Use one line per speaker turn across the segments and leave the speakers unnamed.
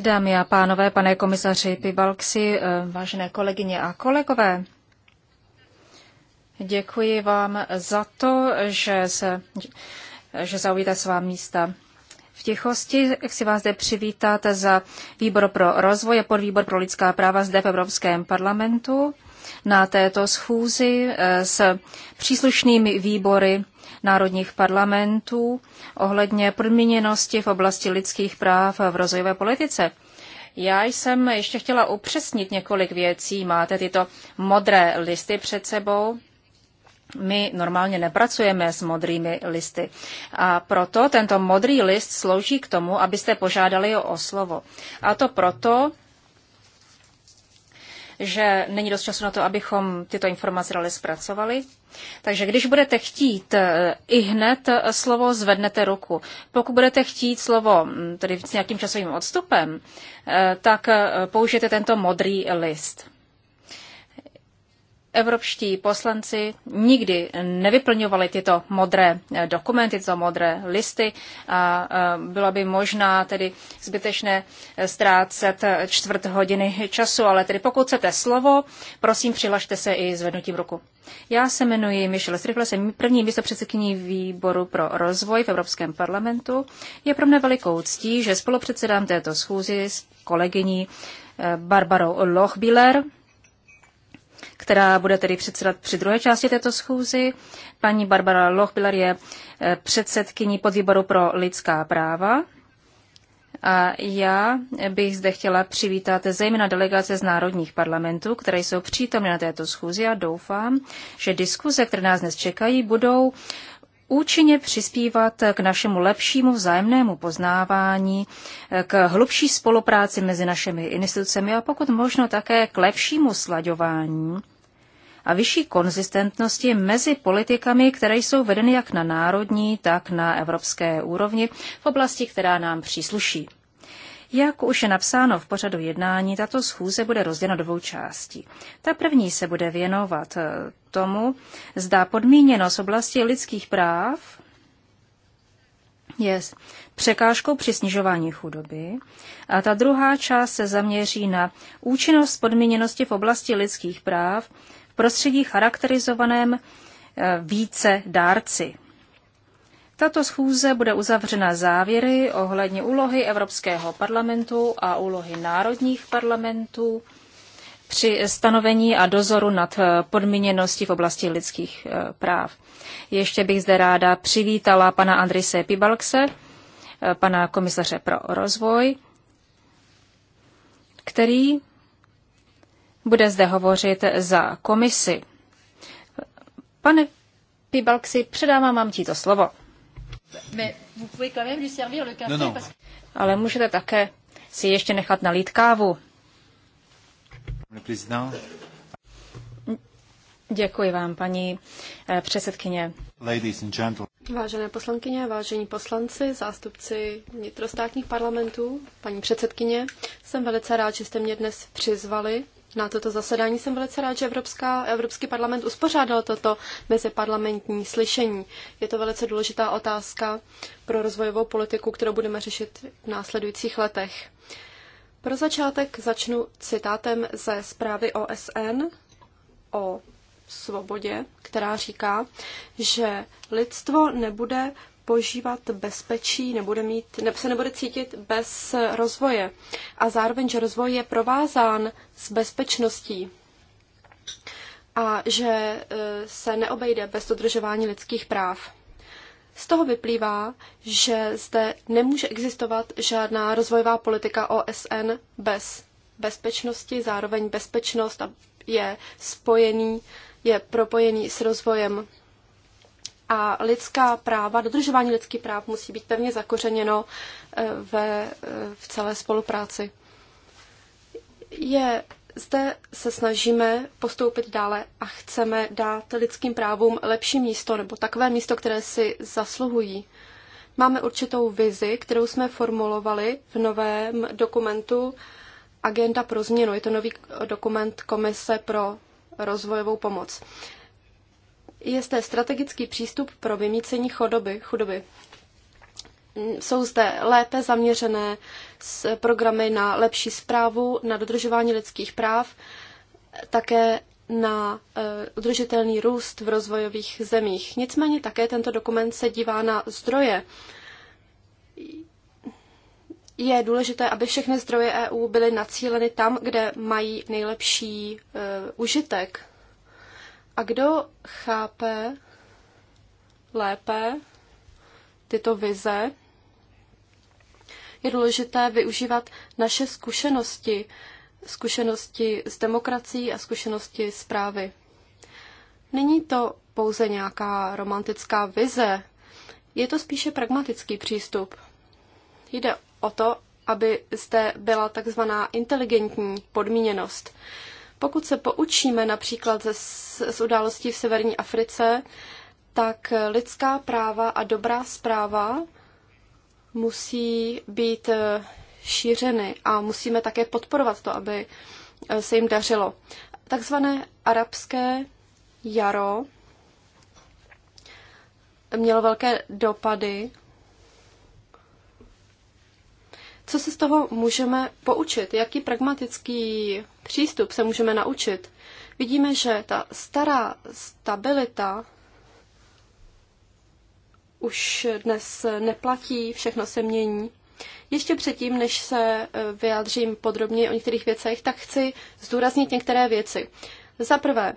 Dámy a pánové, pane komisaři Pibalksi, eh, vážené kolegyně a kolegové, děkuji vám za to, že, se, že zaujíte svá místa. V tichosti chci vás zde přivítat za výbor pro rozvoj a podvýbor pro lidská práva zde v Evropském parlamentu na této schůzi eh, s příslušnými výbory národních parlamentů ohledně podmíněnosti v oblasti lidských práv v rozvojové politice. Já jsem ještě chtěla upřesnit několik věcí. Máte tyto modré listy před sebou. My normálně nepracujeme s modrými listy. A proto tento modrý list slouží k tomu, abyste požádali o slovo. A to proto, že není dost času na to, abychom tyto informace dali zpracovali. Takže když budete chtít eh, i hned eh, slovo, zvednete ruku. Pokud budete chtít slovo mm, tedy s nějakým časovým odstupem, eh, tak použijete tento modrý list evropští poslanci nikdy nevyplňovali tyto modré eh, dokumenty, tyto modré listy a byla by možná tedy zbytečné eh, ztrácet eh, čtvrt hodiny času, ale tedy pokud chcete slovo, prosím přihlašte se i zvednutím ruku. Já se jmenuji Michelle Strifle, jsem první místopředsedkyní výboru pro rozvoj v Evropském parlamentu. Je pro mne velikou ctí, že spolupředsedám této schůzi s kolegyní Barbarou Lochbiller, která bude tedy předsedat při druhé části této schůzi. Paní Barbara Lochbiller je eh, předsedkyní podvýboru pro lidská práva. A já bych zde chtěla přivítat zejména delegace z národních parlamentů, které jsou přítomny na této schůzi a doufám, že diskuze, které nás dnes čekají, budou účinně přispívat k našemu lepšímu vzájemnému poznávání, k hlubší spolupráci mezi našimi institucemi a pokud možno také k lepšímu slaďování a vyšší konzistentnosti mezi politikami, které jsou vedeny jak na národní, tak na evropské úrovni v oblasti, která nám přísluší. Jak už je napsáno v pořadu jednání, tato schůze bude rozdělena do dvou částí. Ta první se bude věnovat eh, tomu, zda podmíněnost oblasti lidských práv je překážkou při snižování chudoby a ta druhá část se zaměří na účinnost podmíněnosti v oblasti lidských práv v prostředí charakterizovaném eh, více dárci. Tato schůze bude uzavřena závěry ohledně úlohy Evropského parlamentu a úlohy národních parlamentů při stanovení a dozoru nad eh, podmíněností v oblasti lidských eh, práv. Ještě bych zde ráda přivítala pana Andrise Pibalkse, eh, pana komisaře pro rozvoj, který bude zde hovořit za komisi. Pane Pibalksi, předávám vám tito slovo. No, no. Ale můžete také si ještě nechat nalít kávu. Děkuji vám, paní eh, předsedkyně.
Vážené poslankyně, vážení poslanci, zástupci vnitrostátních parlamentů, paní předsedkyně, jsem velice rád, že jste mě dnes přizvali na toto zasedání. Jsem velice rád, že Evropská, Evropský parlament uspořádal toto meziparlamentní slyšení. Je to velice důležitá otázka pro rozvojovou politiku, kterou budeme řešit v následujících letech. Pro začátek začnu citátem ze zprávy OSN o svobodě, která říká, že lidstvo nebude požívat bezpečí, nebude mít, ne, se nebude cítit bez rozvoje. A zároveň, že rozvoj je provázán s bezpečností a že e, se neobejde bez dodržování lidských práv. Z toho vyplývá, že zde nemůže existovat žádná rozvojová politika OSN bez bezpečnosti, zároveň bezpečnost je spojený, je propojený s rozvojem a lidská práva, dodržování lidských práv musí být pevně zakořeněno eh, ve, eh, v celé spolupráci. Je zde se snažíme postoupit dále a chceme dát lidským právům lepší místo nebo takové místo, které si zasluhují. Máme určitou vizi, kterou jsme formulovali v novém dokumentu Agenda pro změnu. Je to nový dokument Komise pro rozvojovou pomoc je zde strategický přístup pro vymícení chodoby, chudoby. Jsou zde lépe zaměřené s programy na lepší zprávu, na dodržování lidských práv, také na e, udržitelný růst v rozvojových zemích. Nicméně také tento dokument se dívá na zdroje. Je důležité, aby všechny zdroje EU byly nacíleny tam, kde mají nejlepší e, užitek a kdo chápe lépe tyto vize, je důležité využívat naše zkušenosti, zkušenosti s demokracií a zkušenosti s právy. Není to pouze nějaká romantická vize, je to spíše pragmatický přístup. Jde o to, aby zde byla takzvaná inteligentní podmíněnost. Pokud se poučíme například ze, z událostí v severní Africe, tak lidská práva a dobrá zpráva musí být eh, šířeny a musíme také podporovat to, aby eh, se jim dařilo. Takzvané arabské jaro mělo velké dopady co se z toho můžeme poučit? Jaký pragmatický přístup se můžeme naučit? Vidíme, že ta stará stabilita už dnes neplatí, všechno se mění. Ještě předtím, než se e, vyjádřím podrobně o některých věcech, tak chci zdůraznit některé věci. Za prvé,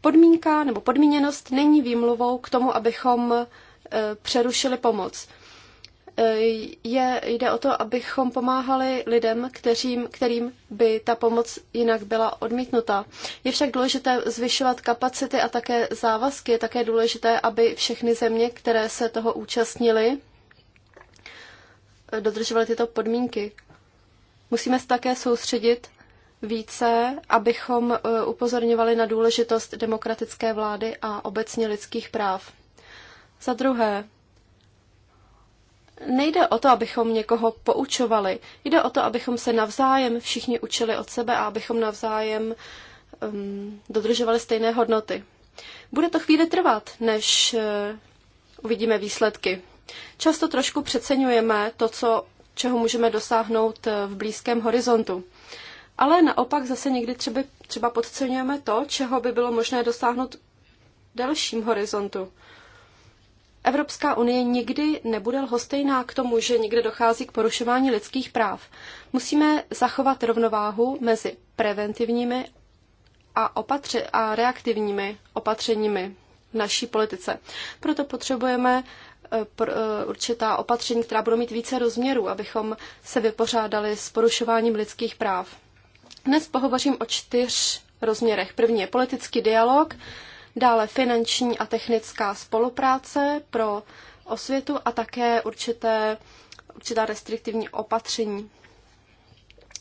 podmínka nebo podmíněnost není výmluvou k tomu, abychom e, přerušili pomoc. Eh, je, jde o to, abychom pomáhali lidem, kterým, kterým by ta pomoc jinak byla odmítnuta. Je však důležité zvyšovat kapacity a také závazky. Je také důležité, aby všechny země, které se toho účastnily, eh, dodržovaly tyto podmínky. Musíme se také soustředit více, abychom eh, upozorňovali na důležitost demokratické vlády a obecně lidských práv. Za druhé, Nejde o to, abychom někoho poučovali, jde o to, abychom se navzájem všichni učili od sebe a abychom navzájem um, dodržovali stejné hodnoty. Bude to chvíli trvat, než uh, uvidíme výsledky. Často trošku přeceňujeme to, co, čeho můžeme dosáhnout eh, v blízkém horizontu. Ale naopak zase někdy třeba, třeba podceňujeme to, čeho by bylo možné dosáhnout v delším horizontu. Evropská unie nikdy nebude lhostejná k tomu, že někde dochází k porušování lidských práv. Musíme zachovat rovnováhu mezi preventivními a, opatře- a reaktivními opatřeními v naší politice. Proto potřebujeme e, e, určitá opatření, která budou mít více rozměrů, abychom se vypořádali s porušováním lidských práv. Dnes pohovořím o čtyř rozměrech. První je politický dialog, dále finanční a technická spolupráce pro osvětu a také určité, určitá restriktivní opatření.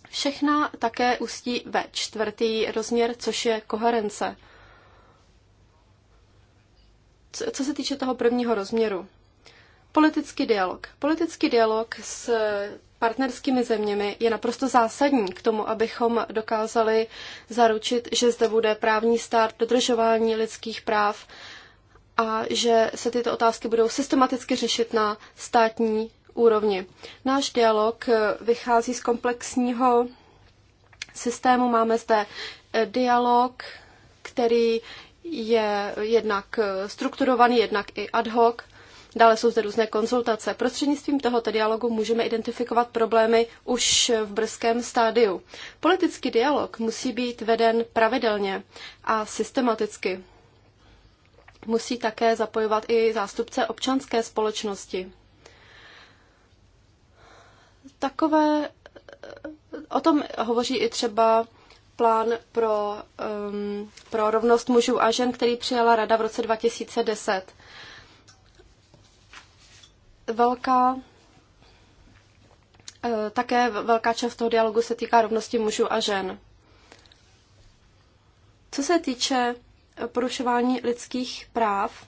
Všechna také ústí ve čtvrtý rozměr, což je koherence. Co se týče toho prvního rozměru, politický dialog. Politický dialog s partnerskými zeměmi je naprosto zásadní k tomu, abychom dokázali zaručit, že zde bude právní stát, dodržování lidských práv a že se tyto otázky budou systematicky řešit na státní úrovni. Náš dialog eh, vychází z komplexního systému. Máme zde eh, dialog, který je jednak eh, strukturovaný, jednak i ad hoc. Dále jsou zde různé konzultace. Prostřednictvím tohoto dialogu můžeme identifikovat problémy už v brzkém stádiu. Politický dialog musí být veden pravidelně a systematicky. Musí také zapojovat i zástupce občanské společnosti. Takové, o tom hovoří i třeba plán pro, um, pro rovnost mužů a žen, který přijala Rada v roce 2010 velká eh, také velká část toho dialogu se týká rovnosti mužů a žen. Co se týče eh, porušování lidských práv,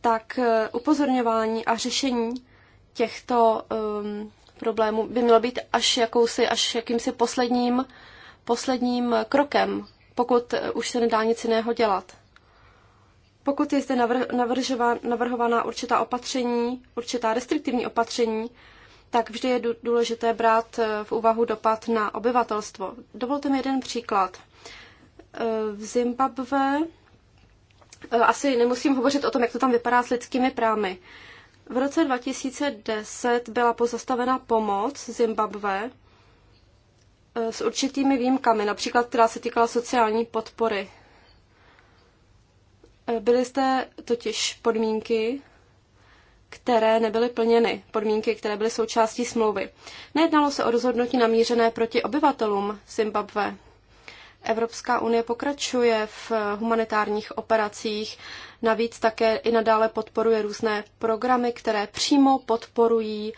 tak eh, upozorňování a řešení těchto um, problémů by mělo být až, jakousi, až jakýmsi posledním, posledním krokem, pokud už se nedá nic jiného dělat. Pokud je zde navrhována určitá opatření, určitá restriktivní opatření, tak vždy je důležité brát eh, v úvahu dopad na obyvatelstvo. Dovolte mi jeden příklad. Eh, v Zimbabve eh, asi nemusím hovořit o tom, jak to tam vypadá s lidskými právy. V roce 2010 byla pozastavena pomoc Zimbabve s určitými výjimkami, například která se týkala sociální podpory Byly zde totiž podmínky, které nebyly plněny, podmínky, které byly součástí smlouvy. Nejednalo se o rozhodnutí namířené proti obyvatelům Zimbabwe. Evropská unie pokračuje v humanitárních operacích, navíc také i nadále podporuje různé programy, které přímo podporují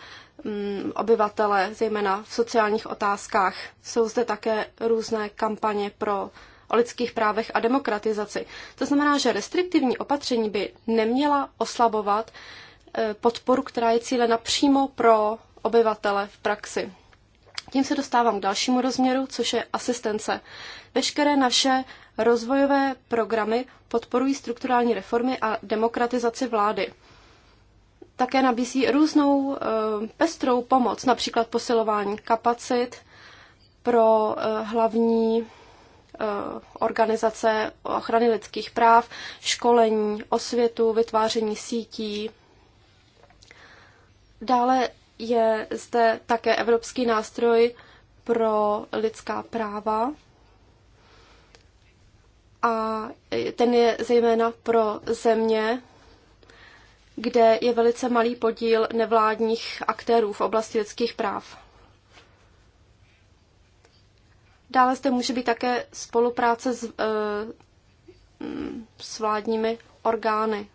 mm, obyvatele, zejména v sociálních otázkách. Jsou zde také různé kampaně pro o lidských právech a demokratizaci. To znamená, že restriktivní opatření by neměla oslabovat eh, podporu, která je cílena přímo pro obyvatele v praxi. Tím se dostávám k dalšímu rozměru, což je asistence. Veškeré naše rozvojové programy podporují strukturální reformy a demokratizaci vlády. Také nabízí různou eh, pestrou pomoc, například posilování kapacit pro eh, hlavní Eh, organizace ochrany lidských práv, školení, osvětu, vytváření sítí. Dále je zde také Evropský nástroj pro lidská práva a ten je zejména pro země, kde je velice malý podíl nevládních aktérů v oblasti lidských práv. Dále zde může být také spolupráce s, eh, s vládními orgány.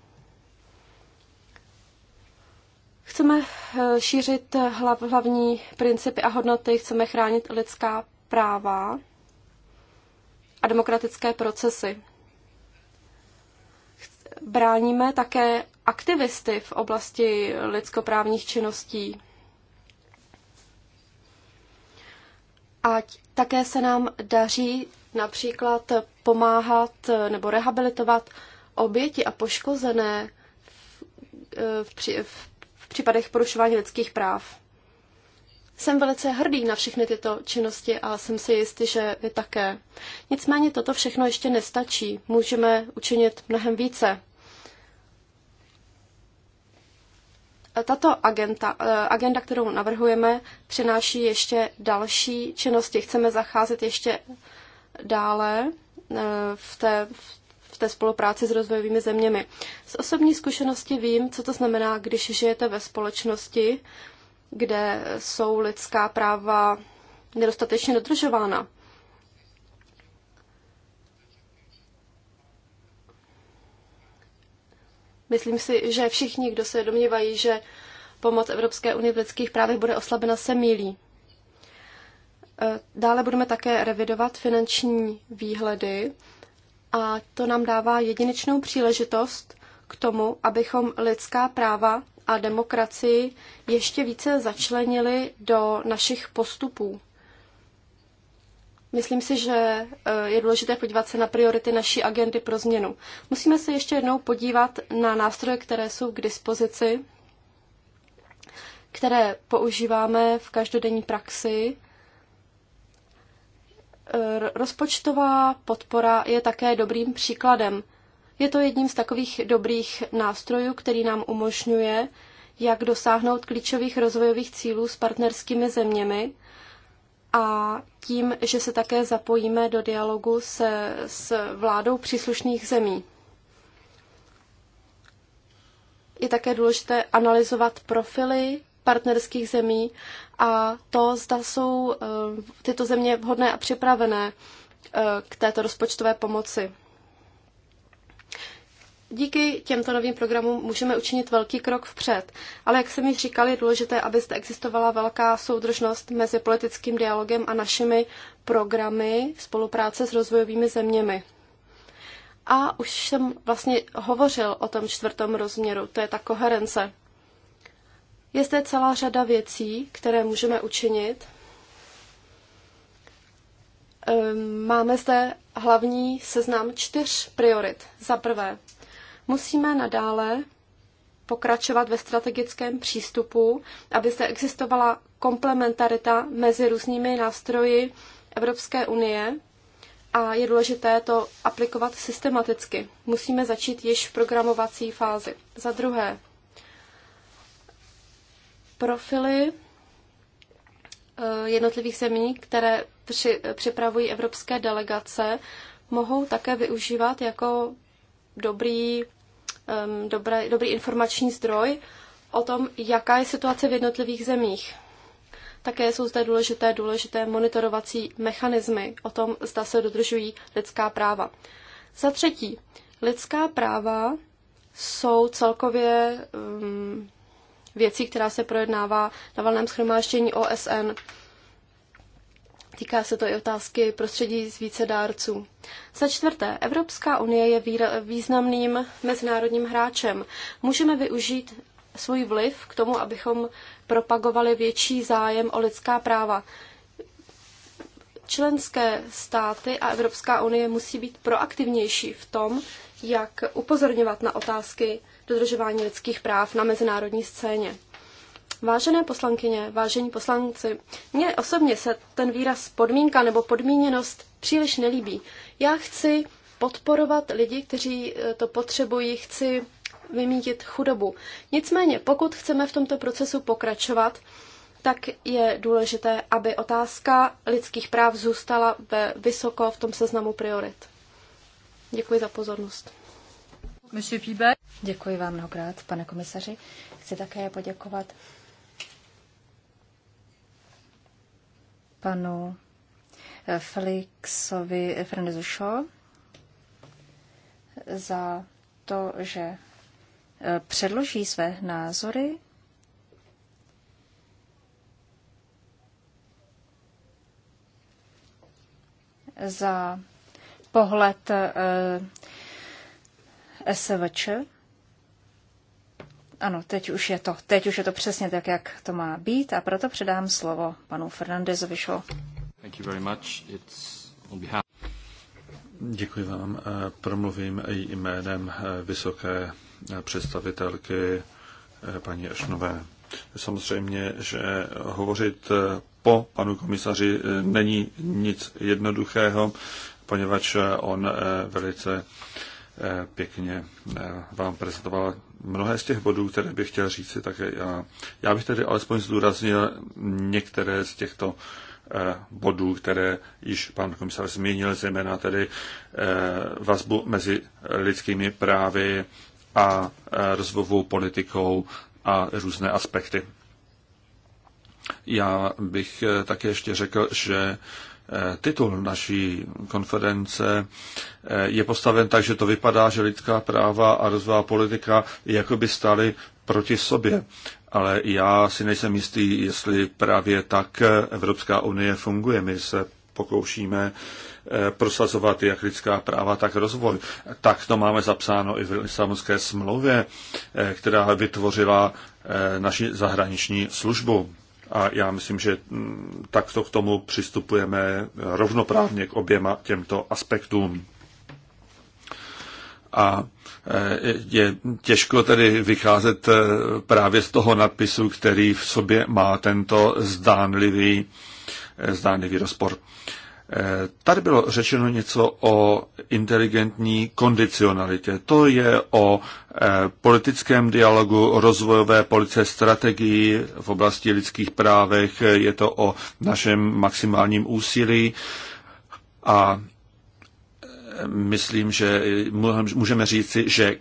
Chceme eh, šířit hlav, hlavní principy a hodnoty, chceme chránit lidská práva a demokratické procesy. Bráníme také aktivisty v oblasti lidskoprávních činností. A také se nám daří například pomáhat nebo rehabilitovat oběti a poškozené v, v, v případech porušování lidských práv. Jsem velice hrdý na všechny tyto činnosti a jsem si jistý, že vy také. Nicméně toto všechno ještě nestačí. Můžeme učinit mnohem více. Tato agenda, eh, agenda, kterou navrhujeme, přináší ještě další činnosti. Chceme zacházet ještě dále eh, v té, v té spolupráci s rozvojovými zeměmi. Z osobní zkušenosti vím, co to znamená, když žijete ve společnosti, kde jsou lidská práva nedostatečně dodržována. Myslím si, že všichni, kdo se domnívají, že pomoc Evropské unie v lidských právech bude oslabena, se mílí. E, dále budeme také revidovat finanční výhledy a to nám dává jedinečnou příležitost k tomu, abychom lidská práva a demokracii ještě více začlenili do našich postupů. Myslím si, že eh, je důležité podívat se na priority naší agendy pro změnu. Musíme se ještě jednou podívat na nástroje, které jsou k dispozici, které používáme v každodenní praxi. Eh, rozpočtová podpora je také dobrým příkladem. Je to jedním z takových dobrých nástrojů, který nám umožňuje, jak dosáhnout klíčových rozvojových cílů s partnerskými zeměmi a tím, že se také zapojíme do dialogu se, s vládou příslušných zemí. Je také důležité analyzovat profily partnerských zemí a to, zda jsou eh, tyto země vhodné a připravené eh, k této rozpočtové pomoci. Díky těmto novým programům můžeme učinit velký krok vpřed, ale jak jsem již říkal, je důležité, aby zde existovala velká soudržnost mezi politickým dialogem a našimi programy spolupráce s rozvojovými zeměmi. A už jsem vlastně hovořil o tom čtvrtom rozměru, to je ta koherence. Je zde celá řada věcí, které můžeme učinit. Ehm, máme zde hlavní seznam čtyř priorit. Za prvé, Musíme nadále pokračovat ve strategickém přístupu, aby se existovala komplementarita mezi různými nástroji Evropské unie a je důležité to aplikovat systematicky. Musíme začít již v programovací fázi. Za druhé, profily eh, jednotlivých zemí, které při, připravují evropské delegace, mohou také využívat jako dobrý um, dobré, dobrý informační zdroj o tom, jaká je situace v jednotlivých zemích. Také jsou zde důležité, důležité monitorovací mechanismy o tom, zda se dodržují lidská práva. Za třetí, lidská práva jsou celkově um, věcí, která se projednává na valném schromáždění OSN. Týká se to i otázky prostředí z více dárců. Za čtvrté, Evropská unie je významným mezinárodním hráčem. Můžeme využít svůj vliv k tomu, abychom propagovali větší zájem o lidská práva. Členské státy a Evropská unie musí být proaktivnější v tom, jak upozorňovat na otázky dodržování lidských práv na mezinárodní scéně. Vážené poslankyně, vážení poslanci, mně osobně se ten výraz podmínka nebo podmíněnost příliš nelíbí. Já chci podporovat lidi, kteří eh, to potřebují, chci vymítit chudobu. Nicméně, pokud chceme v tomto procesu pokračovat, tak je důležité, aby otázka lidských práv zůstala ve vysoko v tom seznamu priorit. Děkuji za pozornost.
Děkuji vám mnohokrát, pane komisaři. Chci také poděkovat panu eh, Felixovi Fernandezu Shaw za to, že eh, předloží své názory za pohled eh, SVČ ano, teď už je to. Teď už je to přesně tak, jak to má být a proto předám slovo panu Fernandezovi Šo. Behalf...
Děkuji vám. Eh, promluvím i jménem eh, vysoké eh, představitelky paní Ešnové. Samozřejmě, že hovořit po panu komisaři není nic jednoduchého, poněvadž on velice pěkně eh, vám prezentovala mnohé z těch bodů, které bych chtěl říct si také já. Já bych tedy alespoň zdůraznil některé z těchto eh, bodů, které již pan komisar zmínil, zejména tedy eh, vazbu mezi lidskými právy a rozvojovou politikou a různé aspekty. Já bych také ještě řekl, že Eh, titul naší konference eh, je postaven tak, že to vypadá, že lidská práva a rozvojová politika jako by stály proti sobě. Ale já si nejsem jistý, jestli právě tak Evropská unie funguje. My se pokoušíme eh, prosazovat jak lidská práva, tak rozvoj. Tak to máme zapsáno i v Lisabonské smlouvě, která vytvořila naši zahraniční službu a já myslím, že mm, takto k tomu přistupujeme rovnoprávně k oběma těmto aspektům. A eh, je těžko tedy vycházet eh, právě z toho nadpisu, který v sobě má tento zdánlivý, eh, zdánlivý rozpor. Eh, tady bylo řečeno něco o inteligentní kondicionalitě. To je o eh, politickém dialogu, rozvojové police, strategii v oblasti lidských právech, je to o našem maximálním úsilí a eh, myslím, že můžeme říci, že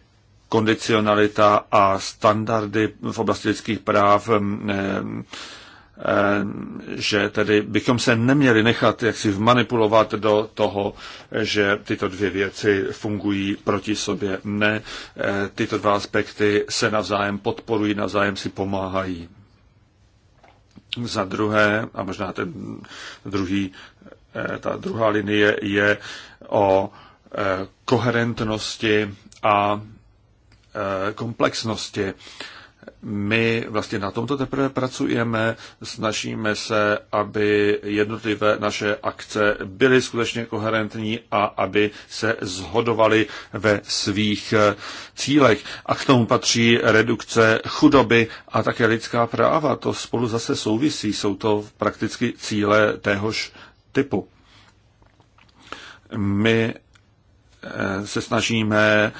kondicionalita a standardy v oblasti lidských práv že tedy bychom se neměli nechat jaksi vmanipulovat do toho, že tyto dvě věci fungují proti sobě. Ne, eh, tyto dva aspekty se navzájem podporují, navzájem si pomáhají. Za druhé, a možná ten druhý, eh, ta druhá linie je o eh, koherentnosti a komplexnosti my vlastně na tomto teprve pracujeme, snažíme se, aby jednotlivé naše akce byly skutečně koherentní a aby se zhodovaly ve svých eh, cílech. A k tomu patří redukce chudoby a také lidská práva. To spolu zase souvisí, jsou to prakticky cíle téhož typu. My eh, se snažíme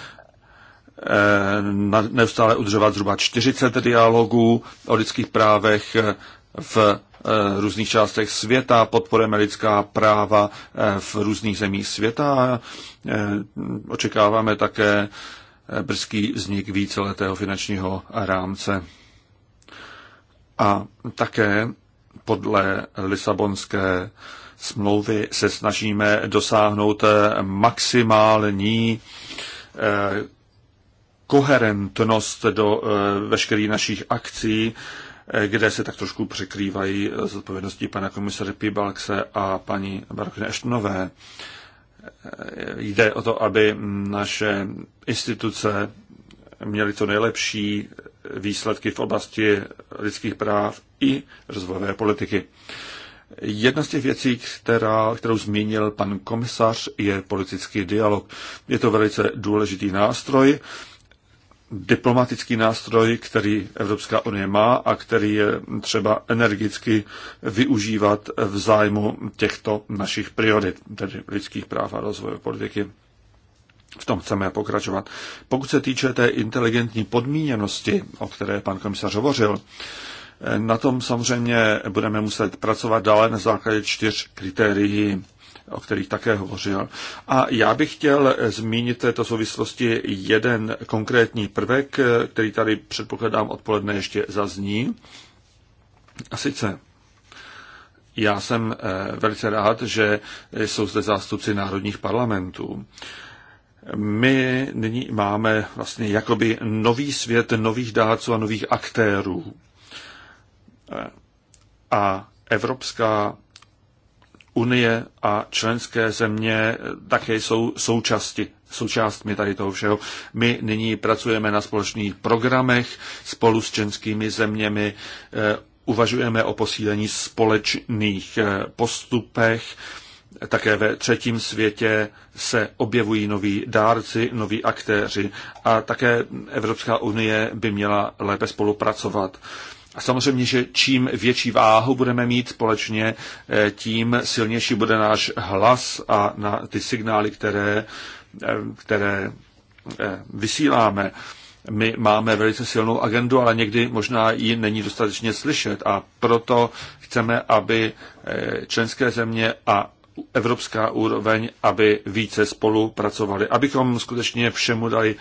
Eh, neustále udržovat zhruba 40 dialogů o lidských právech eh, v eh, různých částech světa, podporujeme lidská práva v různých zemích světa. Očekáváme také brzký vznik víceletého finančního rámce. A také podle Lisabonské smlouvy se snažíme dosáhnout maximální koherentnost do eh, veškerých našich akcí, eh, kde se tak trošku překrývají eh, z odpovědností pana komisaře Pibalkse a paní Barokne Eštnové. Jde o to, aby naše instituce měly to nejlepší výsledky v oblasti lidských práv i rozvojové politiky. Jedna z těch věcí, která, kterou zmínil pan komisař, je politický dialog. Je to velice důležitý nástroj, diplomatický nástroj, který Evropská unie má a který je třeba energicky využívat v zájmu těchto našich priorit, tedy lidských práv a rozvoje politiky. V tom chceme pokračovat. Pokud se týče té inteligentní podmíněnosti, o které pan komisař hovořil, na tom samozřejmě budeme muset pracovat dále na základě čtyř kritérií o kterých také hovořil. A já bych chtěl zmínit v této souvislosti jeden konkrétní prvek, který tady předpokládám odpoledne ještě zazní. A sice já jsem eh, velice rád, že jsou zde zástupci národních parlamentů. My nyní máme vlastně jakoby nový svět nových dárců a nových aktérů. Eh, a Evropská Unie a členské země také jsou součásti, součástmi tady toho všeho. My nyní pracujeme na společných programech spolu s členskými zeměmi, eh, uvažujeme o posílení společných eh, postupech, také ve třetím světě se objevují noví dárci, noví aktéři a také Evropská unie by měla lépe spolupracovat. A Samozřejmě, že čím větší váhu budeme mít společně, eh, tím silnější bude náš hlas a na ty signály, které, eh, které eh, vysíláme. My máme velice silnou agendu, ale někdy možná ji není dostatečně slyšet a proto chceme, aby členské země a evropská úroveň, aby více spolupracovali, abychom skutečně všemu dali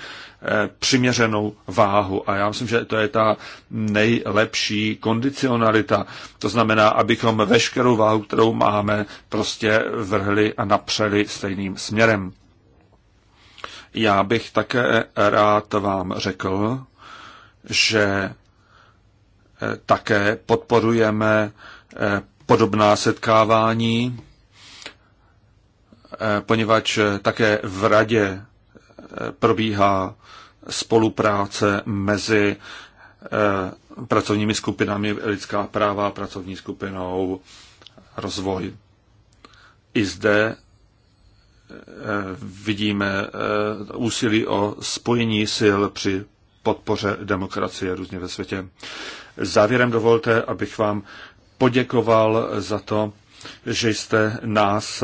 přiměřenou váhu. A já myslím, že to je ta nejlepší kondicionalita. To znamená, abychom veškerou váhu, kterou máme, prostě vrhli a napřeli stejným směrem. Já bych také rád vám řekl, že eh, také podporujeme eh, podobná setkávání, eh, poněvadž také v radě probíhá spolupráce mezi eh, pracovními skupinami lidská práva a pracovní skupinou rozvoj. I zde eh, vidíme eh, úsilí o spojení sil při podpoře demokracie různě ve světě. Závěrem dovolte, abych vám poděkoval za to, že jste nás,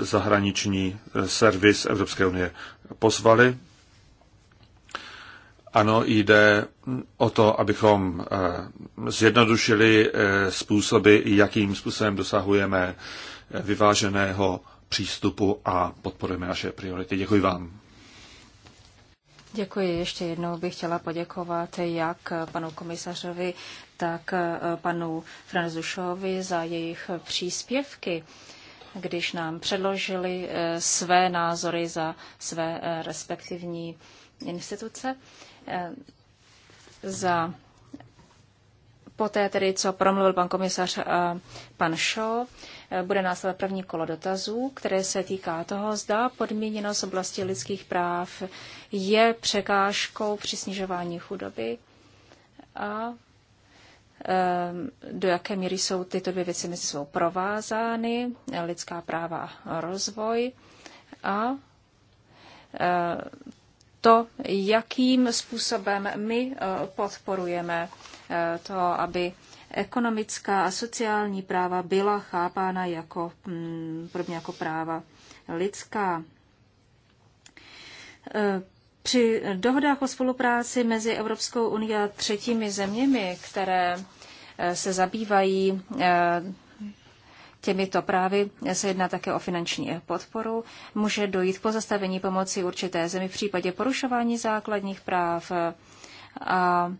zahraniční servis Evropské unie, pozvali ano, jde o to, abychom eh, zjednodušili eh, způsoby, jakým způsobem dosahujeme eh, vyváženého přístupu a podporujeme naše priority. Děkuji vám.
Děkuji. Ještě jednou bych chtěla poděkovat jak panu komisařovi, tak panu Franzušovi za jejich příspěvky, když nám předložili své názory za své respektivní instituce. Eh, za poté tedy, co promluvil pan komisař eh, pan Shaw, eh, bude následovat první kolo dotazů, které se týká toho, zda podmíněnost oblasti lidských práv je překážkou při snižování chudoby a do jaké míry jsou tyto dvě věci mezi sebou provázány, lidská práva a rozvoj a to, jakým způsobem my eh, podporujeme eh, to, aby ekonomická a sociální práva byla chápána jako, mm, podobně jako práva lidská. Eh, při dohodách o spolupráci mezi Evropskou unii a třetími zeměmi, které se zabývají těmito právy se jedná také o finanční podporu. Může dojít k pozastavení pomoci určité zemi v případě porušování základních práv a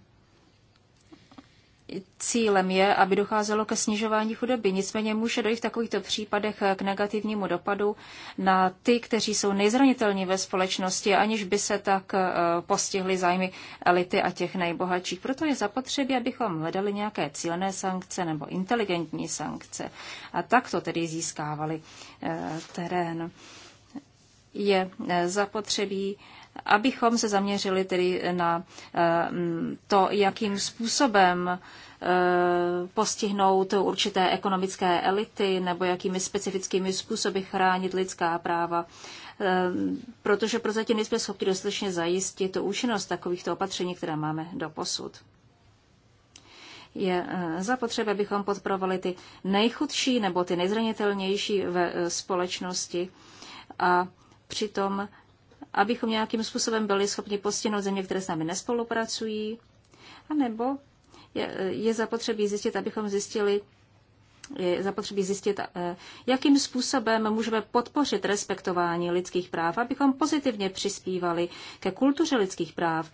cílem je, aby docházelo ke snižování chudoby. Nicméně může dojít v takovýchto případech k negativnímu dopadu na ty, kteří jsou nejzranitelní ve společnosti, aniž by se tak eh, postihly zájmy elity a těch nejbohatších. Proto je zapotřebí, abychom hledali nějaké cílené sankce nebo inteligentní sankce. A takto tedy získávali eh, terén. Je eh, zapotřebí abychom se zaměřili tedy na eh, to, jakým způsobem eh, postihnout určité ekonomické elity nebo jakými specifickými způsoby chránit lidská práva, eh, protože prozatím nejsme schopni dostatečně zajistit tu účinnost takovýchto opatření, která máme do posud. Je zapotřebí, abychom podporovali ty nejchudší nebo ty nejzranitelnější ve společnosti a přitom abychom nějakým způsobem byli schopni postihnout země, které s námi nespolupracují, anebo je, je zapotřebí zjistit, abychom zjistili, je zapotřebí zjistit, eh, jakým způsobem můžeme podpořit respektování lidských práv, abychom pozitivně přispívali ke kultuře lidských práv,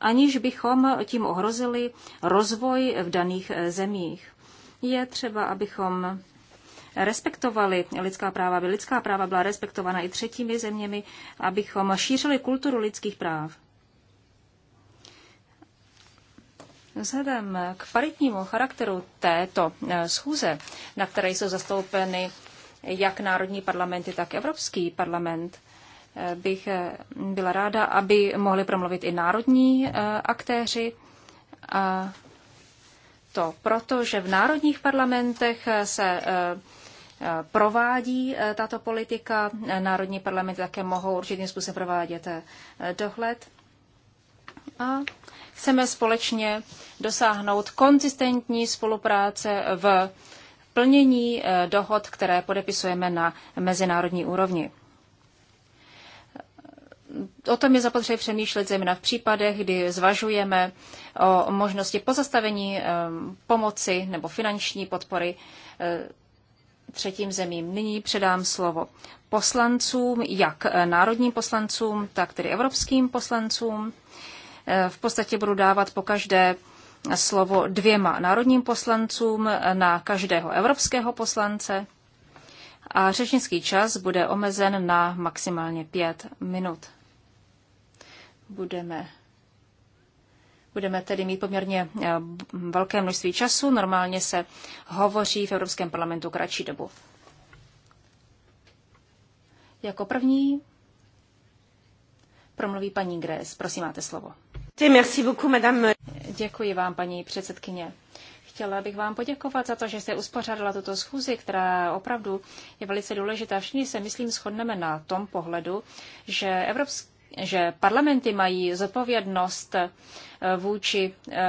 aniž bychom tím ohrozili rozvoj v daných eh, zemích. Je třeba, abychom respektovali lidská práva, aby lidská práva byla respektována i třetími zeměmi, abychom šířili kulturu lidských práv. Vzhledem k paritnímu charakteru této eh, schůze, na které jsou zastoupeny jak národní parlamenty, tak Evropský parlament, eh, bych eh, byla ráda, aby mohli promluvit i národní aktéři. A to proto, že v národních parlamentech se provádí eh, tato politika. Národní parlamenty také mohou určitým způsobem provádět eh, dohled. A chceme společně dosáhnout konzistentní spolupráce v plnění eh, dohod, které podepisujeme na mezinárodní úrovni. O tom je zapotřebí přemýšlet zejména v případech, kdy zvažujeme o možnosti pozastavení pomoci nebo finanční podpory třetím zemím. Nyní předám slovo poslancům, jak eh, národním poslancům, tak tedy evropským poslancům. Eh, v podstatě budu dávat po každé slovo dvěma národním poslancům eh, na každého evropského poslance a řečnický čas bude omezen na maximálně pět minut. Budeme Budeme tedy mít poměrně eh, velké množství času. Normálně se hovoří v Evropském parlamentu kratší dobu. Jako první promluví paní Gres. Prosím, máte slovo. Děkuji vám, paní předsedkyně. Chtěla bych vám poděkovat za to, že jste uspořádala tuto schůzi, která opravdu je velice důležitá. Všichni se, myslím, shodneme na tom pohledu, že Evropský že parlamenty mají zodpovědnost eh, vůči eh,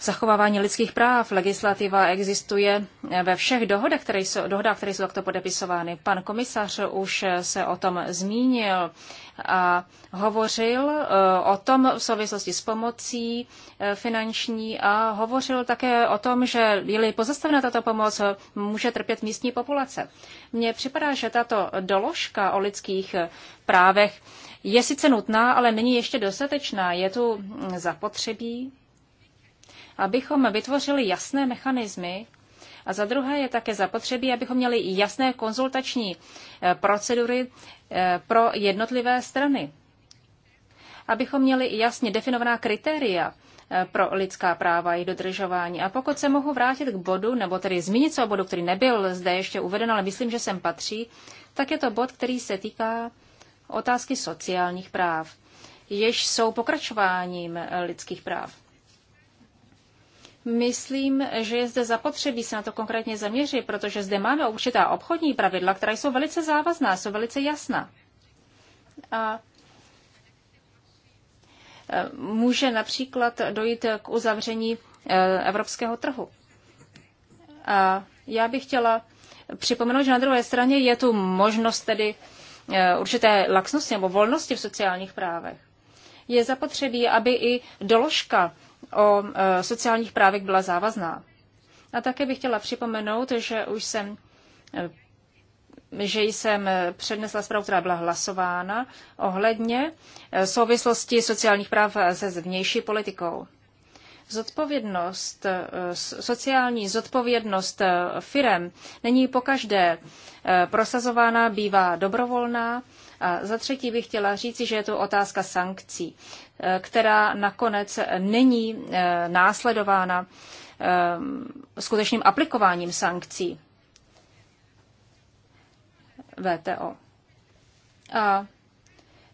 zachovávání lidských práv. Legislativa existuje ve všech dohodách, které jsou, dohodách, které jsou takto podepisovány. Pan komisař už se o tom zmínil a hovořil eh, o tom v souvislosti s pomocí eh, finanční a hovořil také o tom, že je-li pozastavena tato pomoc, může trpět místní populace. Mně připadá, že tato doložka o lidských eh, právech je sice nutná, ale není ještě dostatečná. Je tu mm, zapotřebí abychom vytvořili jasné mechanismy, a za druhé je také zapotřebí, abychom měli jasné konzultační eh, procedury eh, pro jednotlivé strany. Abychom měli jasně definovaná kritéria eh, pro lidská práva i dodržování. A pokud se mohu vrátit k bodu, nebo tedy zmínit se o bodu, který nebyl zde ještě uveden, ale myslím, že sem patří, tak je to bod, který se týká otázky sociálních práv, jež jsou pokračováním lidských práv. Myslím, že je zde zapotřebí se na to konkrétně zaměřit, protože zde máme určitá obchodní pravidla, která jsou velice závazná, jsou velice jasná. A e, může například dojít k uzavření e, evropského trhu. A já bych chtěla připomenout, že na druhé straně je tu možnost tedy e, určité laxnosti nebo volnosti v sociálních právech. Je zapotřebí, aby i doložka o e, sociálních právech byla závazná. A také bych chtěla připomenout, že už jsem e, že jsem přednesla zprávu, která byla hlasována ohledně e, souvislosti sociálních práv se vnější politikou. Zodpovědnost, sociální zodpovědnost firem není pokaždé prosazována, bývá dobrovolná a za třetí bych chtěla říci, že je to otázka sankcí, e, která nakonec není e, následována e, skutečným aplikováním sankcí VTO. A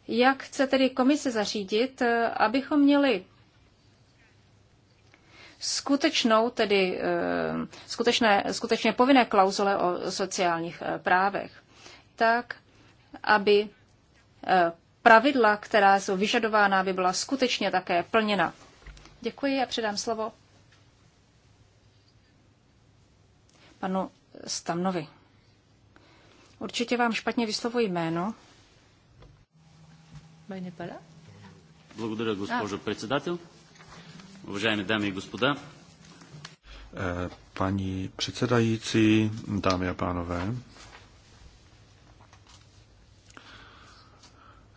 jak chce tedy komise zařídit, abychom měli skutečnou, tedy skutečné, skutečně povinné klauzule o sociálních právech, tak aby eh, pravidla, která jsou vyžadována, by byla skutečně také plněna. Děkuji a předám slovo panu Stamnovi. Určitě vám špatně vyslovuji jméno.
Благодаря, госпожо председател. Уважаеми дами и господа.
Paní předsedající, dámy a pánové,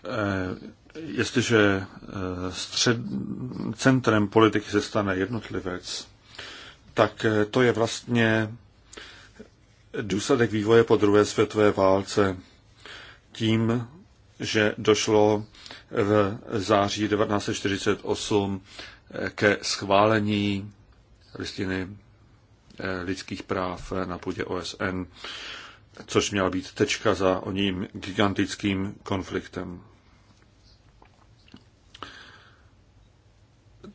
Eh, jestliže eh, střed, centrem politiky se stane jednotlivec, tak eh, to je vlastně důsledek vývoje po druhé světové válce tím, že došlo v září 1948 ke schválení listiny lidských práv na půdě OSN, což měla být tečka za oním gigantickým konfliktem.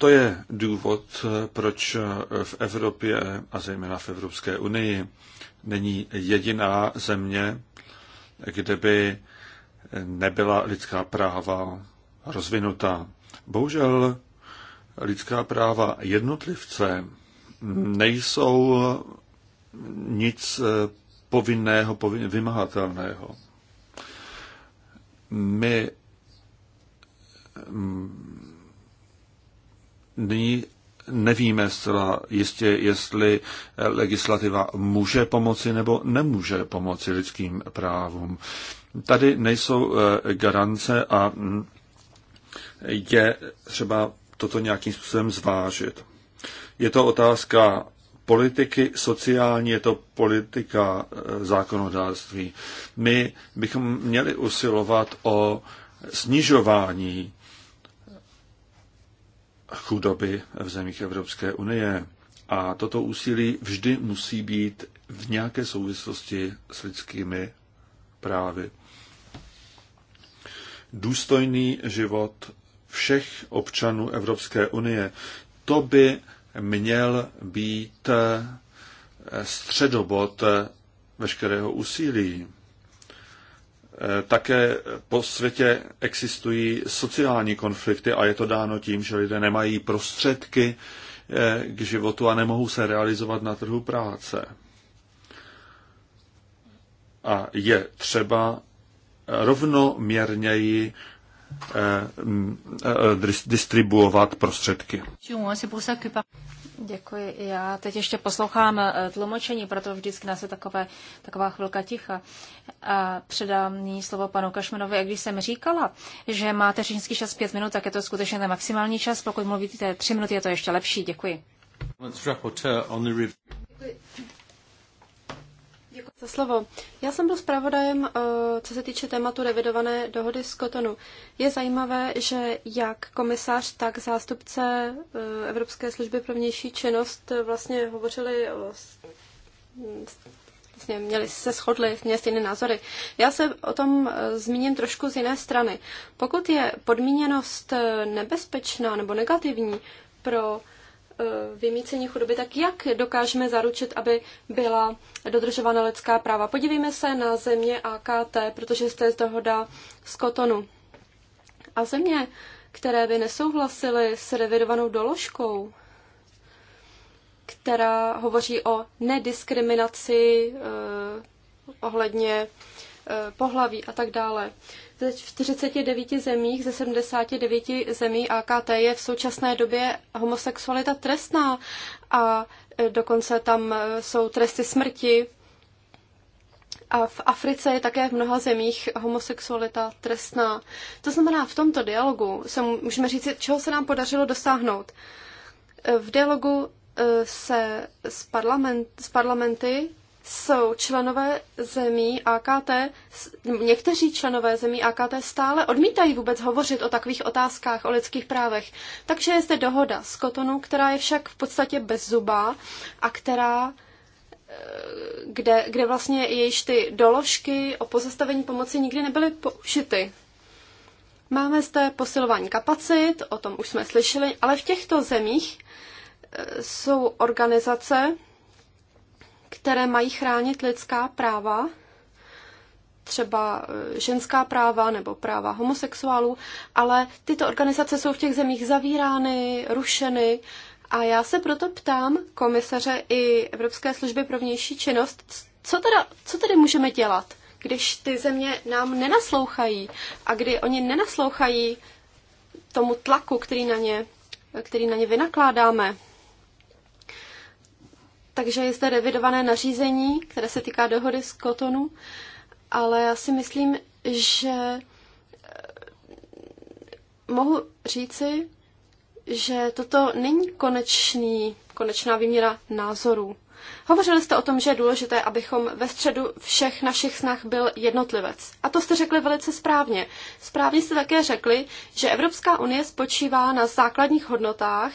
To je důvod, proč v Evropě a zejména v Evropské unii není jediná země, kde by nebyla lidská práva rozvinutá. Bohužel lidská práva jednotlivce nejsou nic povinného, povin, vymahatelného. My Nyní nevíme zcela jistě, jestli legislativa může pomoci nebo nemůže pomoci lidským právům. Tady nejsou eh, garance a mm, je třeba toto nějakým způsobem zvážit. Je to otázka politiky sociální, je to politika eh, zákonodárství. My bychom měli usilovat o snižování chudoby v zemích Evropské unie. A toto úsilí vždy musí být v nějaké souvislosti s lidskými právy. Důstojný život všech občanů Evropské unie, to by měl být eh, středobod eh, veškerého úsilí. Eh, také po světě existují sociální konflikty a je to dáno tím, že lidé nemají prostředky eh, k životu a nemohou se realizovat na trhu práce. A je třeba rovnoměrněji eh, distribuovat prostředky.
Děkuji. Já teď ještě poslouchám eh, tlumočení, proto vždycky nás je takové, taková chvilka ticha. A předám ní slovo panu Kašmenovi. A když jsem říkala, že máte řečnický čas pět minut, tak je to skutečně ten maximální čas. Pokud mluvíte tři minuty, je to ještě lepší. Děkuji.
Děkuji
za slovo. Já jsem byl zpravodajem, eh, co se týče tématu revidované dohody z Kotonu. Je zajímavé, že jak komisař, tak zástupce eh, Evropské služby pro vnější činnost eh, vlastně hovořili o vlastně měli se shodli, měli stejné názory. Já se o tom zmíním trošku z jiné strany. Pokud je podmíněnost nebezpečná nebo negativní pro Eh, vymícení chudoby, tak jak dokážeme zaručit, aby byla dodržována lidská práva? Podívejme se na země AKT, protože z je dohoda z Kotonu. A země, které by nesouhlasily s revidovanou doložkou, která hovoří o nediskriminaci eh, ohledně eh, pohlaví a tak dále v 49 zemích ze 79 zemí AKT je v současné době homosexualita trestná a e, dokonce tam e, jsou tresty smrti. A v Africe je také v mnoha zemích homosexualita trestná. To znamená, v tomto dialogu se můžeme říct, čeho se nám podařilo dosáhnout. E, v dialogu se s, parlament, s parlamenty jsou členové zemí AKT, někteří členové zemí AKT stále odmítají vůbec hovořit o takových otázkách, o lidských právech. Takže je zde dohoda s Kotonu, která je však v podstatě bezzubá a která eh, kde, kde vlastně jejíž ty doložky o pozastavení pomoci nikdy nebyly použity. Máme zde posilování kapacit, o tom už jsme slyšeli, ale v těchto zemích eh, jsou organizace, které mají chránit lidská práva, třeba eh, ženská práva nebo práva homosexuálů, ale tyto organizace jsou v těch zemích zavírány, rušeny. A já se proto ptám komisaře i Evropské služby pro vnější činnost, co teda, co tedy můžeme dělat, když ty země nám nenaslouchají a kdy oni nenaslouchají tomu tlaku, který na ně, který na ně vynakládáme. Takže je zde revidované nařízení, které se týká dohody z Kotonu, ale já si myslím, že eh, mohu říci, že toto není konečný, konečná výměra názorů. Hovořili jste o tom, že je důležité, abychom ve středu všech našich snah byl jednotlivec. A to jste řekli velice správně. Správně jste také řekli, že Evropská unie spočívá na základních hodnotách,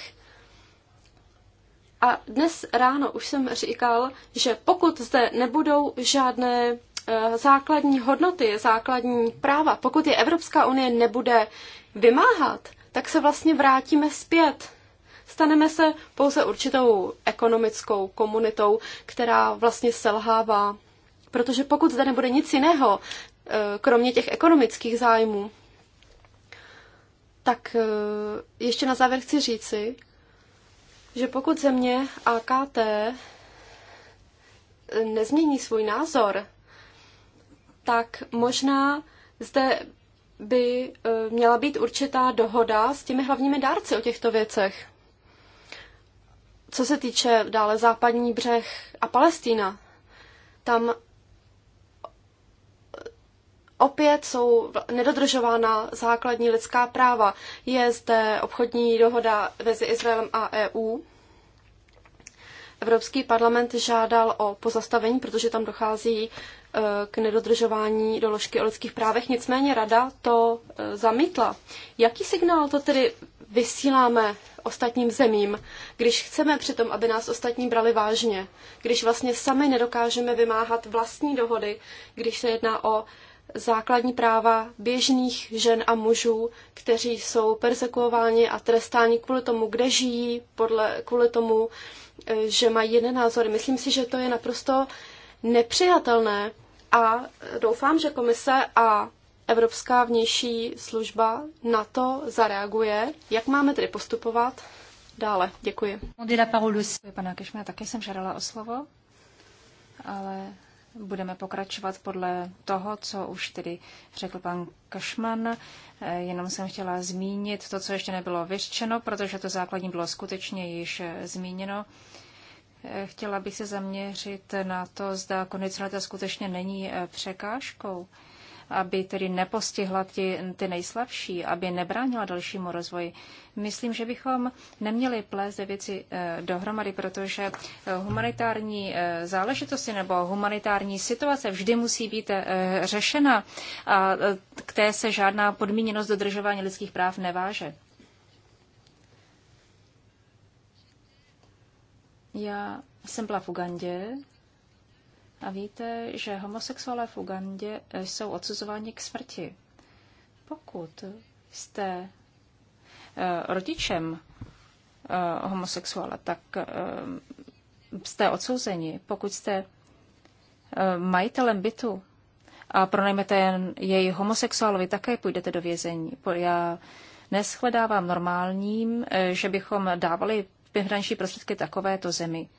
a dnes ráno už jsem říkal, že pokud zde nebudou žádné eh, základní hodnoty, základní práva, pokud je Evropská unie nebude vymáhat, tak se vlastně vrátíme zpět. Staneme se pouze určitou ekonomickou komunitou, která vlastně selhává. Protože pokud zde nebude nic jiného, eh, kromě těch ekonomických zájmů, tak eh, ještě na závěr chci říci, že pokud země AKT nezmění svůj názor, tak možná zde by e, měla být určitá dohoda s těmi hlavními dárci o těchto věcech. Co se týče dále západní břeh a Palestína, tam opět jsou nedodržována základní lidská práva. Je zde obchodní dohoda mezi Izraelem a EU. Evropský parlament žádal o pozastavení, protože tam dochází e, k nedodržování doložky o lidských právech, nicméně rada to e, zamítla. Jaký signál to tedy vysíláme ostatním zemím, když chceme přitom, aby nás ostatní brali vážně, když vlastně sami nedokážeme vymáhat vlastní dohody, když se jedná o základní práva běžných žen a mužů, kteří jsou persekuováni a trestáni kvůli tomu, kde žijí, podle, kvůli tomu, eh, že mají jiné názory. Myslím si, že to je naprosto nepřijatelné a doufám, že komise a Evropská vnější služba na to zareaguje. Jak máme tedy postupovat dále? Děkuji.
Děkuji, pana Kešmena, také jsem žádala o slovo, ale budeme pokračovat podle toho, co už tedy řekl pan Kašman. Eh, jenom jsem chtěla zmínit to, co ještě nebylo vyřčeno, protože to základní bylo skutečně již eh, zmíněno. Eh, chtěla bych se zaměřit na to, zda kondicionalita skutečně není překážkou aby tedy nepostihla ty, ty nejslabší, aby nebránila dalšímu rozvoji. Myslím, že bychom neměli plést věci eh, dohromady, protože eh, humanitární eh, záležitosti nebo humanitární situace vždy musí být řešena a k té se žádná podmíněnost dodržování lidských práv neváže. Já jsem byla v Ugandě a víte, že homosexuálé v Ugandě eh, jsou odsuzováni k smrti. Pokud jste eh, rodičem eh, homosexuála, tak jste odsouzeni. Pokud jste majitelem bytu a pronajmete jej homosexuálovi, také půjdete do vězení. Já neschledávám normálním, že bychom dávali finanční prostředky takovéto zemi.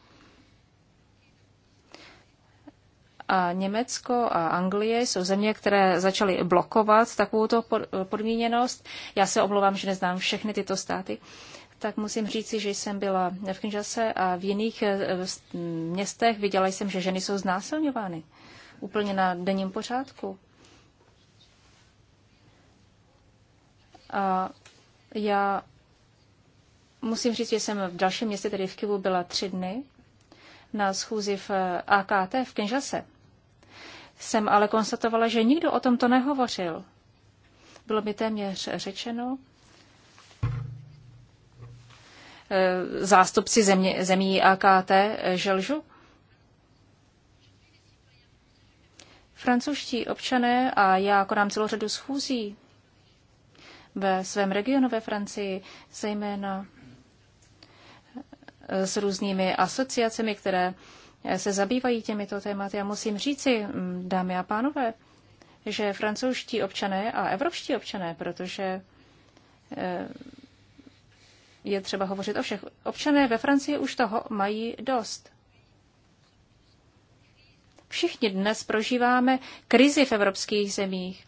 A Německo a Anglie jsou země, které začaly blokovat takovouto podmíněnost. Já se omlouvám, že neznám všechny tyto státy. Tak musím říci, že jsem byla v Kinshase a v jiných eh, městech viděla jsem, že ženy jsou znásilňovány. Úplně na denním pořádku. A já musím říct, že jsem v dalším městě, tedy v Kivu, byla tři dny na schůzi v eh, AKT v Kinžase jsem ale konstatovala, že nikdo o tomto nehovořil. Bylo mi téměř řečeno, eh, zástupci země, zemí AKT, eh, že lžu? Francouzští občané a já konám celou řadu schůzí ve svém regionu ve Francii, zejména eh, s různými asociacemi, které se zabývají těmito tématy. Já musím říci, mm, dámy a pánové, že francouzští občané a evropští občané, protože eh, je třeba hovořit o všech. Občané ve Francii už toho mají dost. Všichni dnes prožíváme krizi v evropských zemích.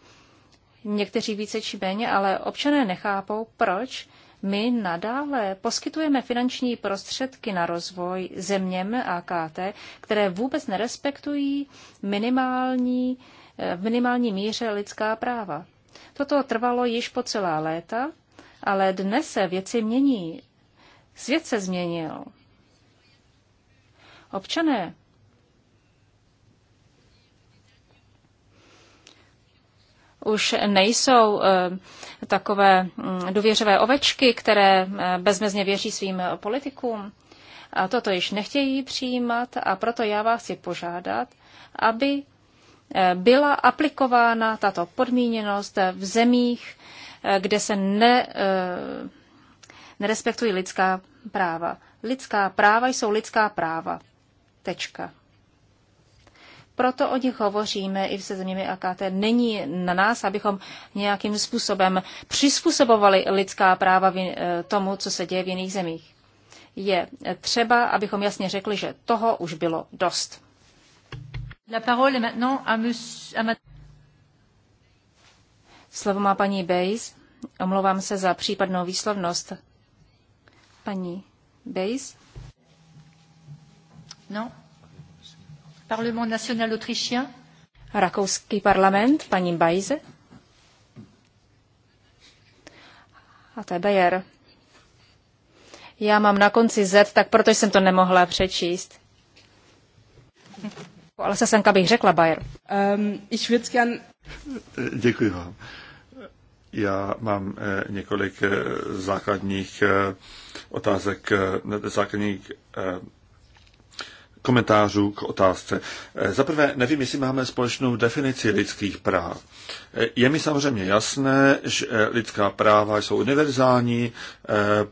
Někteří více či méně, ale občané nechápou, proč my nadále poskytujeme finanční prostředky na rozvoj zeměm AKT, které vůbec nerespektují minimální, eh, v minimální míře lidská práva. Toto trvalo již po celá léta, ale dnes se věci mění. Svět se změnil. Občané už nejsou eh, takové mm, důvěřové ovečky, které eh, bezmezně věří svým politikům. A toto již nechtějí přijímat a proto já vás chci požádat, aby eh, byla aplikována tato podmíněnost v zemích, kde se ne, nerespektují lidská práva. Lidská práva jsou lidská práva. Tečka. Proto o nich hovoříme i se zeměmi AKT. Není na nás, abychom nějakým způsobem přizpůsobovali lidská práva eh, tomu, co se děje v jiných zemích. Je třeba, abychom jasně řekli, že toho už bylo dost. La parole est maintenant à monsieur, à Slovo má paní Bejs. Omlouvám se za případnou výslovnost. Paní Bejs? No, Parlement national autrichien. Rakouský parlament, paní Bajze. A to je Bayer. Já mám na konci Z, tak proto jsem to nemohla přečíst. Ale senka bych řekla Bayer. Um, ich gern...
Děkuji vám. Já mám eh, několik eh, základních eh, otázek, základních komentářů k otázce. Eh, za prvé, nevím, jestli máme společnou definici lidských práv. Eh, je mi samozřejmě jasné, že eh, lidská práva jsou univerzální,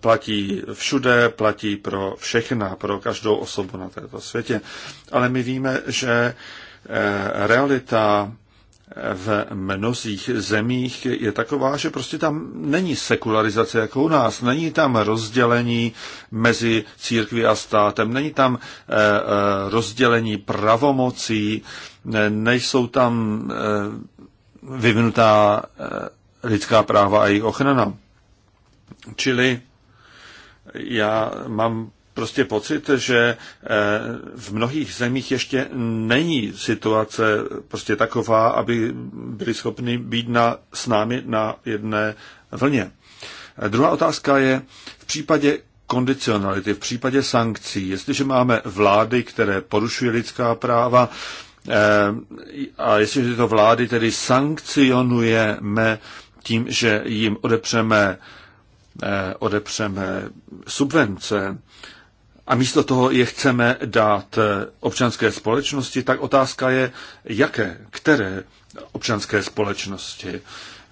platí všude, platí pro všechna, pro každou osobu na této světě. Ale my víme, že realita v mnozích zemích je taková, že prostě tam není sekularizace jako u nás, není tam rozdělení mezi církví a státem, není tam eh, eh, rozdělení pravomocí, nejsou tam eh, vyvinutá lidská práva a jejich ochrana. Čili já mám prostě pocit, že eh, v mnohých zemích ještě není situace prostě taková, aby byli schopni být na, s námi na jedné vlně. Eh, druhá otázka je v případě kondicionality, v případě sankcí. Jestliže máme vlády, které porušují lidská práva, eh, a jestliže tyto vlády tedy sankcionujeme tím, že jim odepřeme, odepřeme subvence, a místo toho je chceme dát eh, občanské společnosti, tak otázka je, jaké, které občanské společnosti.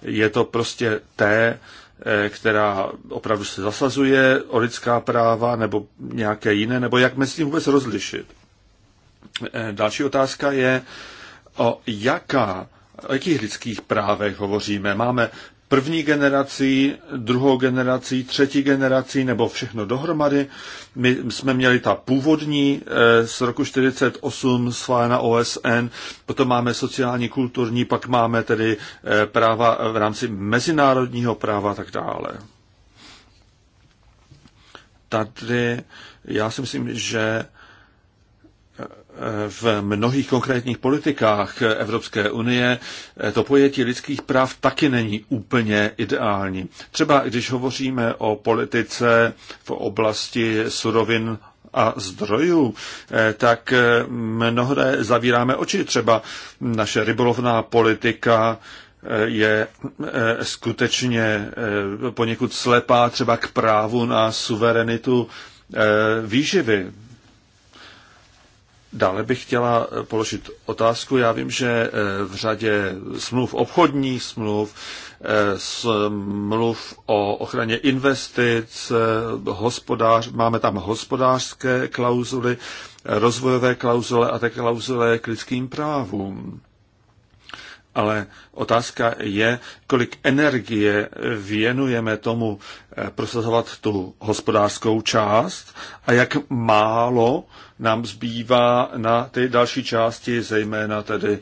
Je to prostě té, eh, která opravdu se zasazuje o lidská práva nebo nějaké jiné, nebo jak mezi tím vůbec rozlišit. Eh, další otázka je, o jaká, o jakých lidských právech hovoříme. Máme první generací, druhou generací, třetí generací nebo všechno dohromady. My jsme měli ta původní eh, z roku 48 schválena OSN, potom máme sociální, kulturní, pak máme tedy eh, práva v rámci mezinárodního práva a tak dále. Tady já si myslím, že v mnohých konkrétních politikách Evropské unie to pojetí lidských práv taky není úplně ideální. Třeba když hovoříme o politice v oblasti surovin a zdrojů, tak mnohde zavíráme oči. Třeba naše rybolovná politika je eh, skutečně eh, poněkud slepá třeba k právu na suverenitu eh, výživy Dále bych chtěla eh, položit otázku. Já vím, že eh, v řadě smluv obchodních, smluv, eh, smluv o ochraně investic, hospodář, máme tam hospodářské klauzuly, rozvojové klauzule a také klauzule k lidským právům. Ale otázka je, kolik energie věnujeme tomu prosazovat tu hospodářskou část a jak málo nám zbývá na ty další části, zejména tedy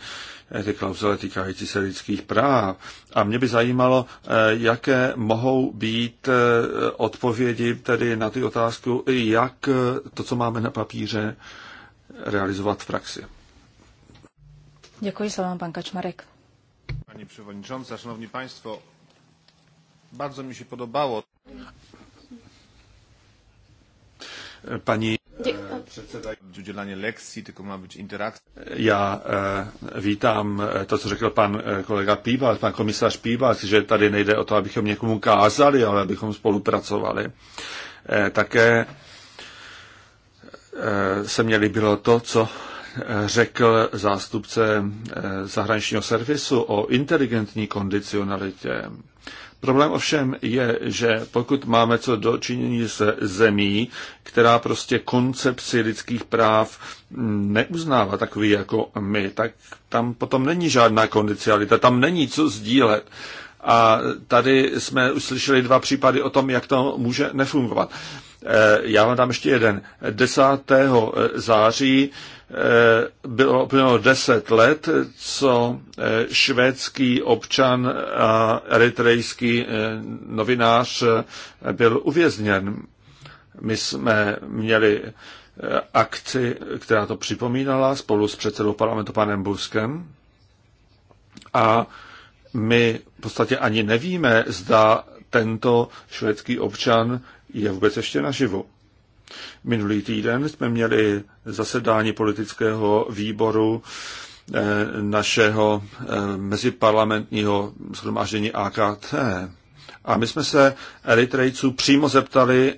eh, ty klauzule týkající se lidských práv. A mě by zajímalo, eh, jaké mohou být eh, odpovědi tedy na ty otázku, jak to, co máme na papíře, realizovat v praxi.
Děkuji za vám, pan Kačmarek.
Pani przewodnicząca, šanovní państwo, bardzo mi się podobało. Pani udělání lekcí, tylko má být interakce. Já eh, vítám eh, to, co řekl pan eh, kolega Píbal, pan komisař Píbal, že tady nejde o to, abychom někomu kázali, ale abychom spolupracovali. Také se mě líbilo to, co řekl zástupce zahraničního servisu o inteligentní kondicionalitě. Problém ovšem je, že pokud máme co dočinění s zemí, která prostě koncepci lidských práv neuznává takový jako my, tak tam potom není žádná kondicialita, tam není co sdílet. A tady jsme uslyšeli dva případy o tom, jak to může nefungovat. E, já vám dám ještě jeden. 10. E, září e, bylo uplynulo 10 let, co švédský občan a eritrejský novinář byl uvězněn. My jsme měli akci, která to připomínala spolu s předsedou parlamentu panem Buskem. A my v podstatě ani nevíme, zda tento švédský občan je vůbec ještě naživu. Minulý týden jsme měli zasedání politického výboru eh, našeho eh, meziparlamentního shromáždění AKT. A my jsme se Eritrejců přímo zeptali,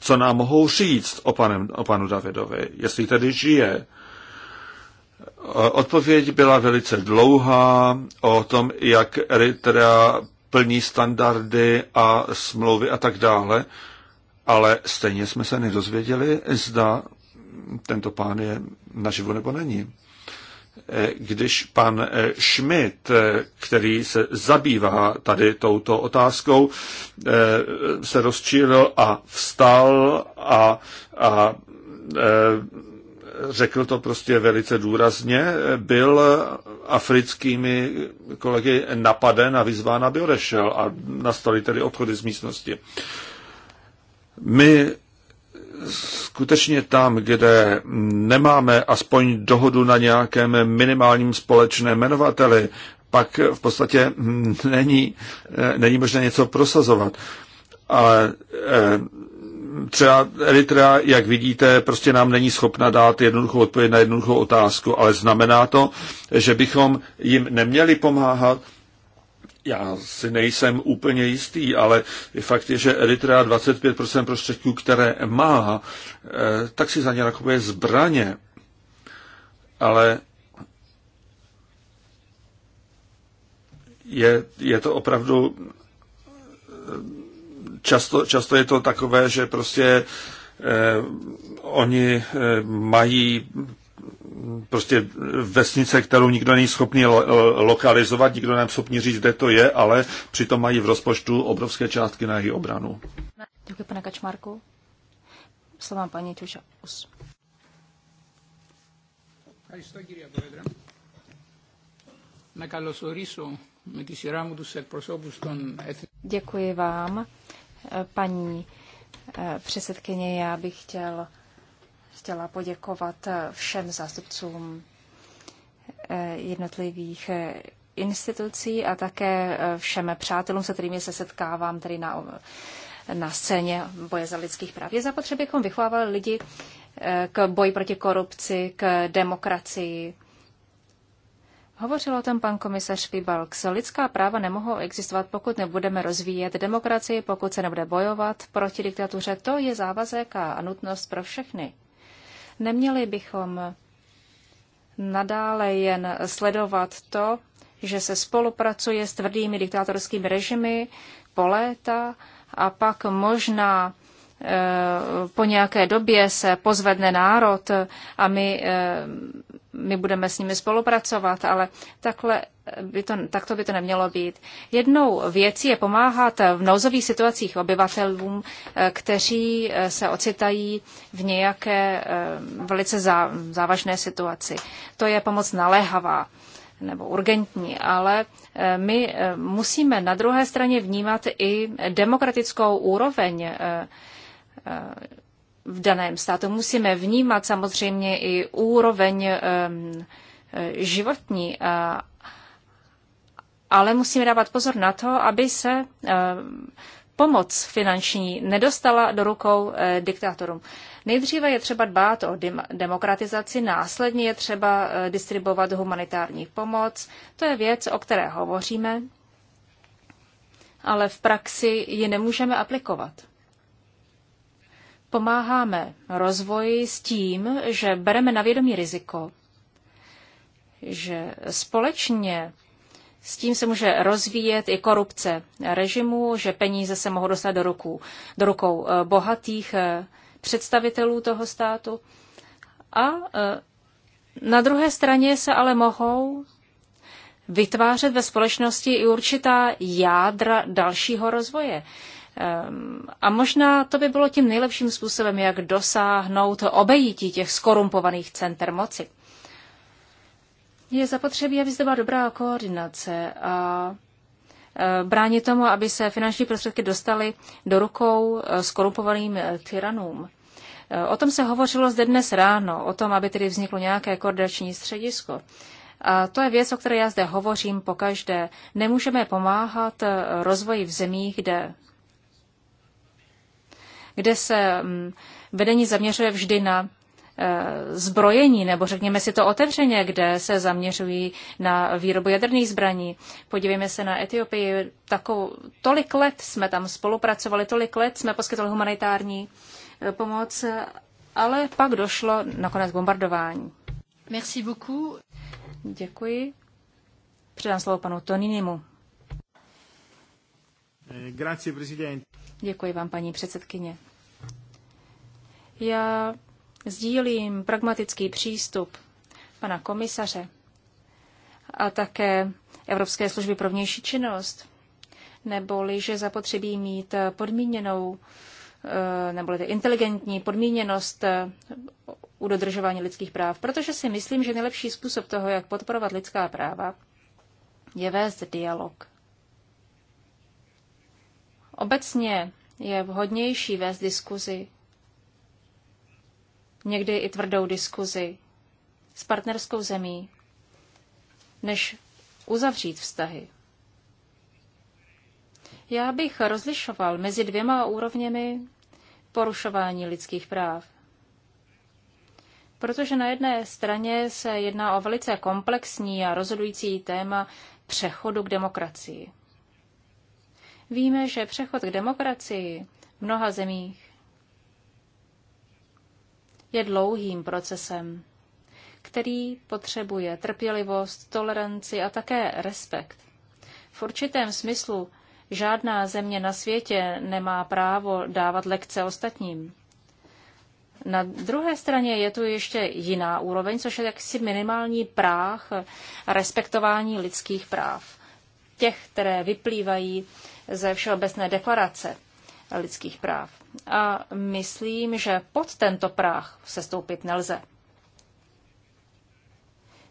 co nám mohou říct o, panem, o panu Davidovi, jestli tedy žije, Odpověď byla velice dlouhá o tom, jak Eritrea plní standardy a smlouvy a tak dále, ale stejně jsme se nedozvěděli, zda tento pán je naživu nebo není. E, když pan e, Schmidt, e, který se zabývá tady touto otázkou, se rozčílil a vstal a, a řekl to prostě velice důrazně, byl africkými kolegy napaden a vyzván, aby odešel a nastaly tedy odchody z místnosti. My skutečně tam, kde nemáme aspoň dohodu na nějakém minimálním společném jmenovateli, pak v podstatě není, není možné něco prosazovat. Ale eh, třeba Eritrea, jak vidíte, prostě nám není schopna dát jednoduchou odpověď na jednoduchou otázku, ale znamená to, že bychom jim neměli pomáhat. Já si nejsem úplně jistý, ale fakt je, že Eritrea 25% prostředků, které má, eh, tak si za ně nakupuje zbraně. Ale je, je to opravdu často, často je to takové, že prostě eh, oni eh, mají prostě vesnice, kterou nikdo není schopný lo- lokalizovat, nikdo není schopný říct, kde to je, ale přitom mají v rozpočtu obrovské částky na její obranu.
Děkuji, pane Kačmarku. Slova paní Čuša. Děkuji vám paní eh, předsedkyně. Já bych chtěl, chtěla poděkovat eh, všem zástupcům eh, jednotlivých institucí a také všem přátelům, se kterými se setkávám tady na, na scéně boje za lidských práv. Je zapotřebí, abychom vychovávali lidi k boji proti korupci, k demokracii, Hovořil o tom pan komisař Pibalks. Lidská práva nemohou existovat, pokud nebudeme rozvíjet demokracii, pokud se nebude bojovat proti diktatuře. To je závazek a nutnost pro všechny. Neměli bychom nadále jen sledovat to, že se spolupracuje s tvrdými diktátorskými režimy po léta a pak možná eh, po nějaké době se pozvedne národ a my eh, my budeme s nimi spolupracovat, ale takhle by to, takto by to nemělo být. Jednou věcí je pomáhat v nouzových situacích obyvatelům, eh, kteří eh, se ocitají v nějaké eh, velice závažné situaci. To je pomoc naléhavá nebo urgentní, ale my musíme na druhé straně vnímat i demokratickou úroveň v daném státu. Musíme vnímat samozřejmě i úroveň eh, životní, ale musíme dávat pozor na to, aby se eh, pomoc finanční nedostala do rukou eh, diktátorům. Nejdříve je třeba dbát o demokratizaci, následně je třeba distribuovat humanitární pomoc. To je věc, o které hovoříme, ale v praxi ji nemůžeme aplikovat pomáháme rozvoji s tím, že bereme na vědomí riziko, že společně s tím se může rozvíjet i korupce režimu, že peníze se mohou dostat do, rukou, do rukou eh, bohatých eh, představitelů toho státu. A eh, na druhé straně se ale mohou vytvářet ve společnosti i určitá jádra dalšího rozvoje. Ehm, a možná to by bylo tím nejlepším způsobem, jak dosáhnout obejití těch skorumpovaných center moci. Je zapotřebí, aby zde byla dobrá koordinace a e, bránit tomu, aby se finanční prostředky dostaly do rukou e, skorumpovaným e, tyranům. O tom se hovořilo zde dnes ráno, o tom, aby tedy vzniklo nějaké koordinační středisko. A to je věc, o které já zde hovořím pokaždé. Nemůžeme pomáhat rozvoji v zemích, kde kde se mm, vedení zaměřuje vždy na e, zbrojení, nebo řekněme si to otevřeně, kde se zaměřují na výrobu jaderných zbraní. Podívejme se na Etiopii. Takovou, tolik let jsme tam spolupracovali, tolik let jsme poskytovali humanitární e, pomoc, ale pak došlo nakonec bombardování. Merci beaucoup. Děkuji. Předám slovo panu Toninimu.
Eh, grazie,
Děkuji vám, paní předsedkyně. Já sdílím pragmatický přístup pana komisaře a také Evropské služby pro vnější činnost, neboli že zapotřebí mít podmíněnou eh, nebo inteligentní podmíněnost eh, u dodržování lidských práv, protože si myslím, že nejlepší způsob toho, jak podporovat lidská práva, je vést dialog. Obecně je vhodnější vést diskuzi někdy i tvrdou diskuzi s partnerskou zemí, než uzavřít vztahy. Já bych rozlišoval mezi dvěma úrovněmi porušování lidských práv. Protože na jedné straně se jedná o velice komplexní a rozhodující téma přechodu k demokracii. Víme, že přechod k demokracii v mnoha zemích je dlouhým procesem, který potřebuje trpělivost, toleranci a také respekt. V určitém smyslu žádná země na světě nemá právo dávat lekce ostatním. Na druhé straně je tu ještě jiná úroveň, což je jaksi minimální práh respektování lidských práv, těch, které vyplývají ze Všeobecné deklarace lidských práv. A myslím, že pod tento práh se stoupit nelze.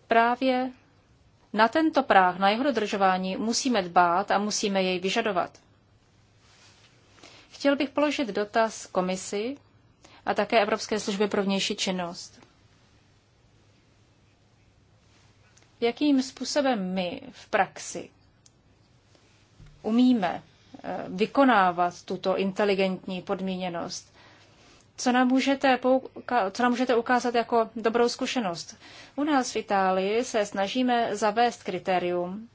Právě na tento práh, na jeho dodržování musíme dbát a musíme jej vyžadovat. Chtěl bych položit dotaz komisi a také Evropské služby pro vnější činnost. Jakým způsobem my v praxi umíme vykonávat tuto inteligentní podmíněnost. Co nám, můžete co nám můžete ukázat jako dobrou zkušenost? U nás v Itálii se snažíme zavést kritérium,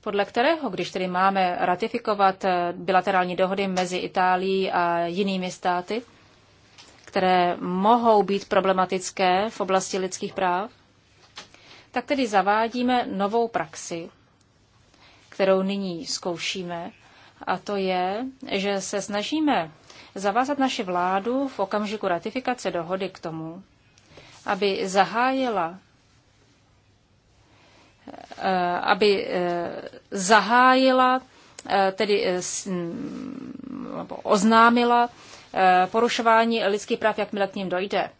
podle kterého, když tedy máme ratifikovat eh, bilaterální dohody mezi Itálií a jinými státy, které mohou být problematické v oblasti lidských práv, tak tedy zavádíme novou praxi, kterou nyní zkoušíme, a to je, že se snažíme zavázat naši vládu v okamžiku ratifikace dohody k tomu, aby zahájila eh, aby eh, zahájila, eh, tedy mm, oznámila porušování lidských práv, jakmile k ním dojde.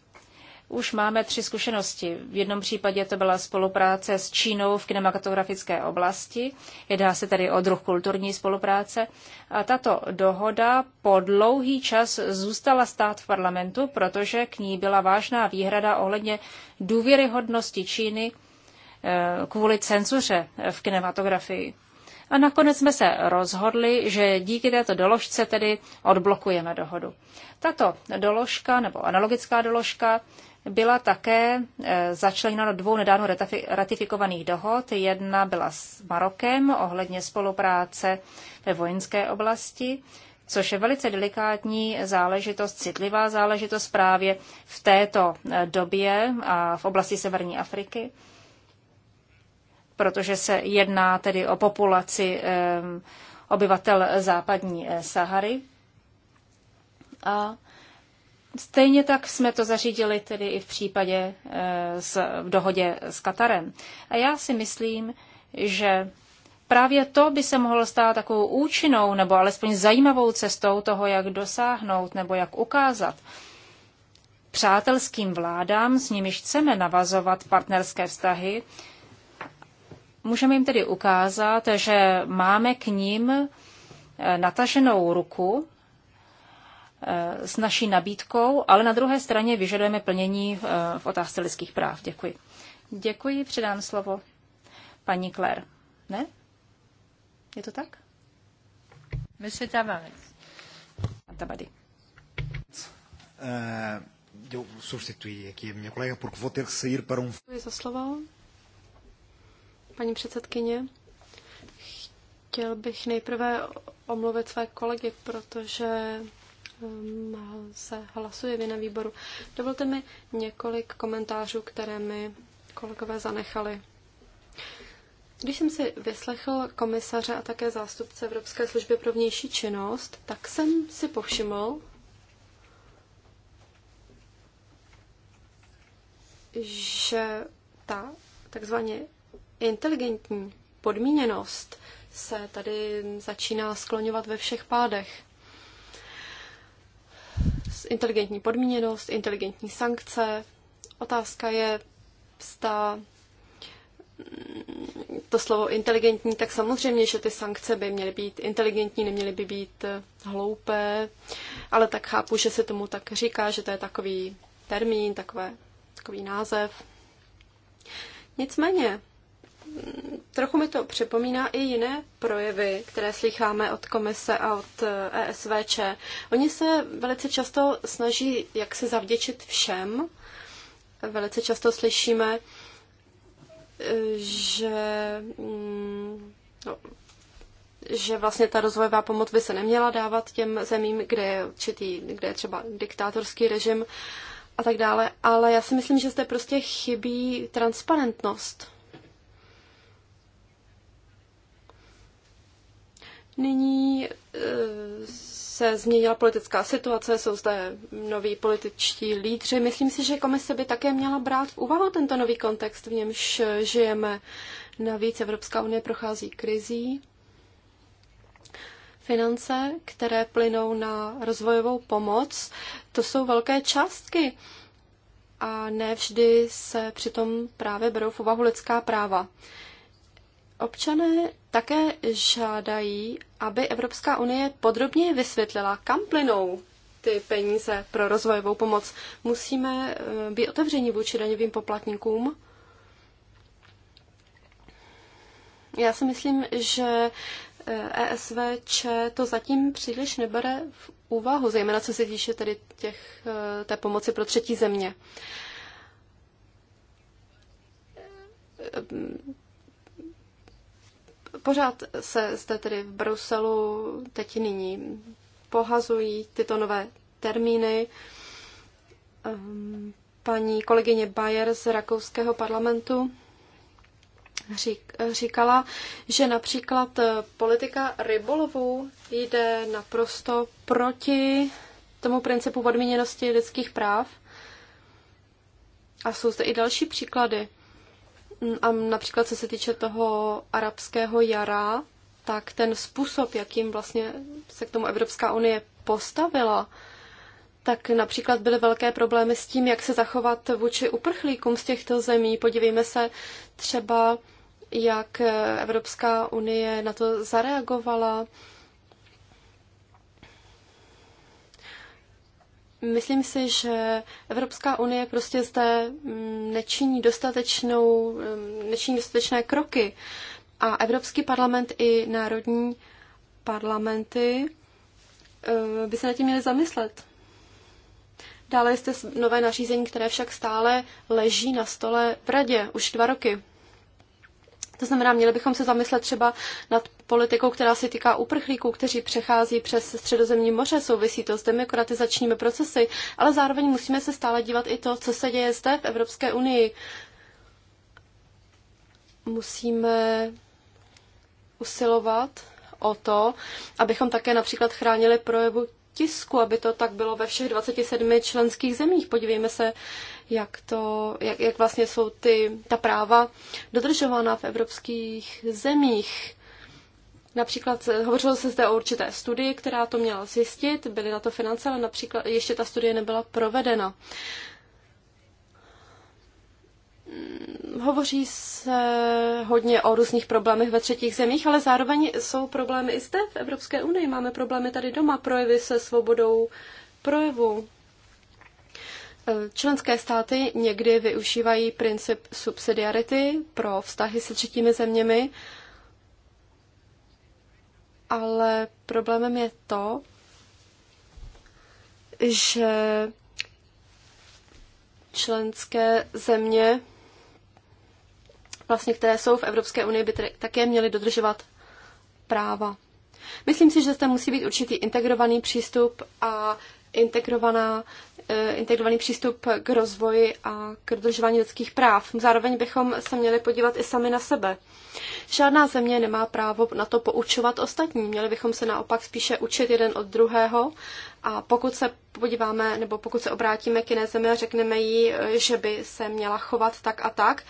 Už máme tři zkušenosti. V jednom případě to byla spolupráce s Čínou v kinematografické oblasti. Jedná se tedy o druh kulturní spolupráce. A tato dohoda po dlouhý čas zůstala stát v parlamentu, protože k ní byla vážná výhrada ohledně důvěryhodnosti Číny eh, kvůli cenzuře v kinematografii. A nakonec jsme se rozhodli, že díky této doložce tedy odblokujeme dohodu. Tato doložka nebo analogická doložka byla také eh, začleněna do dvou nedávno ratifikovaných dohod. Jedna byla s Marokem ohledně spolupráce ve vojenské oblasti, což je velice delikátní záležitost, citlivá záležitost právě v této eh, době a v oblasti Severní Afriky, protože se jedná tedy o populaci eh, obyvatel západní Sahary. A Stejně tak jsme to zařídili tedy i v případě eh, s, v dohodě s Katarem. A já si myslím, že právě to by se mohlo stát takovou účinnou nebo alespoň zajímavou cestou toho, jak dosáhnout nebo jak ukázat přátelským vládám, s nimiž chceme navazovat partnerské vztahy, můžeme jim tedy ukázat, že máme k ním eh, nataženou ruku Eh, s naší nabídkou, ale na druhé straně vyžadujeme plnění eh, v otázce lidských práv. Děkuji. Děkuji, předám slovo paní Claire. Ne? Je to tak?
Monsieur Tavares. Tabadi. Eh, uh, Děkuji za slovo, paní předsedkyně. Chtěl bych nejprve omluvit své kolegy, protože Ehm, se hlasuje v jiném výboru. Dovolte mi několik komentářů, které mi kolegové zanechali. Když jsem si vyslechl komisaře a také zástupce Evropské služby pro vnější činnost, tak jsem si povšiml, že ta takzvaně inteligentní podmíněnost se tady začíná skloňovat ve všech pádech inteligentní podmíněnost, inteligentní sankce. Otázka je, zda mm, to slovo inteligentní, tak samozřejmě, že ty sankce by měly být inteligentní, neměly by být eh, hloupé, ale tak chápu, že se tomu tak říká, že to je takový termín, takové, takový název. Nicméně, trochu mi to připomíná i jiné projevy, které slycháme od komise a od ESVČ. Eh, e Oni se velice často snaží jak se zavděčit všem. Velice často slyšíme, eh, že, mm, no, že vlastně ta rozvojová pomoc by se neměla dávat těm zemím, kde je, určitý, kde je třeba diktátorský režim a tak dále, ale já si myslím, že zde prostě chybí transparentnost Nyní eh, se změnila politická situace, jsou zde noví političtí lídři. Myslím si, že komise by také měla brát v úvahu tento nový kontext, v němž žijeme. Navíc Evropská unie prochází krizí. Finance, které plynou na rozvojovou pomoc, to jsou velké částky a nevždy se přitom právě berou v úvahu lidská práva. Občané také žádají, aby Evropská unie podrobněji vysvětlila, kam plynou ty peníze pro rozvojovou pomoc. Musíme eh, být otevření vůči daňovým poplatníkům. Já si myslím, že ESVČ eh, e to zatím příliš nebere v úvahu, zejména co se týče tedy těch, eh, té pomoci pro třetí země Pořád se zde tedy v Bruselu teď nyní pohazují tyto nové termíny. Ehm, paní kolegyně Bayer z rakouského parlamentu říkala, že například eh, politika rybolovu jde naprosto proti tomu principu podmíněnosti lidských práv. A jsou zde i další příklady. Mm, a například co se týče toho arabského jara, tak ten způsob, jakým vlastně se k tomu Evropská unie postavila, tak například byly velké problémy s tím, jak se zachovat vůči uprchlíkům z těchto zemí. Podívejme se třeba, jak Evropská unie na to zareagovala. Myslím si, že Evropská unie prostě zde mm, nečiní, dostatečnou, mm, nečiní dostatečné kroky. A Evropský parlament i národní parlamenty eh, by se na tím měly zamyslet. Dále jste nové nařízení, které však stále leží na stole v radě už dva roky. To znamená, měli bychom se zamyslet třeba nad politikou, která se týká uprchlíků, kteří přechází přes středozemní moře, souvisí to s demokratizačními procesy, ale zároveň musíme se stále dívat i to, co se děje zde v Evropské unii. Musíme usilovat o to, abychom také například chránili projevu tisku, aby to tak bylo ve všech 27 členských zemích. Podívejme se, jak, to, jak, jak vlastně jsou ty, ta práva dodržována v evropských zemích. Například hovořilo se zde o určité studii, která to měla zjistit, byly na to finance, ale například ještě ta studie nebyla provedena. Hovoří se hodně o různých problémech ve třetích zemích, ale zároveň jsou problémy i zde v Evropské unii. Máme problémy tady doma, projevy se svobodou projevu. Členské státy někdy využívají princip subsidiarity pro vztahy se třetími zeměmi, ale problémem je to, že členské země, vlastně které jsou v Evropské unii, by také měly dodržovat práva. Myslím si, že zde musí být určitý integrovaný přístup a integrovaná, eh, integrovaný přístup k rozvoji a k dodržování lidských práv. Zároveň bychom se měli podívat i sami na sebe. Žádná země nemá právo na to poučovat ostatní. Měli bychom se naopak spíše učit jeden od druhého a pokud se podíváme nebo pokud se obrátíme k jiné zemi a řekneme jí, eh, že by se měla chovat tak a tak,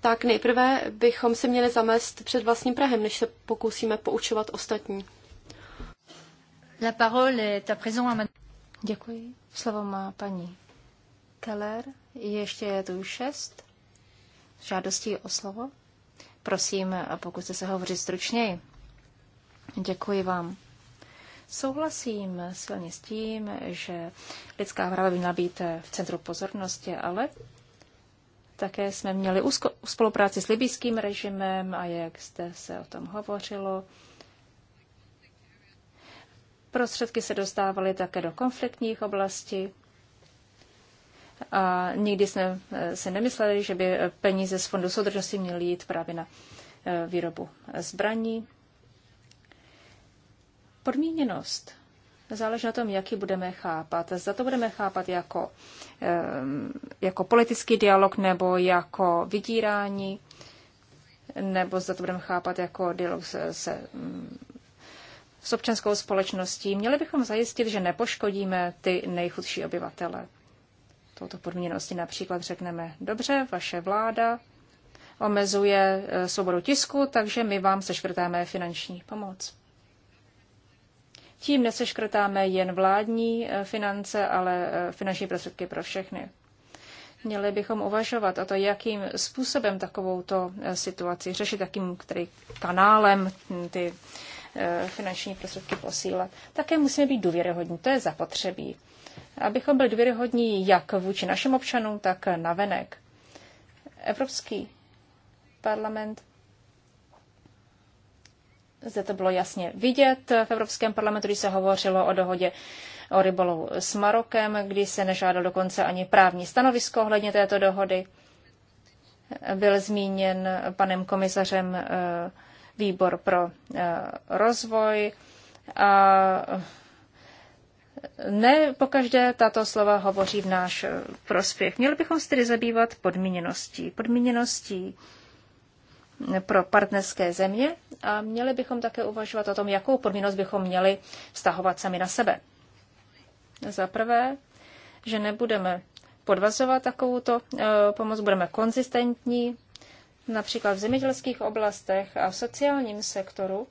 tak nejprve bychom se měli zamést před vlastním Prahem, než se pokusíme poučovat ostatní.
La parole est à présent à Děkuji. Slovo má paní Keller. Ještě je tu šest žádostí o slovo. Prosím, pokuste se hovořit stručněji. Děkuji vám. Souhlasím silně s tím, že lidská hrava by měla být v centru pozornosti, ale také jsme měli úzko, spolupráci s libijským režimem a jak jste se o tom hovořilo, Prostředky se dostávaly také do konfliktních oblastí. A nikdy jsme eh, si nemysleli, že by eh, peníze z Fondu soudržnosti měly jít právě na eh, výrobu zbraní. Podmíněnost záleží na tom, jaký budeme chápat. Zda to budeme chápat jako, jako politický dialog nebo jako vydírání, nebo zda to budeme chápat jako dialog se, se mm, s občanskou společností, měli bychom zajistit, že nepoškodíme ty nejchudší obyvatele. Touto podmíněnosti například řekneme, dobře, vaše vláda omezuje eh, svobodu tisku, takže my vám seškrtáme finanční pomoc. Tím neseškrtáme jen vládní eh, finance, ale eh, finanční prostředky pro všechny. Měli bychom uvažovat o to, jakým způsobem takovouto situaci řešit, jakým který kanálem ty Eh, finanční prostředky posílat. Také musíme být důvěryhodní, to je zapotřebí. Abychom byli důvěryhodní jak vůči našim občanům, tak navenek. Evropský parlament zde to bylo jasně vidět v Evropském parlamentu, když se hovořilo o dohodě o rybolu s Marokem, kdy se nežádal dokonce ani právní stanovisko ohledně této dohody. Byl zmíněn panem komisařem eh, výbor pro eh, rozvoj. A ne pokaždé tato slova hovoří v náš eh, prospěch. Měli bychom se tedy zabývat podmíněností. Podmíněností eh, pro partnerské země a měli bychom také uvažovat o tom, jakou podmínost bychom měli vztahovat sami na sebe. Za prvé, že nebudeme podvazovat takovouto pomoc, budeme konzistentní například v zemědělských oblastech a v sociálním sektoru,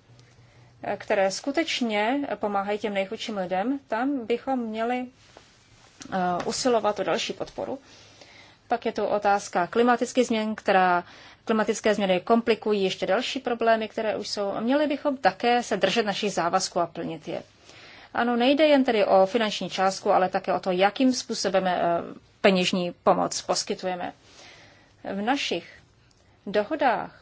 eh, které skutečně pomáhají těm nejchudším lidem, tam bychom měli eh, usilovat o další podporu. Pak je to otázka klimatických změn, která klimatické změny komplikují ještě další problémy, které už jsou. Měli bychom také se držet našich závazků a plnit je. Ano, nejde jen tedy o finanční částku, ale také o to, jakým způsobem eh, peněžní pomoc poskytujeme. V našich dohodách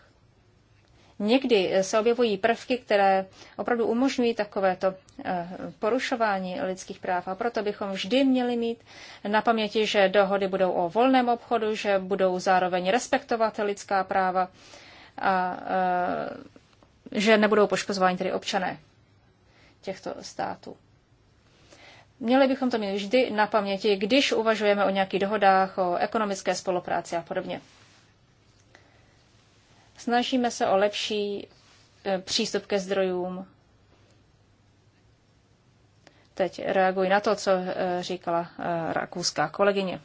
někdy se objevují prvky, které opravdu umožňují takovéto eh, porušování lidských práv. A proto bychom vždy měli mít na paměti, že dohody budou o volném obchodu, že budou zároveň respektovat lidská práva a eh, že nebudou poškozováni tedy občané těchto států. Měli bychom to mít vždy na paměti, když uvažujeme o nějakých dohodách, o ekonomické spolupráci a podobně. Snažíme se o lepší eh, přístup ke zdrojům. Teď reaguji na to, co eh, říkala eh, rakouská kolegyně.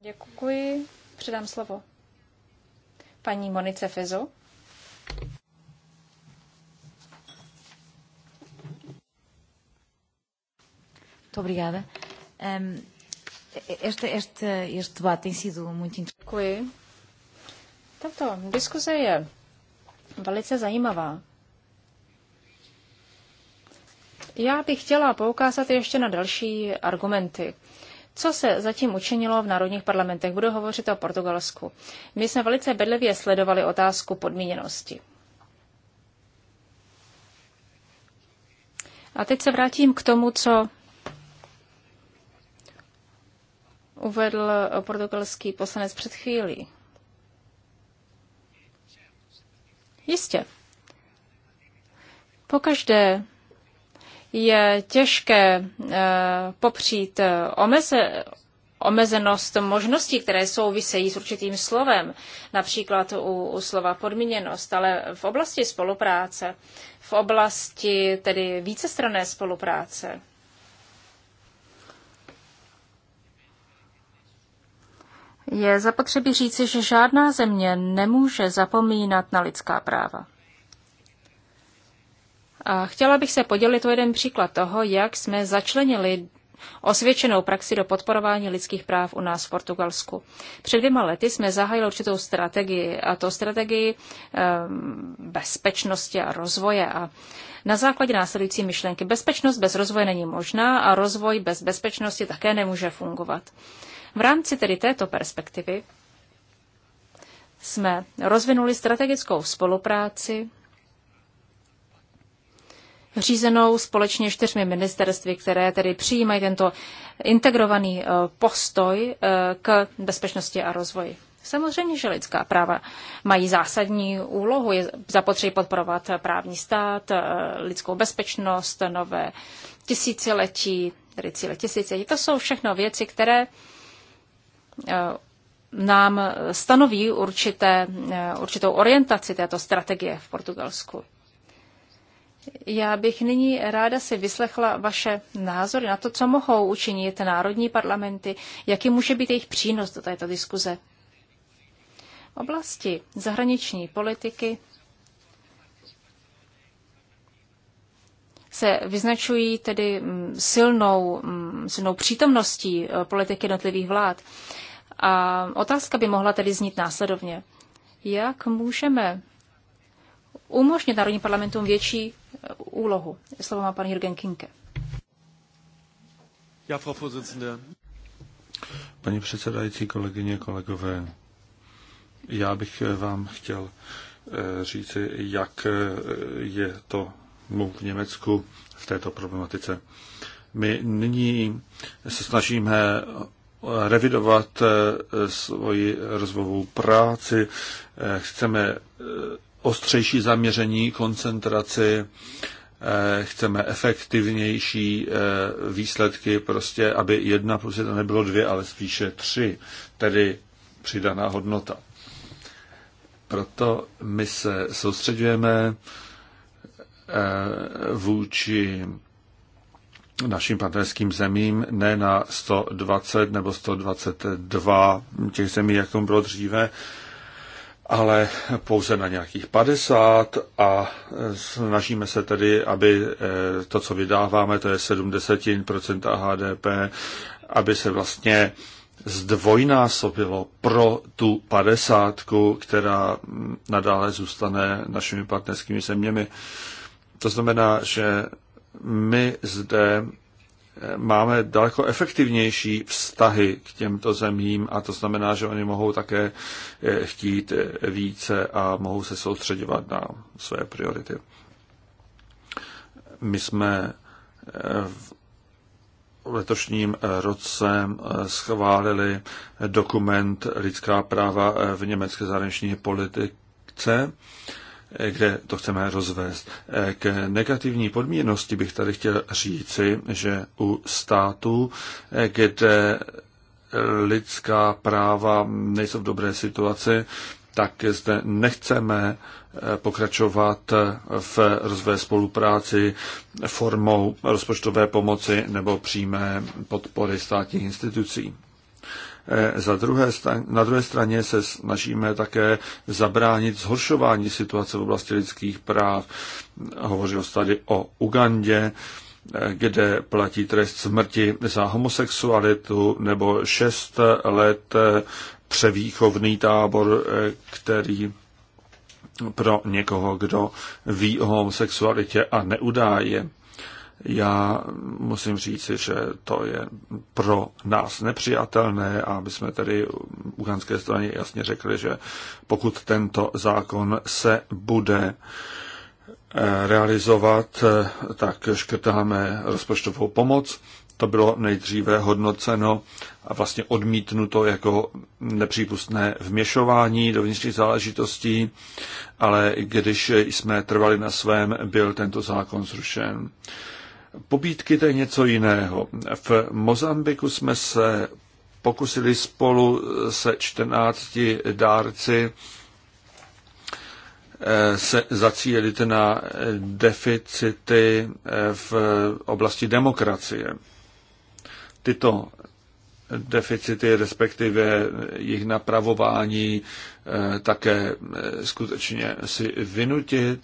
Děkuji. Předám slovo paní Monice Fezo. Obrigada. Ehm, este, este, este debate tem sido muito interessante. Děkuji. Tato diskuze je velice zajímavá. Já bych chtěla poukázat ještě na další argumenty. Co se zatím učinilo v národních parlamentech? Budu hovořit o Portugalsku. My jsme velice bedlivě sledovali otázku podmíněnosti. A teď se vrátím k tomu, co uvedl portugalský poslanec před chvílí. Jistě. Pokaždé je těžké eh, popřít eh, omeze, omezenost možností, které souvisejí s určitým slovem, například u, u slova podmíněnost, ale v oblasti spolupráce, v oblasti tedy vícestranné spolupráce, je zapotřebí říci, že žádná země nemůže zapomínat na lidská práva. A chtěla bych se podělit o jeden příklad toho, jak jsme začlenili osvědčenou praxi do podporování lidských práv u nás v Portugalsku. Před dvěma lety jsme zahájili určitou strategii, a to strategii um, bezpečnosti a rozvoje. A na základě následující myšlenky bezpečnost bez rozvoje není možná a rozvoj bez bezpečnosti také nemůže fungovat. Uh, v rámci tedy této perspektivy jsme rozvinuli strategickou spolupráci řízenou společně čtyřmi ministerství, které tedy přijímají tento integrovaný eh, postoj eh, k bezpečnosti a rozvoji. Samozřejmě, že lidská práva mají zásadní úlohu. Je zapotřebí podporovat právní stát, eh, lidskou bezpečnost, nové tisíciletí, tedy cíle tisíciletí. To jsou všechno věci, které Eh, nám stanoví určité, eh, určitou orientaci této strategie v Portugalsku. Já bych nyní ráda si vyslechla vaše názory na to, co mohou učinit národní parlamenty, jaký může být jejich přínos do této diskuze. Oblasti zahraniční politiky se vyznačují tedy mm, silnou, mm, silnou přítomností eh, politiky jednotlivých vlád. A otázka by mohla tedy znít následovně. Jak můžeme umožnit národním parlamentům větší e, úlohu? Slovo má pan Jürgen Kinke.
Já, Frau Vorsitzende. Paní předsedající, kolegyně, kolegové, já bych e, vám chtěl e, říci, jak je to v Německu v této problematice. My nyní se snažíme revidovat eh, svoji rozvojovou práci, eh, chceme eh, ostřejší zaměření, koncentraci, chceme efektivnější výsledky, prostě aby jedna plus jedna nebylo dvě, ale spíše tři, tedy přidaná hodnota. Proto my se soustředujeme vůči našim partnerským zemím, ne na 120 nebo 122 těch zemí, jak tomu bylo dříve, ale pouze na nějakých 50 a snažíme se tedy, aby eh, to, co vydáváme, to je 70% HDP, aby se vlastně zdvojnásobilo pro tu padesátku, která nadále zůstane našimi partnerskými zeměmi. To znamená, že my zde eh, máme daleko efektivnější vztahy k těmto zemím a to znamená, že oni mohou také eh, chtít eh, více a mohou se soustředovat na své priority. My jsme v letošním roce schválili dokument Lidská práva v německé zahraniční politice kde to chceme rozvést. K negativní podmíněnosti bych tady chtěl říci, že u států, kde lidská práva nejsou v dobré situaci, tak zde nechceme pokračovat v rozvoje spolupráci formou rozpočtové pomoci nebo přímé podpory státních institucí. Eh, za druhé, na druhé straně se snažíme také zabránit zhoršování situace v oblasti lidských práv. Hovořil se tady o Ugandě, eh, kde platí trest smrti za homosexualitu nebo šest let eh, převýchovný tábor, který pro někoho, kdo ví o homosexualitě a neudá je. Já musím říci, že to je pro nás nepřijatelné a my jsme tedy uganské straně jasně řekli, že pokud tento zákon se bude eh, realizovat, eh, tak škrtáme rozpočtovou pomoc. To bylo nejdříve hodnoceno a vlastně odmítnuto jako nepřípustné vměšování do vnitřních záležitostí, ale když jsme trvali na svém, byl tento zákon zrušen. Pobídky to je něco jiného. V Mozambiku jsme se pokusili spolu se 14 dárci eh, se zacílit na deficity eh, v oblasti demokracie. Tyto deficity, respektive jejich napravování, eh, také skutečně si vynutit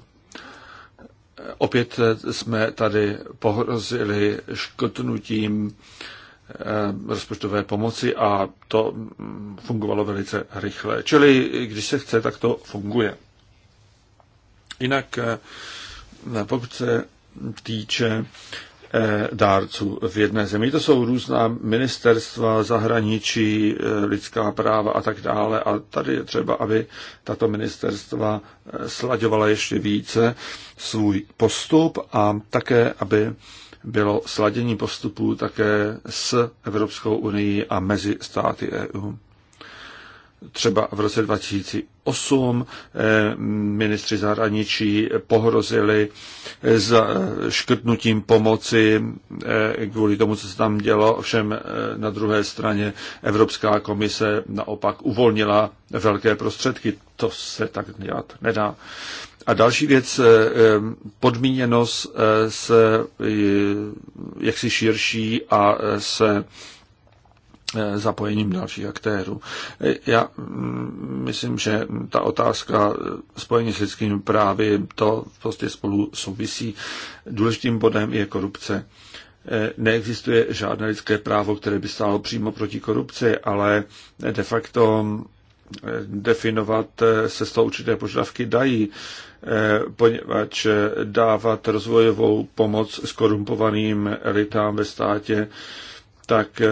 Opět jsme tady pohrozili škotnutím eh, rozpočtové pomoci a to mm, fungovalo velice rychle. Čili když se chce, tak to funguje. Jinak eh, pokud se týče Eh, dárců v jedné zemi. To jsou různá ministerstva, zahraničí, eh, lidská práva a tak dále. A tady je třeba, aby tato ministerstva eh, slaďovala ještě více svůj postup a také, aby bylo sladění postupů také s Evropskou unii a mezi státy EU. Třeba v roce 2000 8 eh, ministři zahraničí pohrozili s eh, eh, škrtnutím pomoci kvůli tomu, co se tam dělo. Ovšem na druhé straně Evropská komise naopak uvolnila velké prostředky. To se tak dělat nedá. A další věc, podmíněnost se jaksi širší a se Eh, zapojením dalších aktérů. Eh, já mm, myslím, že ta otázka eh, spojení s lidskými právy, to prostě spolu souvisí. Důležitým bodem je korupce. Neexistuje žádné lidské právo, které by stálo přímo proti korupci, ale de facto definovat se z toho určité požadavky dají, poněvadž dávat rozvojovou pomoc skorumpovaným elitám ve státě, tak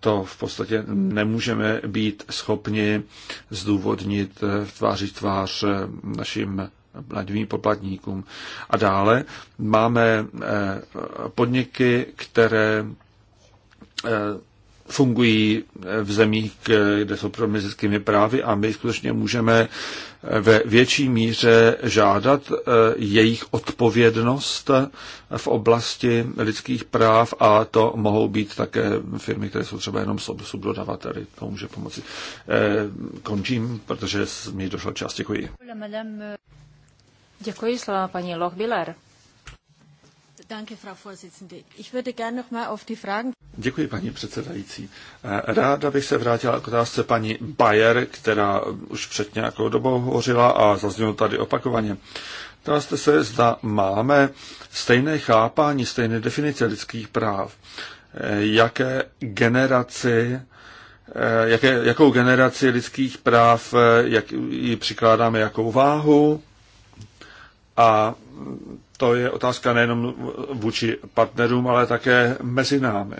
to v podstatě nemůžeme být schopni zdůvodnit v tváří tvář našim mladým poplatníkům. A dále máme eh, podniky, které eh, fungují v zemích, kde jsou problémy s lidskými právy a my skutečně můžeme ve větší míře žádat eh, jejich odpovědnost eh, v oblasti lidských práv a to mohou být také firmy, které jsou třeba jenom subdodavateli. To může pomoci. Eh, končím, protože mi došel čas. Děkuji.
Děkuji, slova paní Lochbiller. Danke, Frau Vorsitzende. Ich würde gerne noch mal auf die Fragen
Děkuji, paní předsedající. Eh, ráda bych se vrátila k otázce paní Bayer, která už před nějakou dobou hovořila a zaznělo tady opakovaně. Ptala jste se, zda máme stejné chápání, stejné definice lidských práv. Eh, jaké generaci eh, jaké, jakou generaci lidských práv jak ji přikládáme, jakou váhu a to je otázka nejenom vůči partnerům, ale také mezi námi.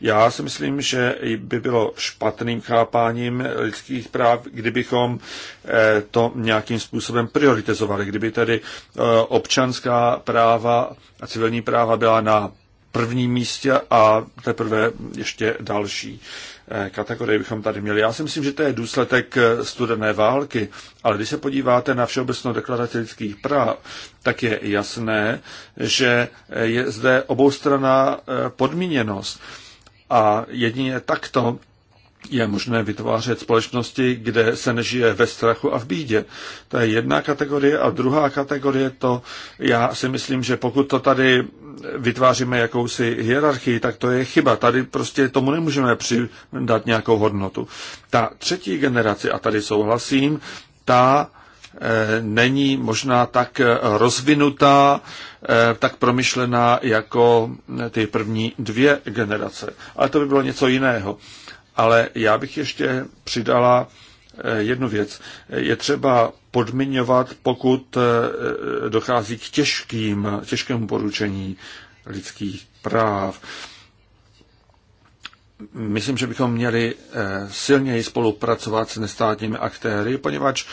Já si myslím, že by bylo špatným chápáním lidských práv, kdybychom eh, to nějakým způsobem prioritizovali, kdyby tedy eh, občanská práva a civilní práva byla na prvním místě a teprve ještě další. Eh, kategorie bychom tady měli. Já si myslím, že to je důsledek eh, studené války, ale když se podíváte na Všeobecnou deklaraci lidských práv, tak je jasné, že eh, je zde oboustraná podmíněnost. A jedině takto je možné vytvářet společnosti, kde se nežije ve strachu a v bídě. To je jedna kategorie. A druhá kategorie to, já si myslím, že pokud to tady vytváříme jakousi hierarchii, tak to je chyba. Tady prostě tomu nemůžeme přidat nějakou hodnotu. Ta třetí generace, a tady souhlasím, ta eh, není možná tak rozvinutá, eh, tak promyšlená jako ty první dvě generace. Ale to by bylo něco jiného. Ale já bych ještě přidala eh, jednu věc. Je třeba podmiňovat, pokud eh, dochází k těžkým, těžkému poručení lidských práv. Myslím, že bychom měli eh, silněji spolupracovat s nestátními aktéry, poněvadž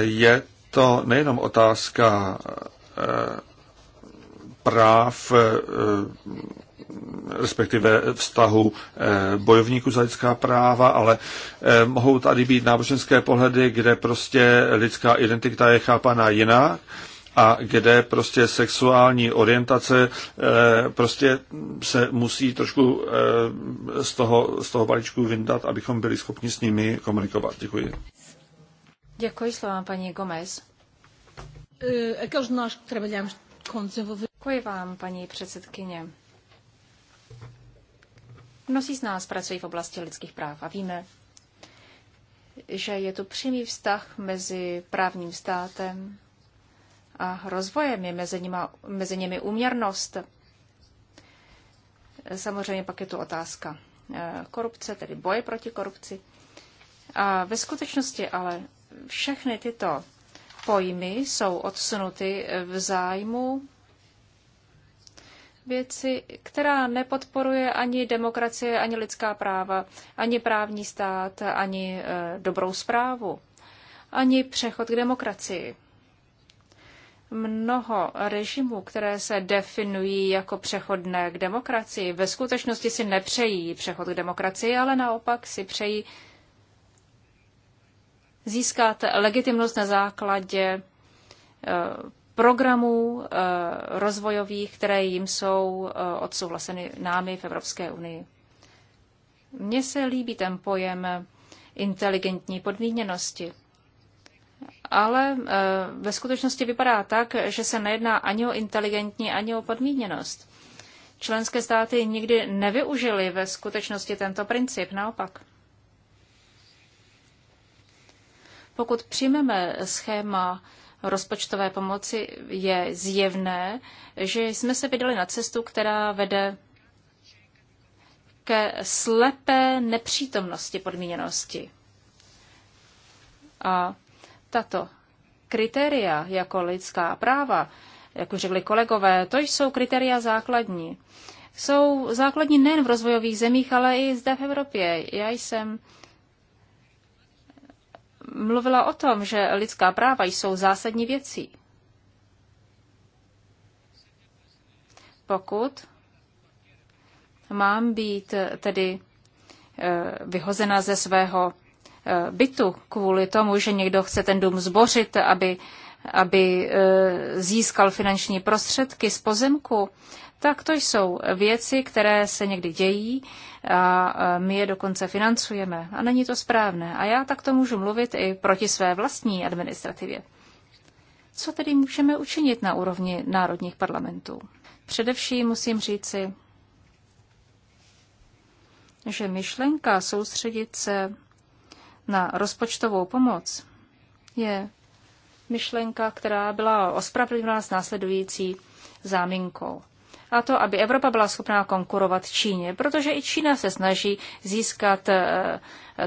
je to nejenom otázka práv respektive vztahu eh, bojovníků za lidská práva, ale eh, mohou tady být náboženské pohledy, kde prostě lidská identita je chápaná jinak a kde prostě sexuální orientace eh, prostě se musí trošku z toho, z toho balíčku vyndat, abychom byli schopni s nimi komunikovat. Děkuji.
Děkuji slovám paní Gomez. Děkuji vám, paní předsedkyně. Mnozí z nás pracují v oblasti lidských práv a víme, že je tu přímý vztah mezi právním státem a rozvojem, je mezi, nima, mezi nimi uměrnost. Samozřejmě pak je tu otázka eh, korupce, tedy boje proti korupci. A ve skutečnosti ale všechny tyto pojmy jsou odsunuty v zájmu věci, která nepodporuje ani demokracie, ani lidská práva, ani právní stát, ani eh, dobrou zprávu, ani přechod k demokracii. Mnoho režimů, které se definují jako přechodné k demokracii, ve skutečnosti si nepřejí přechod k demokracii, ale naopak si přejí získat legitimnost na základě eh, programů eh, rozvojových, které jim jsou eh, odsouhlaseny námi v Evropské unii. Mně se líbí ten pojem inteligentní podmíněnosti. Ale eh, ve skutečnosti vypadá tak, že se nejedná ani o inteligentní, ani o podmíněnost. Členské státy nikdy nevyužily ve skutečnosti tento princip, naopak. Pokud přijmeme schéma rozpočtové pomoci je zjevné, že jsme se vydali na cestu, která vede ke slepé nepřítomnosti podmíněnosti. A tato kritéria jako lidská práva, jak už řekli kolegové, to jsou kritéria základní. Jsou základní nejen v rozvojových zemích, ale i zde v Evropě. Já jsem mluvila o tom, že lidská práva jsou zásadní věcí. Pokud mám být tedy eh, vyhozena ze svého eh, bytu kvůli tomu, že někdo chce ten dům zbořit, aby, aby eh, získal finanční prostředky z pozemku, tak to jsou věci, které se někdy dějí a my je dokonce financujeme. A není to správné. A já takto můžu mluvit i proti své vlastní administrativě. Co tedy můžeme učinit na úrovni národních parlamentů? Především musím říci, že myšlenka soustředit se na rozpočtovou pomoc je myšlenka, která byla ospravedlněna s následující záminkou a to, aby Evropa byla schopná konkurovat Číně, protože i Čína se snaží získat eh,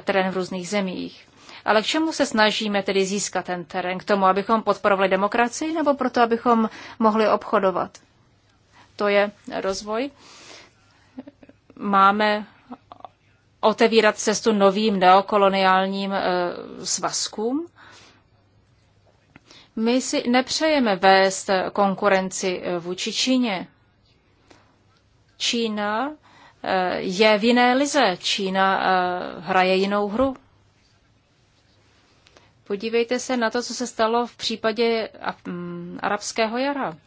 terén v různých zemích. Ale k čemu se snažíme tedy získat ten terén? K tomu, abychom podporovali demokracii nebo proto, abychom mohli obchodovat? To je rozvoj. Máme otevírat cestu novým neokoloniálním eh, svazkům. My si nepřejeme vést konkurenci eh, vůči Číně. Čína eh, je v jiné lize. Čína eh, hraje jinou hru. Podívejte se na to, co se stalo v případě mm, arabského jara.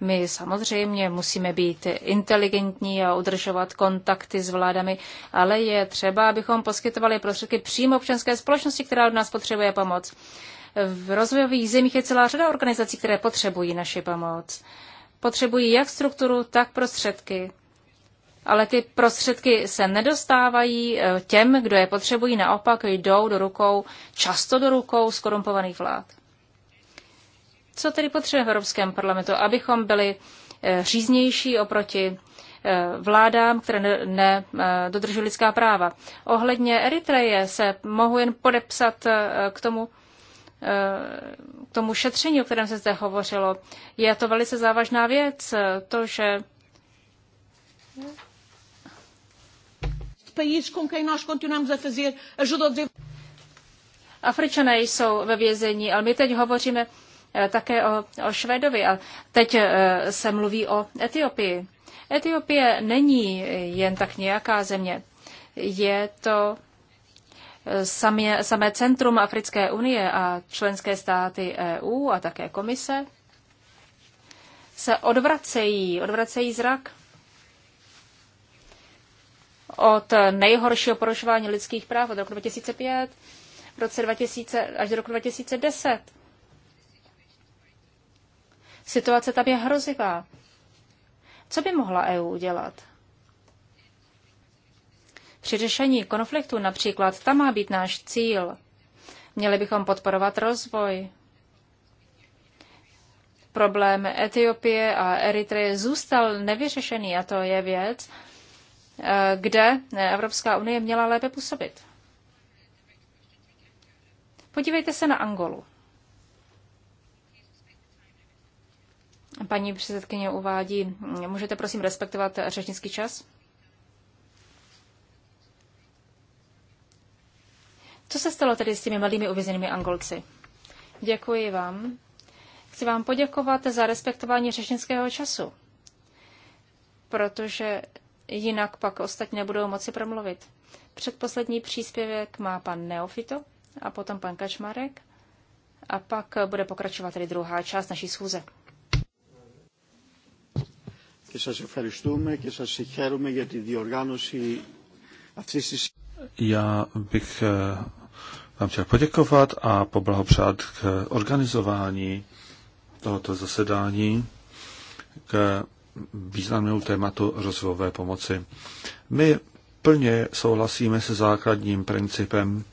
My samozřejmě musíme být inteligentní a udržovat kontakty s vládami, ale je třeba, abychom poskytovali prostředky přímo občanské společnosti, která od nás potřebuje pomoc. V rozvojových zemích je celá řada organizací, které potřebují naši pomoc. Potřebují jak strukturu, tak prostředky ale ty prostředky se nedostávají eh, těm, kdo je potřebují, naopak jdou do rukou, často do rukou skorumpovaných vlád. Co tedy potřebuje v Evropském parlamentu? Abychom byli eh, říznější oproti eh, vládám, které nedodržují ne, lidská práva. Ohledně Eritreje se mohu jen podepsat k tomu, k tomu šetření, o kterém se zde hovořilo. Je to velice závažná věc, to, že de países com quem nós continuamos a fazer ajuda ao Afričané jsou ve vězení, ale my teď hovoříme eh, také o, o Švédovi. A teď eh, se mluví o Etiopii. Etiopie není jen tak nějaká země. Je to eh, samé, samé centrum Africké unie a členské státy EU a také komise se odvracejí, odvracejí zrak od nejhoršího porušování lidských práv od roku 2005 v roce 2000 až do roku 2010. Situace tam je hrozivá. Co by mohla EU udělat? Při řešení konfliktu například tam má být náš cíl. Měli bychom podporovat rozvoj. Problém Etiopie a Eritreje zůstal nevyřešený a to je věc, Eh, kde Evropská unie měla lépe působit. Podívejte se na Angolu. Paní předsedkyně uvádí, můžete prosím respektovat řečnický čas? Co se stalo tedy s těmi malými uvězenými Angolci? Děkuji vám. Chci vám poděkovat za respektování řečnického času, protože jinak pak ostatní nebudou moci promluvit. Předposlední příspěvek má pan Neofito a potom pan Kačmarek a pak bude pokračovat tedy druhá část naší schůze.
Já bych eh, vám chtěl poděkovat a poblahopřát k organizování tohoto zasedání, k významnému tématu rozvojové pomoci. My plně souhlasíme se základním principem,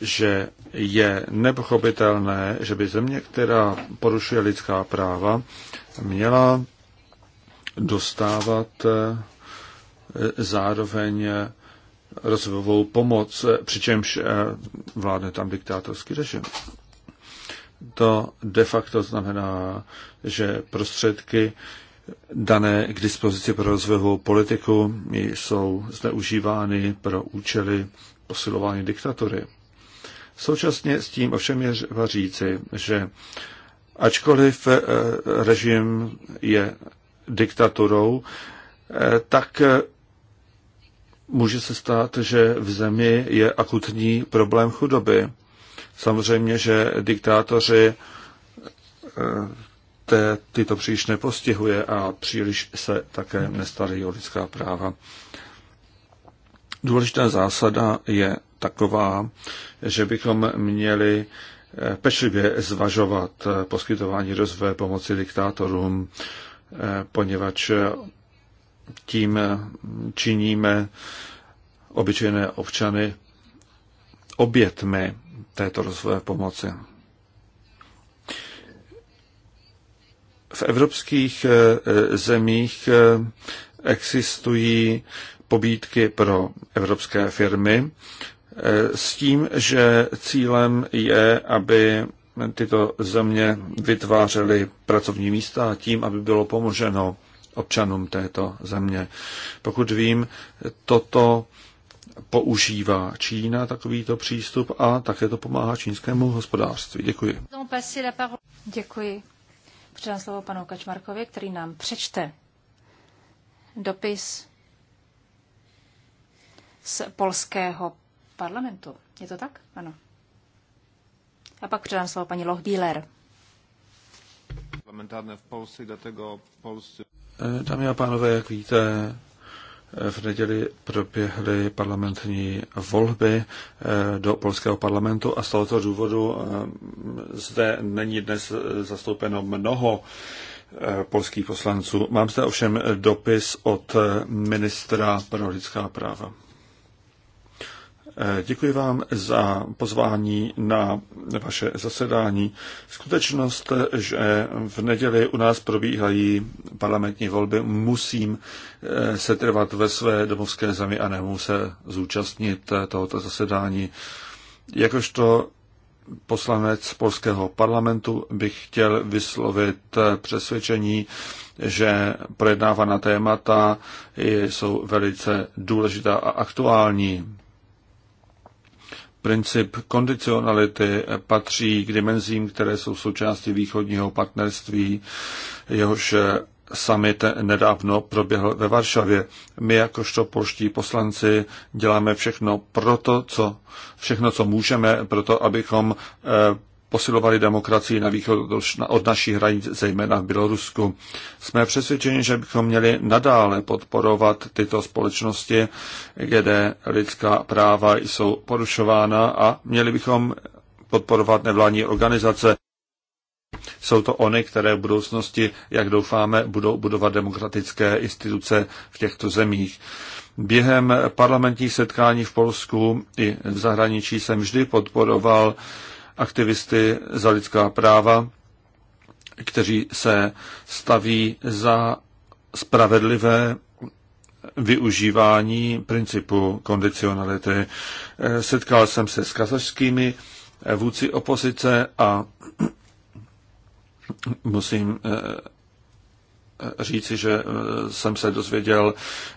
že je nepochopitelné, že by země, která porušuje lidská práva, měla dostávat eh, zároveň eh, rozvojovou pomoc, eh, přičemž vládne tam diktátorský režim. To de facto znamená, že prostředky dané k dispozici pro rozvojovou politiku jsou zneužívány pro účely posilování diktatury. Současně s tím ovšem je říci, že ačkoliv eh, režim je diktaturou, eh, tak eh, může se stát, že v zemi je akutní problém chudoby. Samozřejmě, že diktátoři te, tyto příliš nepostihuje a příliš se také nestarí o lidská práva. Důležitá zásada je taková, že bychom měli eh, pečlivě zvažovat eh, poskytování rozvoje pomoci diktátorům, eh, poněvadž tím činíme obyčejné občany obětmi této rozvoje pomoci. V evropských eh, eh, zemích eh, existují pobídky pro evropské firmy s tím, že cílem je, aby tyto země vytvářely pracovní místa a tím, aby bylo pomoženo občanům této země. Pokud vím, toto používá Čína takovýto přístup a také to pomáhá čínskému hospodářství.
Děkuji. Děkuji předám slovo panu Kačmarkovi, který nám přečte dopis z polského parlamentu. Je to tak? Ano. A pak předám slovo paní Lohdíler.
Parlamentárne v eh, Dámy a pánové, jak víte, v neděli proběhly parlamentní volby eh, do polského parlamentu a z tohoto důvodu eh, zde není dnes eh, zastoupeno mnoho polských poslanců. Mám zde ovšem dopis od ministra pro lidská práva. Eh, děkuji vám za pozvání na vaše zasedání. Skutečnost, že v neděli u nás probíhají parlamentní volby, musím eh, se trvat ve své domovské zemi a nemohu se zúčastnit eh, tohoto zasedání. Jakožto poslanec polského parlamentu bych chtěl vyslovit přesvědčení, že projednávaná témata jsou velice důležitá a aktuální Princip kondicionality patří k dimenzím, které jsou součástí východního partnerství, jehož summit nedávno proběhl ve Varšavě. My jakožto polští poslanci děláme všechno proto, co, všechno, co můžeme, proto abychom eh, posilovali demokracii na východ od naší hranic, zejména v Bělorusku. Jsme přesvědčeni, že bychom měli nadále podporovat tyto společnosti, kde lidská práva jsou porušována a měli bychom podporovat nevládní organizace. Jsou to ony, které v budoucnosti, jak doufáme, budou budovat demokratické instituce v těchto zemích. Během parlamentních setkání v Polsku i v zahraničí jsem vždy podporoval uh, aktivisty za lidská práva, kteří se staví za spravedlivé využívání principu kondicionality. Setkal jsem se s kazašskými vůdci opozice a musím eh, říci, že eh, jsem se dozvěděl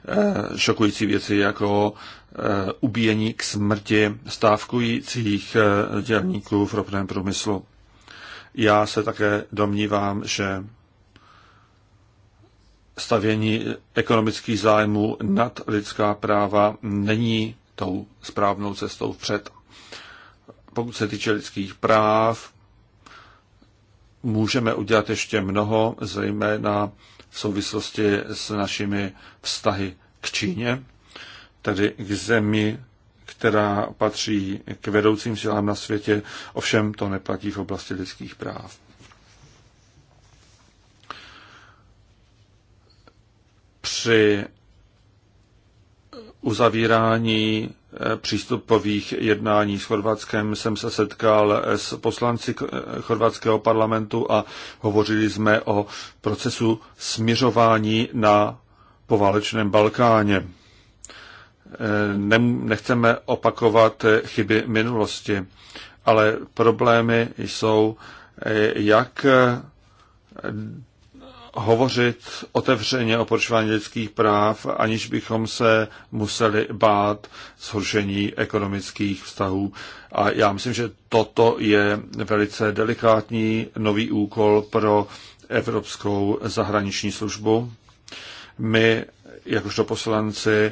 eh, šokující věci jako eh, ubíjení k smrti stávkujících dělníků v ropném průmyslu. Já se také domnívám, že stavění ekonomických zájmů nad lidská práva není tou správnou cestou vpřed. Pokud se týče lidských práv, můžeme udělat ještě mnoho, zejména v souvislosti s našimi vztahy k Číně, tedy k zemi, která patří k vedoucím silám na světě, ovšem to neplatí v oblasti lidských práv. Při uzavírání Eh, přístupových jednání s Chorvatskem jsem se setkal s poslanci chorvatského parlamentu a hovořili jsme o procesu směřování na poválečném Balkáně. Eh, nechceme opakovat chyby minulosti, ale problémy jsou, eh, jak hovořit otevřeně o porušování lidských práv, aniž bychom se museli bát zhoršení ekonomických vztahů. A já myslím, že toto je velice delikátní nový úkol pro Evropskou zahraniční službu. My, jakožto poslanci,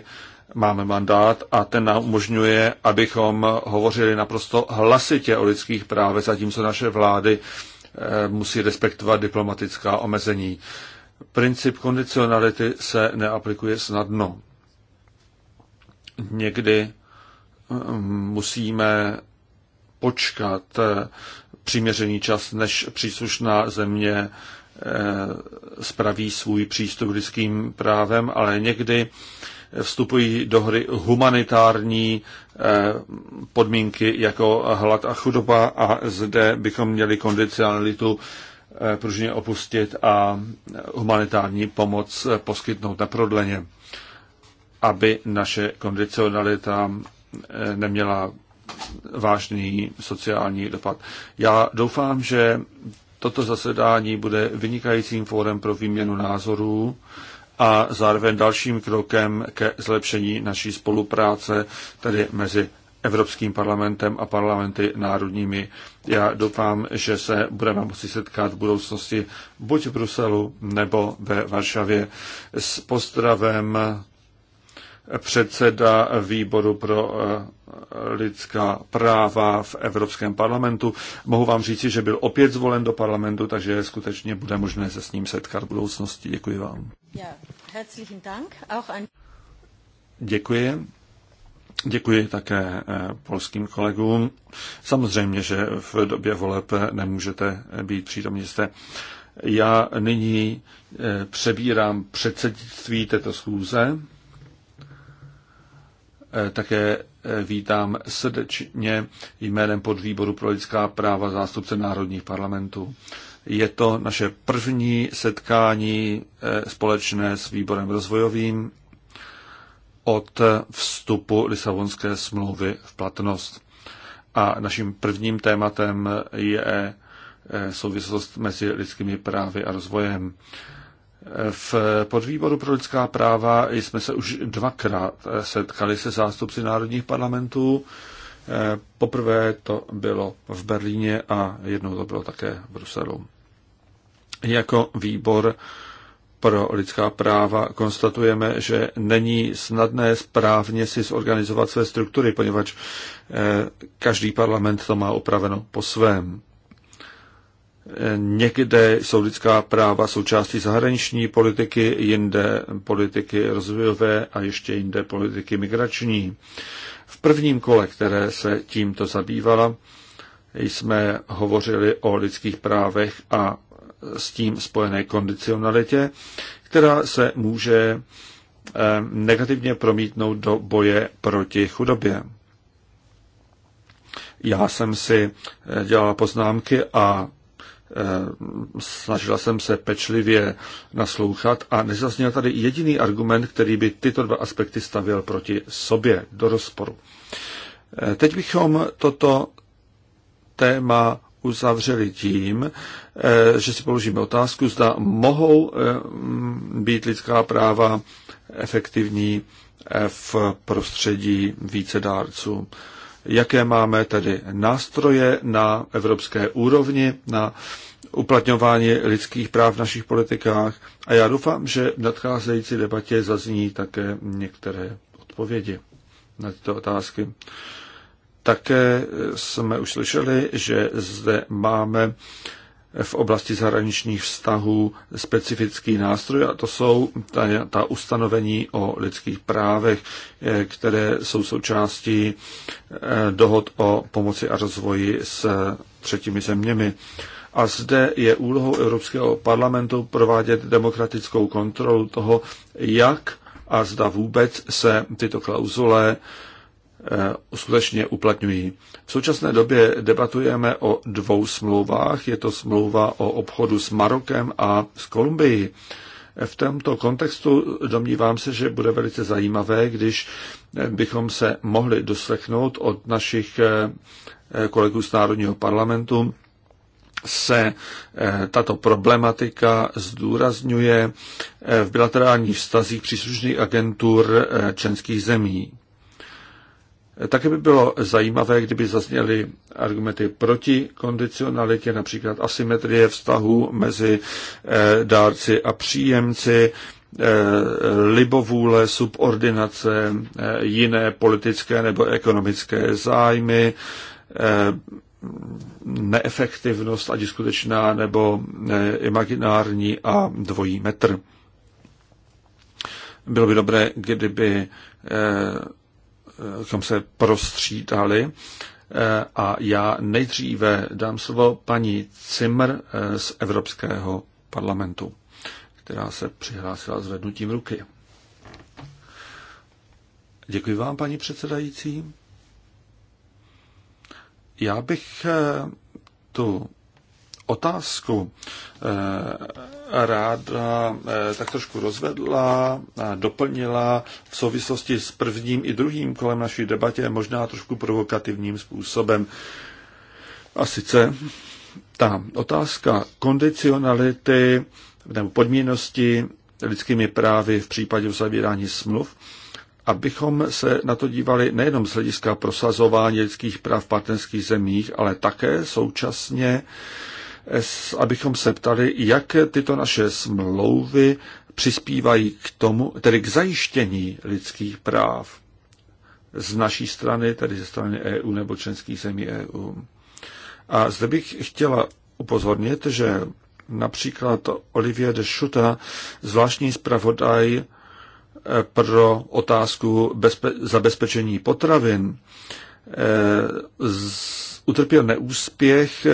máme mandát a ten nám umožňuje, abychom hovořili naprosto hlasitě o lidských právech, zatímco naše vlády Eh, musí respektovat diplomatická omezení. Princip kondicionality se neaplikuje snadno. Někdy eh, musíme počkat eh, přiměřený čas, než příslušná země spraví svůj přístup k lidským právem, ale někdy vstupují do hry humanitární Eh, podmínky jako hlad a chudoba a zde bychom měli kondicionalitu eh, pružně opustit a humanitární pomoc eh, poskytnout prodleně, aby naše kondicionalita neměla vážný sociální dopad. Já doufám, že toto zasedání bude vynikajícím fórem pro výměnu názorů, a zároveň dalším krokem ke zlepšení naší spolupráce, tedy mezi Evropským parlamentem a parlamenty národními. Já doufám, že se budeme moci setkat v budoucnosti buď v Bruselu nebo ve Varšavě s postravem předseda výboru pro eh, lidská práva v Evropském parlamentu. Mohu vám říci, že byl opět zvolen do parlamentu, takže skutečně bude možné se s ním setkat v budoucnosti. Děkuji vám. Děkuji. Děkuji také eh, polským kolegům. Samozřejmě, že v době voleb nemůžete být přítomní jste. Já nyní eh, přebírám předsednictví této schůze Eh, také eh, vítám srdečně jménem podvýboru pro lidská práva zástupce národních parlamentů. Je to naše první setkání eh, společné s výborem rozvojovým od vstupu Lisabonské smlouvy v platnost. A naším prvním tématem je souvislost mezi lidskými právy a rozvojem. V podvýboru pro lidská práva jsme se už dvakrát setkali se zástupci národních parlamentů. Poprvé to bylo v Berlíně a jednou to bylo také v Bruselu. Jako výbor pro lidská práva konstatujeme, že není snadné správně si zorganizovat své struktury, poněvadž eh, každý parlament to má upraveno po svém. Někde jsou lidská práva součástí zahraniční politiky, jinde politiky rozvojové a ještě jinde politiky migrační. V prvním kole, které se tímto zabývala, jsme hovořili o lidských právech a s tím spojené kondicionalitě, která se může eh, negativně promítnout do boje proti chudobě. Já jsem si eh, dělala poznámky a Eh, snažila jsem se pečlivě naslouchat a nezazněl tady jediný argument, který by tyto dva aspekty stavěl proti sobě do rozporu. Eh, teď bychom toto téma uzavřeli tím, eh, že si položíme otázku, zda mohou být lidská práva efektivní v prostředí více dárců jaké máme tedy nástroje na evropské úrovni, na uplatňování lidských práv v našich politikách. A já doufám, že v nadcházející debatě zazní také některé odpovědi na tyto otázky. Také jsme už slyšeli, že zde máme v oblasti zahraničních vztahů specifický nástroj a to jsou ta, ta ustanovení o lidských právech, eh, které jsou součástí eh, dohod o pomoci a rozvoji s eh, třetími zeměmi. A zde je úlohou Evropského parlamentu provádět demokratickou kontrolu toho, jak a zda vůbec se tyto klauzule eh, Eh, skutečně uplatňují. V současné době debatujeme o dvou smlouvách. Je to smlouva o obchodu s Marokem a s Kolumbií. V tomto kontextu domnívám se, že bude velice zajímavé, když eh, bychom se mohli doslechnout od našich eh, kolegů z Národního parlamentu, se tato problematika zdůrazňuje v bilaterálních vztazích příslušných agentur členských zemí. Také by bylo zajímavé, kdyby zazněly argumenty proti kondicionalitě, například asymetrie vztahu mezi eh, dárci a příjemci, eh, libovůle, subordinace, eh, jiné politické nebo ekonomické zájmy, neefektivnost, ať skutečná nebo imaginární a dvojí metr. Bylo by dobré, kdyby kam eh, se prostřídali. Eh, a já nejdříve dám slovo paní Cimr eh, z Evropského parlamentu, která se přihlásila zvednutím ruky. Děkuji vám, paní předsedající. Já bych tu otázku eh, ráda eh, tak trošku rozvedla doplnila v souvislosti s prvním i druhým kolem naší debatě možná trošku provokativním způsobem. A sice ta otázka kondicionality nebo podmíněnosti lidskými právy v případě uzavírání smluv, abychom se na to dívali nejenom z hlediska prosazování lidských práv v partnerských zemích, ale také současně abychom se ptali, jak tyto naše smlouvy přispívají k tomu, tedy k zajištění lidských práv z naší strany, tedy ze strany EU nebo členských zemí EU. A zde bych chtěla upozornit, že například Olivier de Schutte, zvláštní zpravodaj eh, pro otázku bezpe- zabezpečení potravin, eh, utrpěl neúspěch eh,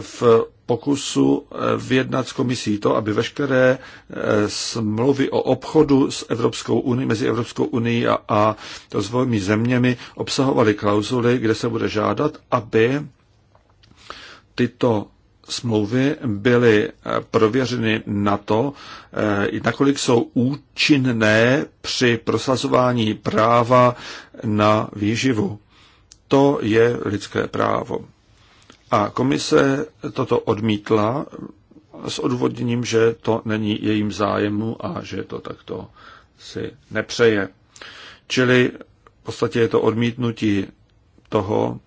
v pokusu eh, vyjednat s komisí to, aby veškeré eh, smlouvy o obchodu s Evropskou unii, mezi Evropskou unii a, a rozvojovými zeměmi obsahovaly klauzuly, kde se bude žádat, aby tyto smlouvy byly eh, prověřeny na to, nakolik jsou účinné při prosazování práva na výživu. To je lidské právo. A komise toto odmítla s odvodněním, že to není jejím zájemu a že to takto si nepřeje. Čili v podstatě je to odmítnutí toho,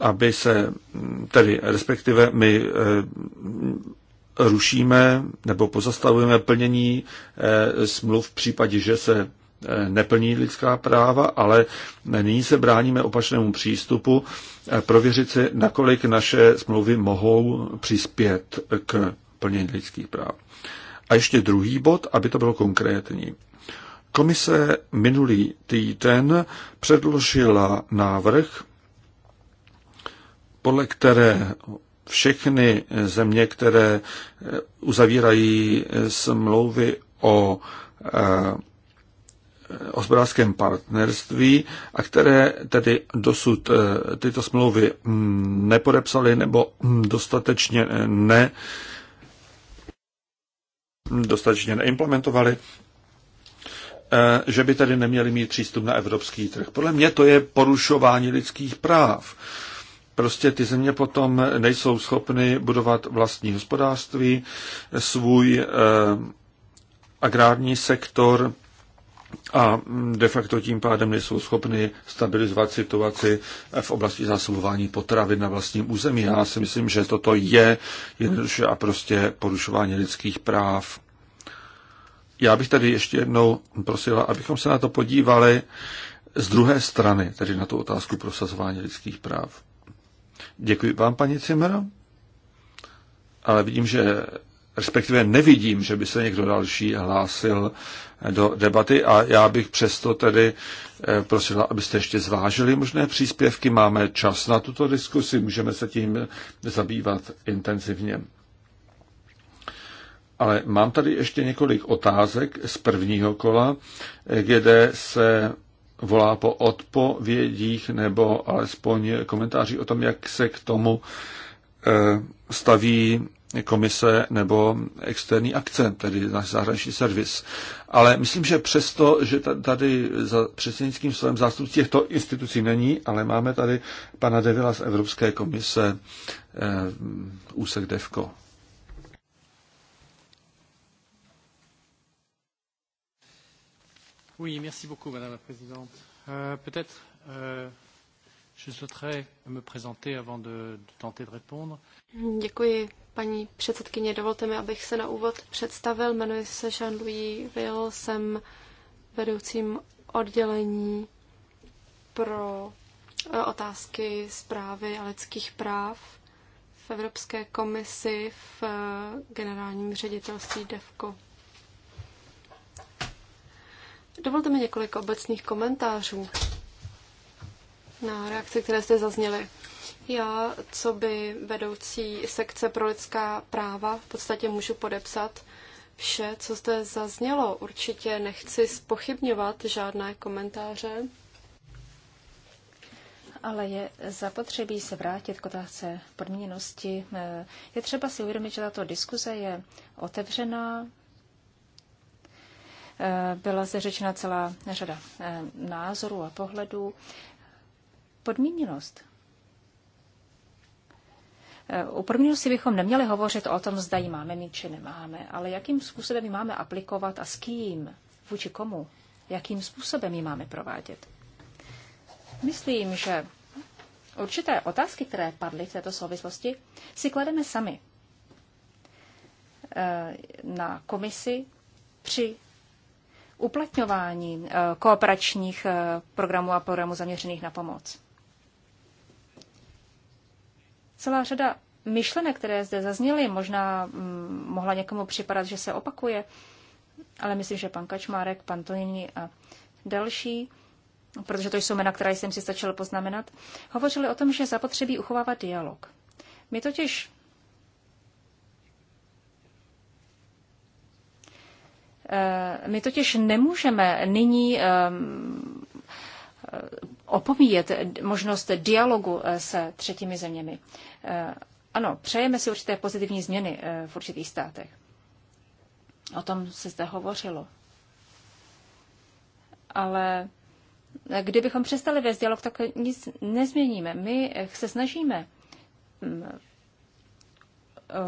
aby se, tedy respektive my eh, rušíme nebo pozastavujeme plnění eh, smluv v případě, že se neplní lidská práva, ale nyní se bráníme opačnému přístupu, eh, prověřit si, nakolik naše smlouvy mohou přispět k plnění lidských práv. A ještě druhý bod, aby to bylo konkrétní. Komise minulý týden předložila návrh, podle které všechny země, které eh, uzavírají eh, smlouvy o Eh, hospodářském partnerství a které tedy dosud eh, tyto smlouvy mm, nepodepsaly nebo mm, dostatečně eh, ne dostatečně neimplementovali, že by tedy neměli mít přístup na evropský trh. Podle mě to je porušování lidských práv. Prostě ty země potom nejsou schopny budovat vlastní hospodářství, svůj agrární sektor, a de facto tím pádem nejsou schopny stabilizovat situaci v oblasti zásobování potravin na vlastním území. Já si myslím, že toto je jednoduše a prostě porušování lidských práv. Já bych tady ještě jednou prosila, abychom se na to podívali z druhé strany, tedy na tu otázku prosazování lidských práv. Děkuji vám, paní Cimera, ale vidím, že respektive nevidím, že by se někdo další hlásil do debaty a já bych přesto tedy eh, prosil, abyste ještě zvážili možné příspěvky. Máme čas na tuto diskusi, můžeme se tím zabývat intenzivně. Ale mám tady ještě několik otázek z prvního kola, eh, kde se volá po odpovědích nebo alespoň komentáři o tom, jak se k tomu eh, staví komise nebo externí akce, tedy náš zahraniční servis. Ale myslím, že přesto, že tady za předsednickým slovem zástupci těchto institucí není, ale máme tady pana Devila z Evropské komise eh, úsek DEVKO.
Oui, merci beaucoup, Madame la Présidente.
Euh, Peut-être
euh, je souhaiterais me présenter avant de, de tenter de répondre.
Děkuji, Paní předsedkyně, dovolte mi, abych se na úvod představil. Jmenuji se Jean-Louis Will, jsem vedoucím oddělení pro e, otázky zprávy a lidských práv v Evropské komisi v e, generálním ředitelství DEVKO. Dovolte mi několik obecných komentářů na reakce, které jste zazněly. Já, co by vedoucí sekce pro lidská práva, v podstatě můžu podepsat vše, co zde zaznělo. Určitě nechci spochybňovat žádné komentáře.
Ale je zapotřebí se vrátit k otázce podmíněnosti. Je třeba si uvědomit, že tato diskuze je otevřená. Byla zde řečena celá řada eh, názorů a pohledů. Podmíněnost u prvního si bychom neměli hovořit o tom, zda ji máme mít či nemáme, ale jakým způsobem ji máme aplikovat a s kým, vůči komu, jakým způsobem ji máme provádět. Myslím, že určité otázky, které padly v této souvislosti, si klademe sami eh, na komisi při uplatňování eh, kooperačních eh, programů a programů zaměřených na pomoc. Celá řada myšlenek, které zde zazněly, možná mm, mohla někomu připadat, že se opakuje, ale myslím, že pan Kačmárek, pan Tonini a další, protože to jsou jména, která jsem si stačil poznamenat, hovořili o tom, že zapotřebí uchovávat dialog. My totiž eh, My totiž nemůžeme nyní ehm, opomíjet možnost dialogu eh, se třetími zeměmi. Eh, ano, přejeme si určité pozitivní změny eh, v určitých státech. O tom se zde hovořilo. Ale kdybychom přestali vést dialog, tak nic nezměníme. My se snažíme mm,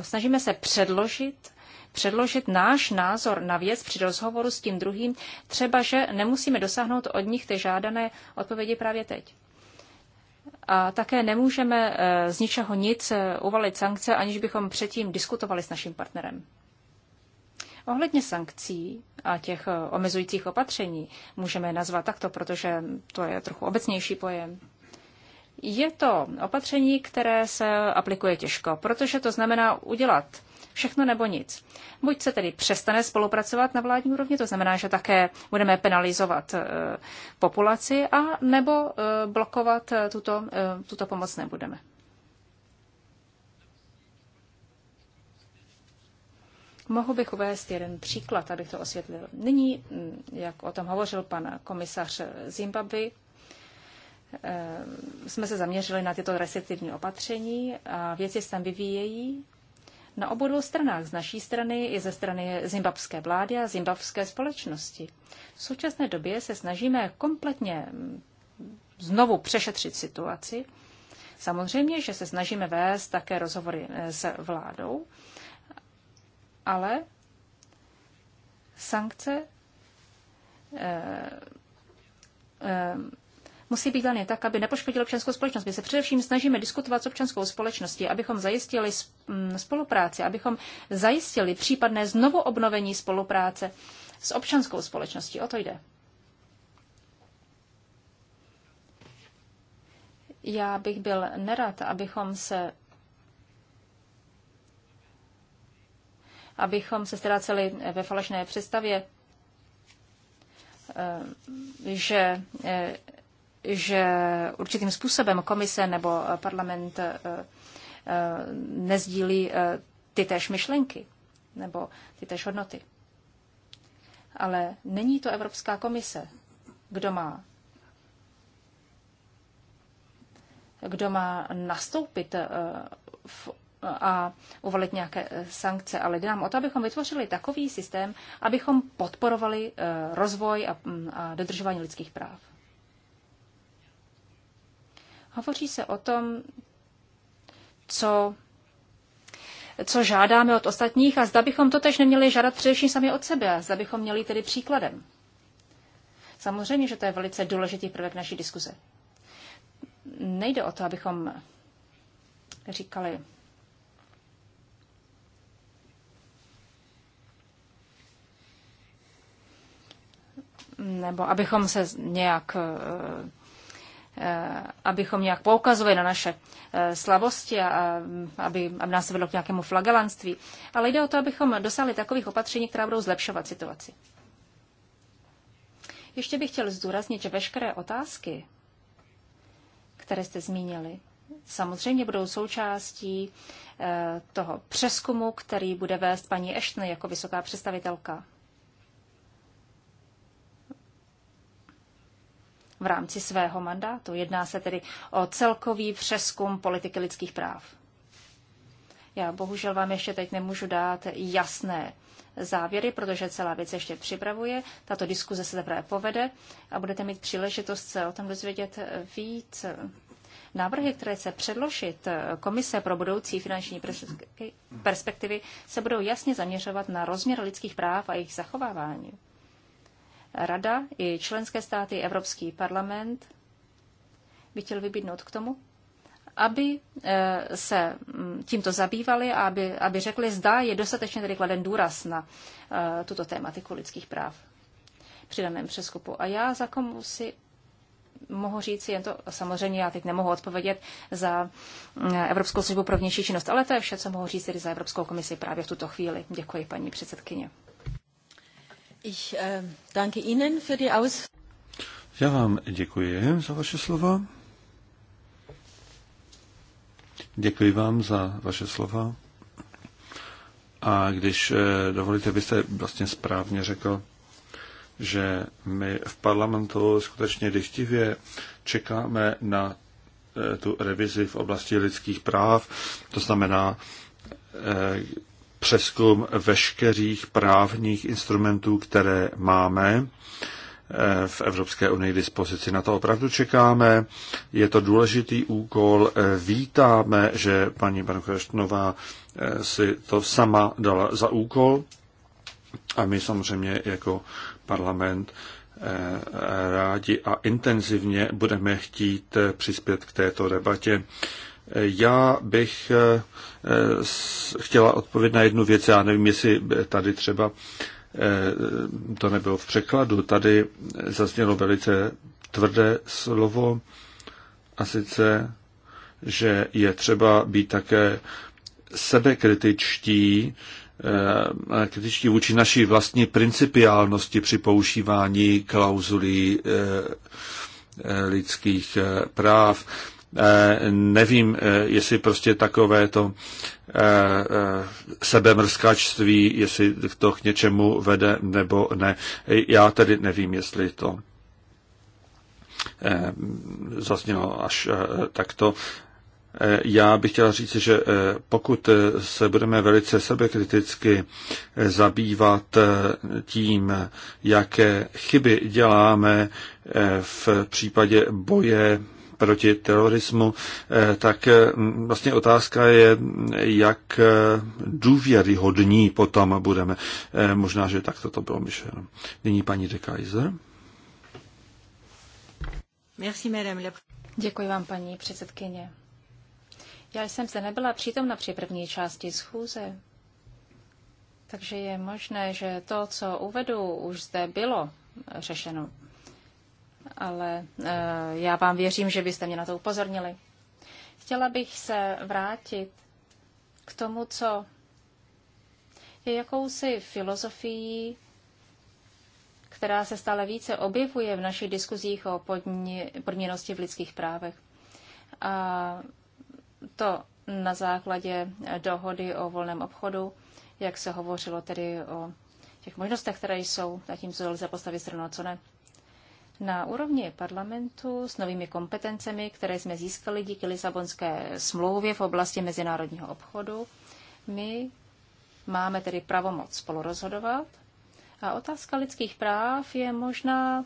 snažíme se předložit předložit náš názor na věc při rozhovoru s tím druhým, třeba že nemusíme dosáhnout od nich ty žádané odpovědi právě teď. A také nemůžeme eh, z ničeho nic eh, uvalit sankce, aniž bychom předtím diskutovali s naším partnerem. Ohledně sankcí a těch eh, omezujících opatření můžeme nazvat takto, protože to je trochu obecnější pojem. Je to opatření, které se aplikuje těžko, protože to znamená udělat všechno nebo nic. Buď se tedy přestane spolupracovat na vládní úrovni, to znamená, že také budeme penalizovat eh, populaci, a nebo eh, blokovat eh, tuto, tuto pomoc nebudeme. Mohu bych uvést jeden příklad, abych to osvětlil. Nyní, mm, jak o tom hovořil pan komisař Zimbabwe, jsme se zaměřili na tyto restriktivní opatření a věci se tam vyvíjejí na obou dvou stranách, z naší strany i ze strany zimbabské vlády a zimbabské společnosti. V současné době se snažíme kompletně mm, znovu přešetřit situaci. Samozřejmě, že se snažíme vést také rozhovory eh, s vládou, ale sankce eh, eh, musí být dané tak, aby nepoškodil občanskou společnost. My se především snažíme diskutovat s občanskou společností, abychom zajistili mm, spolupráci, abychom zajistili případné znovu obnovení spolupráce s občanskou společností. O to jde. Já bych byl nerad, abychom se abychom se ztráceli ve falešné představě, eh, že eh, že určitým způsobem komise nebo eh, parlament eh, eh, nezdílí ty též myšlenky nebo ty též hodnoty. Ale není to Evropská komise, kdo má kdo má nastoupit v, a uvolit nějaké sankce, ale jde nám o to, abychom vytvořili takový systém, abychom podporovali rozvoj a, mm, a dodržování lidských práv. Hovoří se o tom, co, co žádáme od ostatních a zda bychom to tež neměli žádat především sami od sebe, zda bychom měli tedy příkladem. Samozřejmě, že to je velice důležitý prvek naší diskuze. Nejde o to, abychom říkali, nebo abychom se nějak eh, Eh, abychom nějak poukazovali na naše eh, slabosti a aby, aby nás vedlo k nějakému flagelanství. Ale jde o to, abychom dosáhli takových opatření, která budou zlepšovat situaci. Ještě bych chtěl zdůraznit, že veškeré otázky, které jste zmínili, samozřejmě budou součástí eh, toho přeskumu, který bude vést paní Ashton jako vysoká představitelka. v rámci svého mandátu. Jedná se tedy o celkový přeskum politiky lidských práv. Já bohužel vám ještě teď nemůžu dát jasné závěry, protože celá věc ještě připravuje. Tato diskuze se teprve povede a budete mít příležitost se o tom dozvědět víc. Návrhy, které se předložit Komise pro budoucí finanční perspektivy, se budou jasně zaměřovat na rozměr lidských práv a jejich zachovávání. Rada i členské státy Evropský parlament by chtěl vybídnout k tomu, aby eh, se mm, tímto zabývali a aby, aby řekli, zda je dostatečně tedy kladen důraz na eh, tuto tématiku lidských práv při daném přeskupu. A já za komu si mohu říct jen to, samozřejmě já teď nemohu odpovědět za mm, Evropskou službu pro vnější činnost, ale to je vše, co mohu říct tedy za Evropskou komisi právě v tuto chvíli. Děkuji, paní předsedkyně. Ich äh, danke Ihnen für die Aus
Já vám děkuji za vaše slova. Děkuji vám za vaše slova. A když eh, dovolíte, byste vlastně správně řekl, že my v parlamentu skutečně dychtivě čekáme na eh, tu revizi v oblasti lidských práv. To znamená, eh, přeskum veškerých právních instrumentů, které máme eh, v Evropské unii dispozici. Na to opravdu čekáme. Je to důležitý úkol. Eh, vítáme, že paní Barnkoštnová eh, si to sama dala za úkol. A my samozřejmě jako parlament rádi a intenzivně budeme chtít přispět k této debatě. Já bych eh, chtěla odpovědět na jednu věc. Já nevím, jestli tady třeba eh, to nebylo v překladu. Tady zaznělo velice tvrdé slovo a sice, že je třeba být také sebekritičtí, eh, kritičtí vůči naší vlastní principiálnosti při používání klauzulí lidských práv. Eh, nevím, eh, jestli prostě takové to eh, sebemrskačství, jestli to k něčemu vede nebo ne. Já tedy nevím, jestli to zaznělo až takto. Já bych chtěl říct, že pokud se budeme velice sebekriticky zabývat tím, jaké chyby děláme v případě boje proti terorismu, eh, tak eh, vlastně otázka je, jak eh, důvěryhodní potom budeme. Možná, že tak to bylo myšleno. Nyní paní de Kaiser.
Merci, madame. Děkuji vám, paní předsedkyně. Já jsem se nebyla přítomna při první části schůze, takže je možné, že to, co uvedu, už zde bylo řešeno ale eh, já vám věřím, že byste mě na to upozornili. Chtěla bych se vrátit k tomu, co je jakousi filozofií, která se stále více objevuje v našich diskuzích o podměnosti v lidských právech. A to na základě eh, dohody o volném obchodu, jak se hovořilo tedy o těch možnostech, které jsou, zatímco lze postavit stranu a co ne na úrovni parlamentu s novými kompetencemi, které jsme získali díky Lisabonské smlouvě v oblasti mezinárodního obchodu, my máme tedy pravomoc spolurozhodovat a otázka lidských práv je možná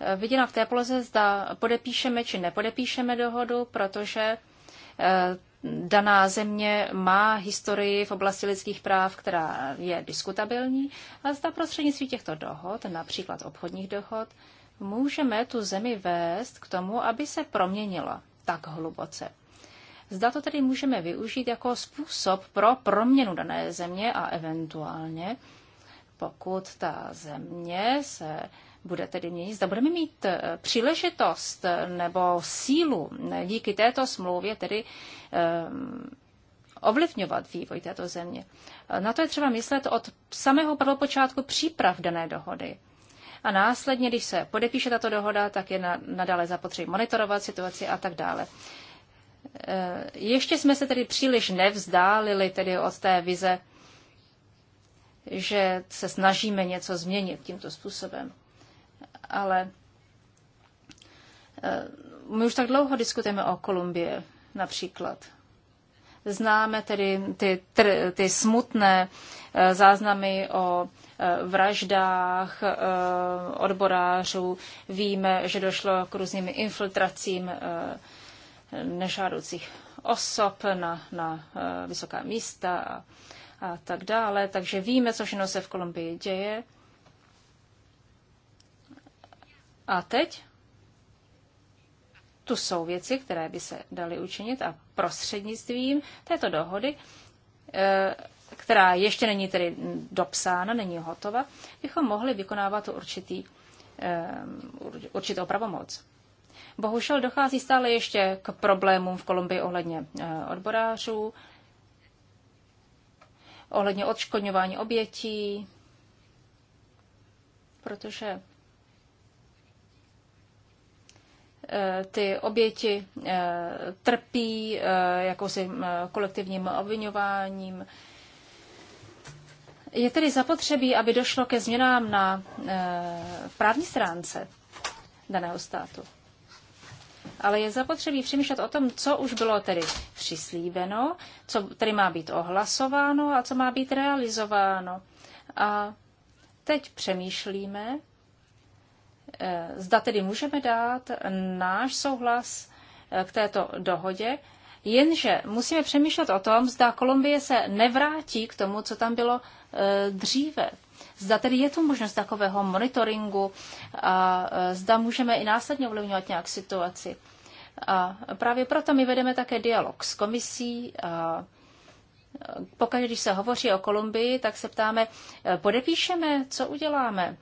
eh, viděna v té poloze, zda podepíšeme či nepodepíšeme dohodu, protože eh, daná země má historii v oblasti lidských práv, která je diskutabilní, a zda prostřednictví těchto dohod, například obchodních dohod, můžeme tu zemi vést k tomu, aby se proměnila tak hluboce. Zda to tedy můžeme využít jako způsob pro proměnu dané země a eventuálně, pokud ta země se bude tedy měnit. Zda budeme mít eh, příležitost eh, nebo sílu eh, díky této smlouvě tedy ovlivňovat vývoj této země. Na to je třeba myslet od samého prvopočátku příprav dané dohody. A následně, když se podepíše tato dohoda, tak je nadále zapotřebí monitorovat situaci a tak dále. Ještě jsme se tedy příliš nevzdálili tedy od té vize, že se snažíme něco změnit tímto způsobem ale eh, my už tak dlouho diskutujeme o Kolumbii například. Známe tedy ty, ty, ty smutné eh, záznamy o eh, vraždách odborářů. Víme, že došlo k různým infiltracím nežádoucích osob na, na vysoká místa a, a tak dále. Takže víme, co všechno se v Kolumbii děje. A teď tu jsou věci, které by se daly učinit a prostřednictvím této dohody, eh, která ještě není tedy dopsána, není hotova, bychom mohli vykonávat určitý, eh, určitou pravomoc. Bohužel dochází stále ještě k problémům v Kolumbii ohledně eh, odborářů, ohledně odškodňování obětí, protože ty oběti eh, trpí eh, jakousi eh, kolektivním obvinováním. Je tedy zapotřebí, aby došlo ke změnám na právní stránce daného státu. Ale je zapotřebí přemýšlet o tom, co už bylo tedy přislíbeno, co tedy má být ohlasováno a co má být realizováno. A teď přemýšlíme, Eh, zda tedy můžeme dát náš souhlas eh, k této dohodě, jenže musíme přemýšlet o tom, zda Kolumbie se nevrátí k tomu, co tam bylo eh, dříve. Zda tedy je tu možnost takového monitoringu a zda můžeme i následně ovlivňovat nějak situaci. A právě proto my vedeme také dialog s komisí. A pokaždé, když se hovoří o Kolumbii, tak se ptáme, podepíšeme, co uděláme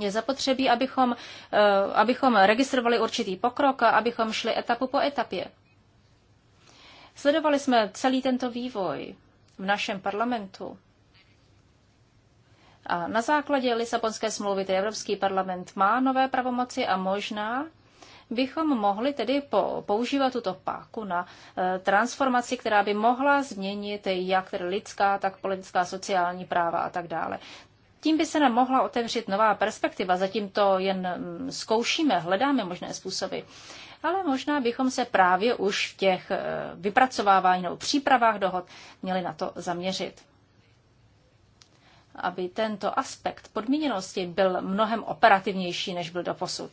je zapotřebí, abychom, eh, abychom registrovali určitý pokrok a abychom šli etapu po etapě. Sledovali jsme celý tento vývoj v našem parlamentu. A na základě Lisabonské smlouvy tedy Evropský parlament má nové pravomoci a možná bychom mohli tedy po, používat tuto páku na e, transformaci, která by mohla změnit jak tedy lidská, tak politická, sociální práva a tak dále. Tím by se nám mohla otevřít nová perspektiva. Zatím to jen mm, zkoušíme, hledáme možné způsoby. Ale možná bychom se právě už v těch e, vypracovávání nebo přípravách dohod měli na to zaměřit. Aby tento aspekt podmíněnosti byl mnohem operativnější, než byl doposud.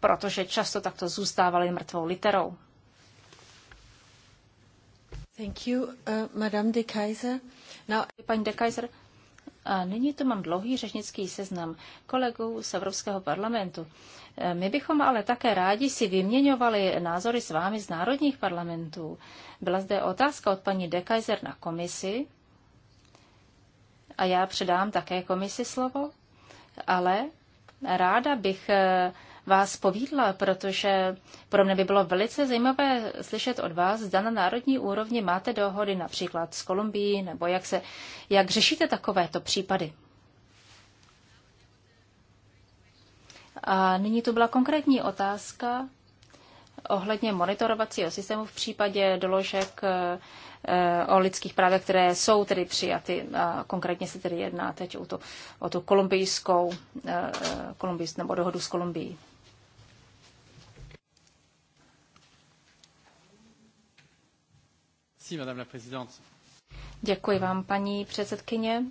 Protože často takto zůstávali mrtvou literou. Thank you, uh, Madame de Kaiser. Now... Pani de Kaiser, a nyní tu mám dlouhý řečnický seznam kolegů z Evropského parlamentu. E, my bychom ale také rádi si vyměňovali názory s vámi z národních parlamentů. Byla zde otázka od paní De Kaiser na komisi a já předám také komisi slovo, ale ráda bych e, vás povídla, protože pro mě by bylo velice zajímavé slyšet od vás, zda na národní úrovni máte dohody například s Kolumbií, nebo jak, se, jak řešíte takovéto případy. A nyní tu byla konkrétní otázka ohledně monitorovacího systému v případě doložek eh, eh, o lidských právech, které jsou tedy přijaty. A konkrétně se tedy jedná teď o tu, o tu kolumbijskou, eh, kolumbijskou nebo dohodu s Kolumbií.
Merci, madame la présidente.
Děkuji vám, paní předsedkyně.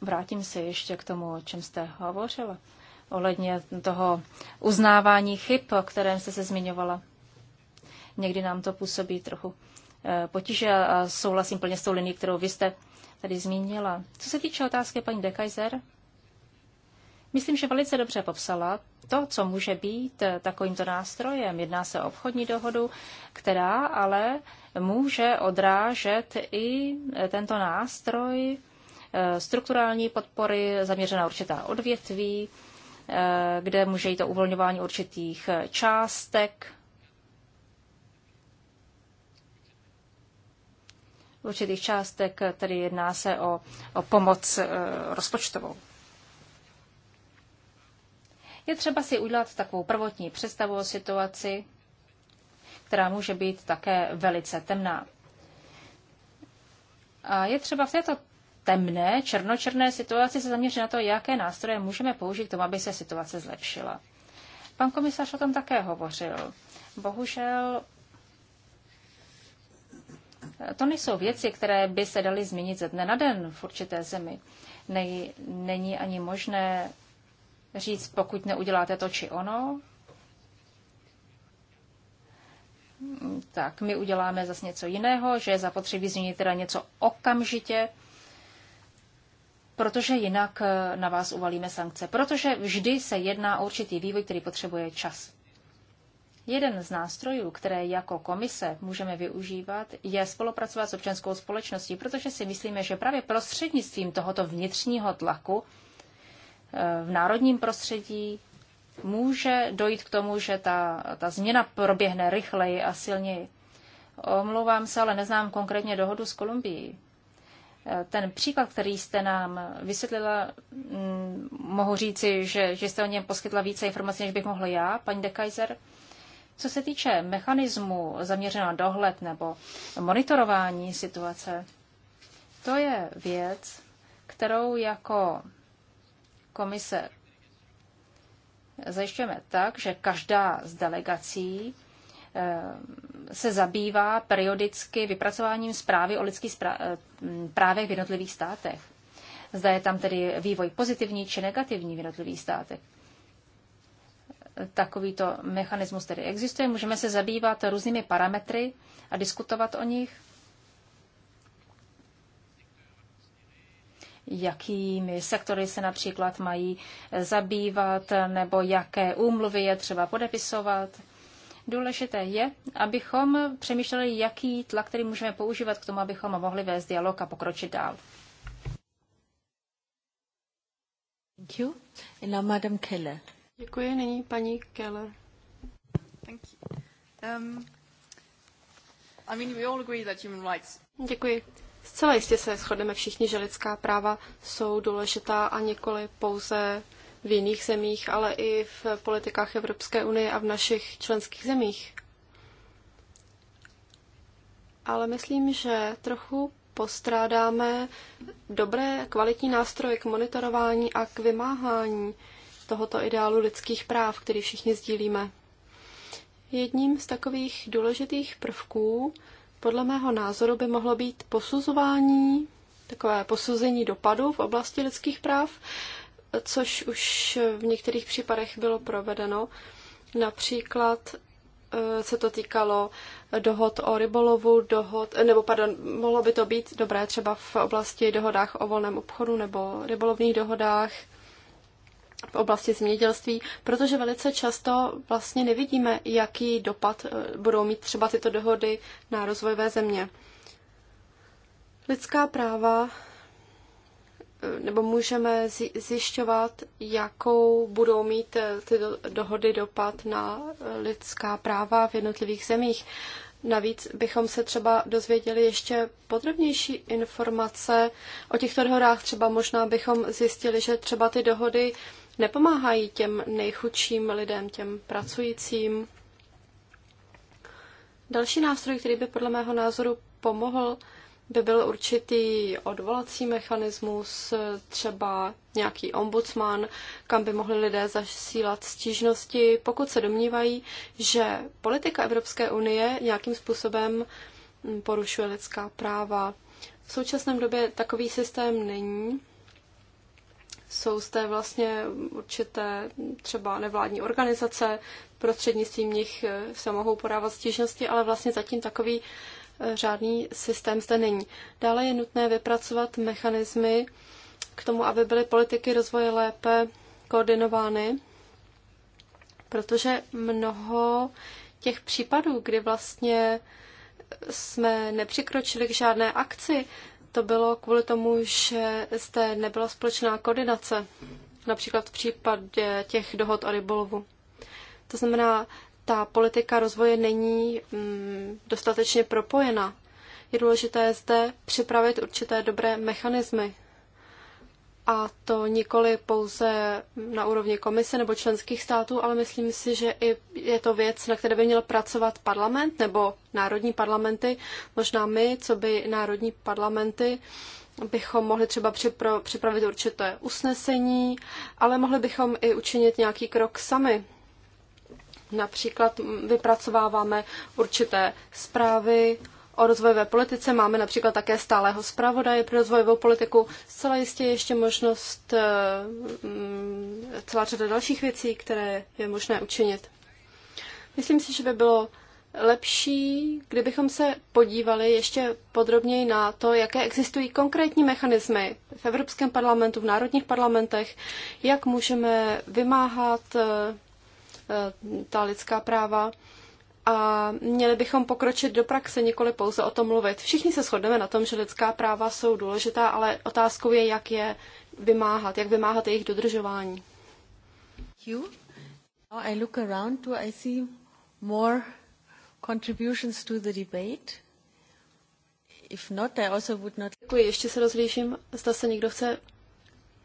Vrátím se ještě k tomu, o čem jste hovořila, ohledně toho uznávání chyb, o kterém jste se zmiňovala. Někdy nám to působí trochu eh, potíže a souhlasím plně s tou linií, kterou vy jste tady zmínila. Co se týče otázky paní Dekajzer, Myslím, že velice dobře popsala to, co může být eh, takovýmto nástrojem. Jedná se o obchodní dohodu, která ale může odrážet i eh, tento nástroj eh, strukturální podpory zaměřená určitá odvětví, kde může jít o uvolňování určitých částek, určitých částek, tedy jedná se o, o pomoc rozpočtovou. Je třeba si udělat takovou prvotní představu o situaci, která může být také velice temná. A je třeba v této temné, černočerné situaci se zaměřit na to, jaké nástroje můžeme použít k tomu, aby se situace zlepšila. Pan komisař o tom také hovořil. Bohužel to nejsou věci, které by se daly změnit ze dne na den v určité zemi. Nej, není ani možné říct, pokud neuděláte to či ono, tak my uděláme zase něco jiného, že je zapotřebí změnit teda něco okamžitě, protože jinak eh, na vás uvalíme sankce. Protože vždy se jedná o určitý vývoj, který potřebuje čas. Jeden z nástrojů, které jako komise můžeme využívat, je spolupracovat s občanskou společností, protože si myslíme, že právě prostřednictvím tohoto vnitřního tlaku v národním prostředí, může dojít k tomu, že ta, ta změna proběhne rychleji a silněji. Omlouvám se, ale neznám konkrétně dohodu s Kolumbií. Eh, ten příklad, který jste nám vysvětlila, mm, mohu říci, že, že jste o něm poskytla více informací, než bych mohla já, paní de Kaiser. Co se týče mechanismu zaměřená dohled nebo monitorování situace, to je věc, kterou jako komise zajišťujeme tak, že každá z delegací eh, se zabývá periodicky vypracováním zprávy o lidských eh, právech v jednotlivých státech. Zda je tam tedy vývoj pozitivní či negativní v jednotlivých státech. Takovýto mechanismus tedy existuje. Můžeme se zabývat různými parametry a diskutovat o nich. jakými sektory se například mají zabývat nebo jaké úmluvy je třeba podepisovat. Důležité je, abychom přemýšleli, jaký tlak, který můžeme používat k tomu, abychom mohli vést dialog a pokročit dál.
Thank you. And now Madam Keller. Děkuji, nyní paní Keller. Thank you. Um, I mean, we all agree that human rights... Děkuji. Zcela jistě se shodneme všichni, že lidská práva jsou důležitá a nikoli pouze v jiných zemích, ale i v politikách Evropské unie a v našich členských zemích. Ale myslím, že trochu postrádáme dobré kvalitní nástroje k monitorování a k vymáhání tohoto ideálu lidských práv, který všichni sdílíme. Jedním z takových důležitých prvků podle mého názoru by mohlo být posuzování, takové posuzení dopadů v oblasti lidských práv, což už v některých případech bylo provedeno. Například eh, se to týkalo dohod o rybolovu, dohod, eh, nebo pardon, mohlo by to být dobré třeba v oblasti dohodách o volném obchodu nebo rybolovných dohodách v oblasti zemědělství, protože velice často vlastně nevidíme, jaký dopad eh, budou mít třeba tyto dohody na rozvojové země. Lidská práva eh, nebo můžeme zjišťovat, jakou budou mít eh, ty dohody dopad na lidská práva v jednotlivých zemích. Navíc bychom se třeba dozvěděli ještě podrobnější informace o těchto dohodách. Třeba možná bychom zjistili, že třeba ty dohody nepomáhají těm nejchudším lidem, těm pracujícím. Další nástroj, který by podle mého názoru pomohl, by byl určitý odvolací mechanismus, třeba nějaký ombudsman, kam by mohli lidé zasílat stížnosti, pokud se domnívají, že politika Evropské unie nějakým způsobem mm, porušuje lidská práva. V současném době takový systém není, jsou zde vlastně určité třeba nevládní organizace, prostřednictvím nich eh, se mohou podávat stížnosti, ale vlastně zatím takový žádný eh, systém zde není. Dále je nutné vypracovat mechanismy k tomu, aby byly politiky rozvoje lépe koordinovány, protože mnoho těch případů, kdy vlastně jsme nepřikročili k žádné akci, to bylo kvůli tomu, že zde nebyla společná koordinace, například v případě těch dohod o rybolovu. To znamená, ta politika rozvoje není mm, dostatečně propojena. Je důležité zde připravit určité dobré mechanismy a to nikoli pouze na úrovni komise nebo členských států, ale myslím si, že i je to věc, na které by měl pracovat parlament nebo národní parlamenty. Možná my, co by národní parlamenty, bychom mohli třeba připro, připravit určité usnesení, ale mohli bychom i učinit nějaký krok sami. Například vypracováváme určité zprávy o rozvojové politice. Máme například také stálého zpravodaje pro rozvojovou politiku. Zcela jistě ještě možnost eh, mm, celá řada dalších věcí, které je možné učinit. Myslím si, že by bylo lepší, kdybychom se podívali ještě podrobněji na to, jaké existují konkrétní mechanismy v Evropském parlamentu, v národních parlamentech, jak můžeme vymáhat eh, eh, ta lidská práva a měli bychom pokročit do praxe, nikoli pouze o tom mluvit. Všichni se shodneme na tom, že lidská práva jsou důležitá, ale otázkou je, jak je vymáhat, jak vymáhat jejich dodržování. You? I look around, do I see more contributions to the debate? If not, I also would not... Děkuji, ještě se rozlíším, zda se někdo chce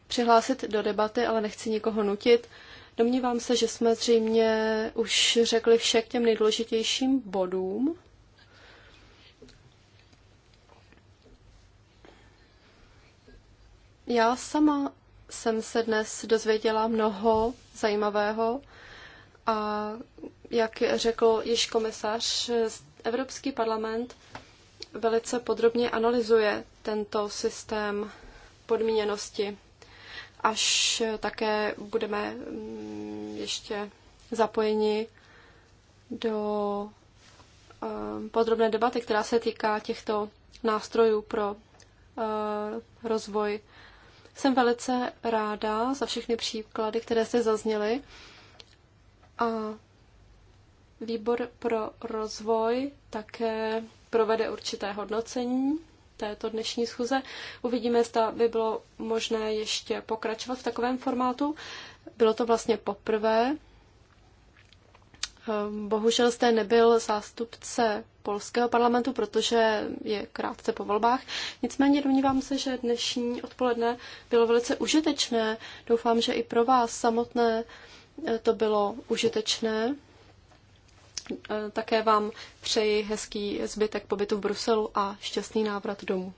přihlásit do debaty, ale nechci nikoho nutit. Domnívám se, že jsme zřejmě už řekli vše k těm nejdůležitějším bodům. Já sama jsem se dnes dozvěděla mnoho zajímavého a jak řekl již komisař, Evropský parlament velice podrobně analyzuje tento systém podmíněnosti až také budeme mm, ještě zapojeni do ehm, podrobné debaty, která se týká těchto nástrojů pro ehm, rozvoj. Jsem velice ráda za všechny příklady, které se zazněly. A výbor pro rozvoj také provede určité hodnocení této dnešní schůze. Uvidíme, zda by bylo možné ještě pokračovat v takovém formátu. Bylo to vlastně poprvé. Ehm, bohužel zde nebyl zástupce polského parlamentu, protože je krátce po volbách. Nicméně domnívám se, že dnešní odpoledne bylo velice užitečné. Doufám, že i pro vás samotné e, to bylo užitečné. Eh, také vám přeji hezký zbytek pobytu v Bruselu a šťastný návrat domů.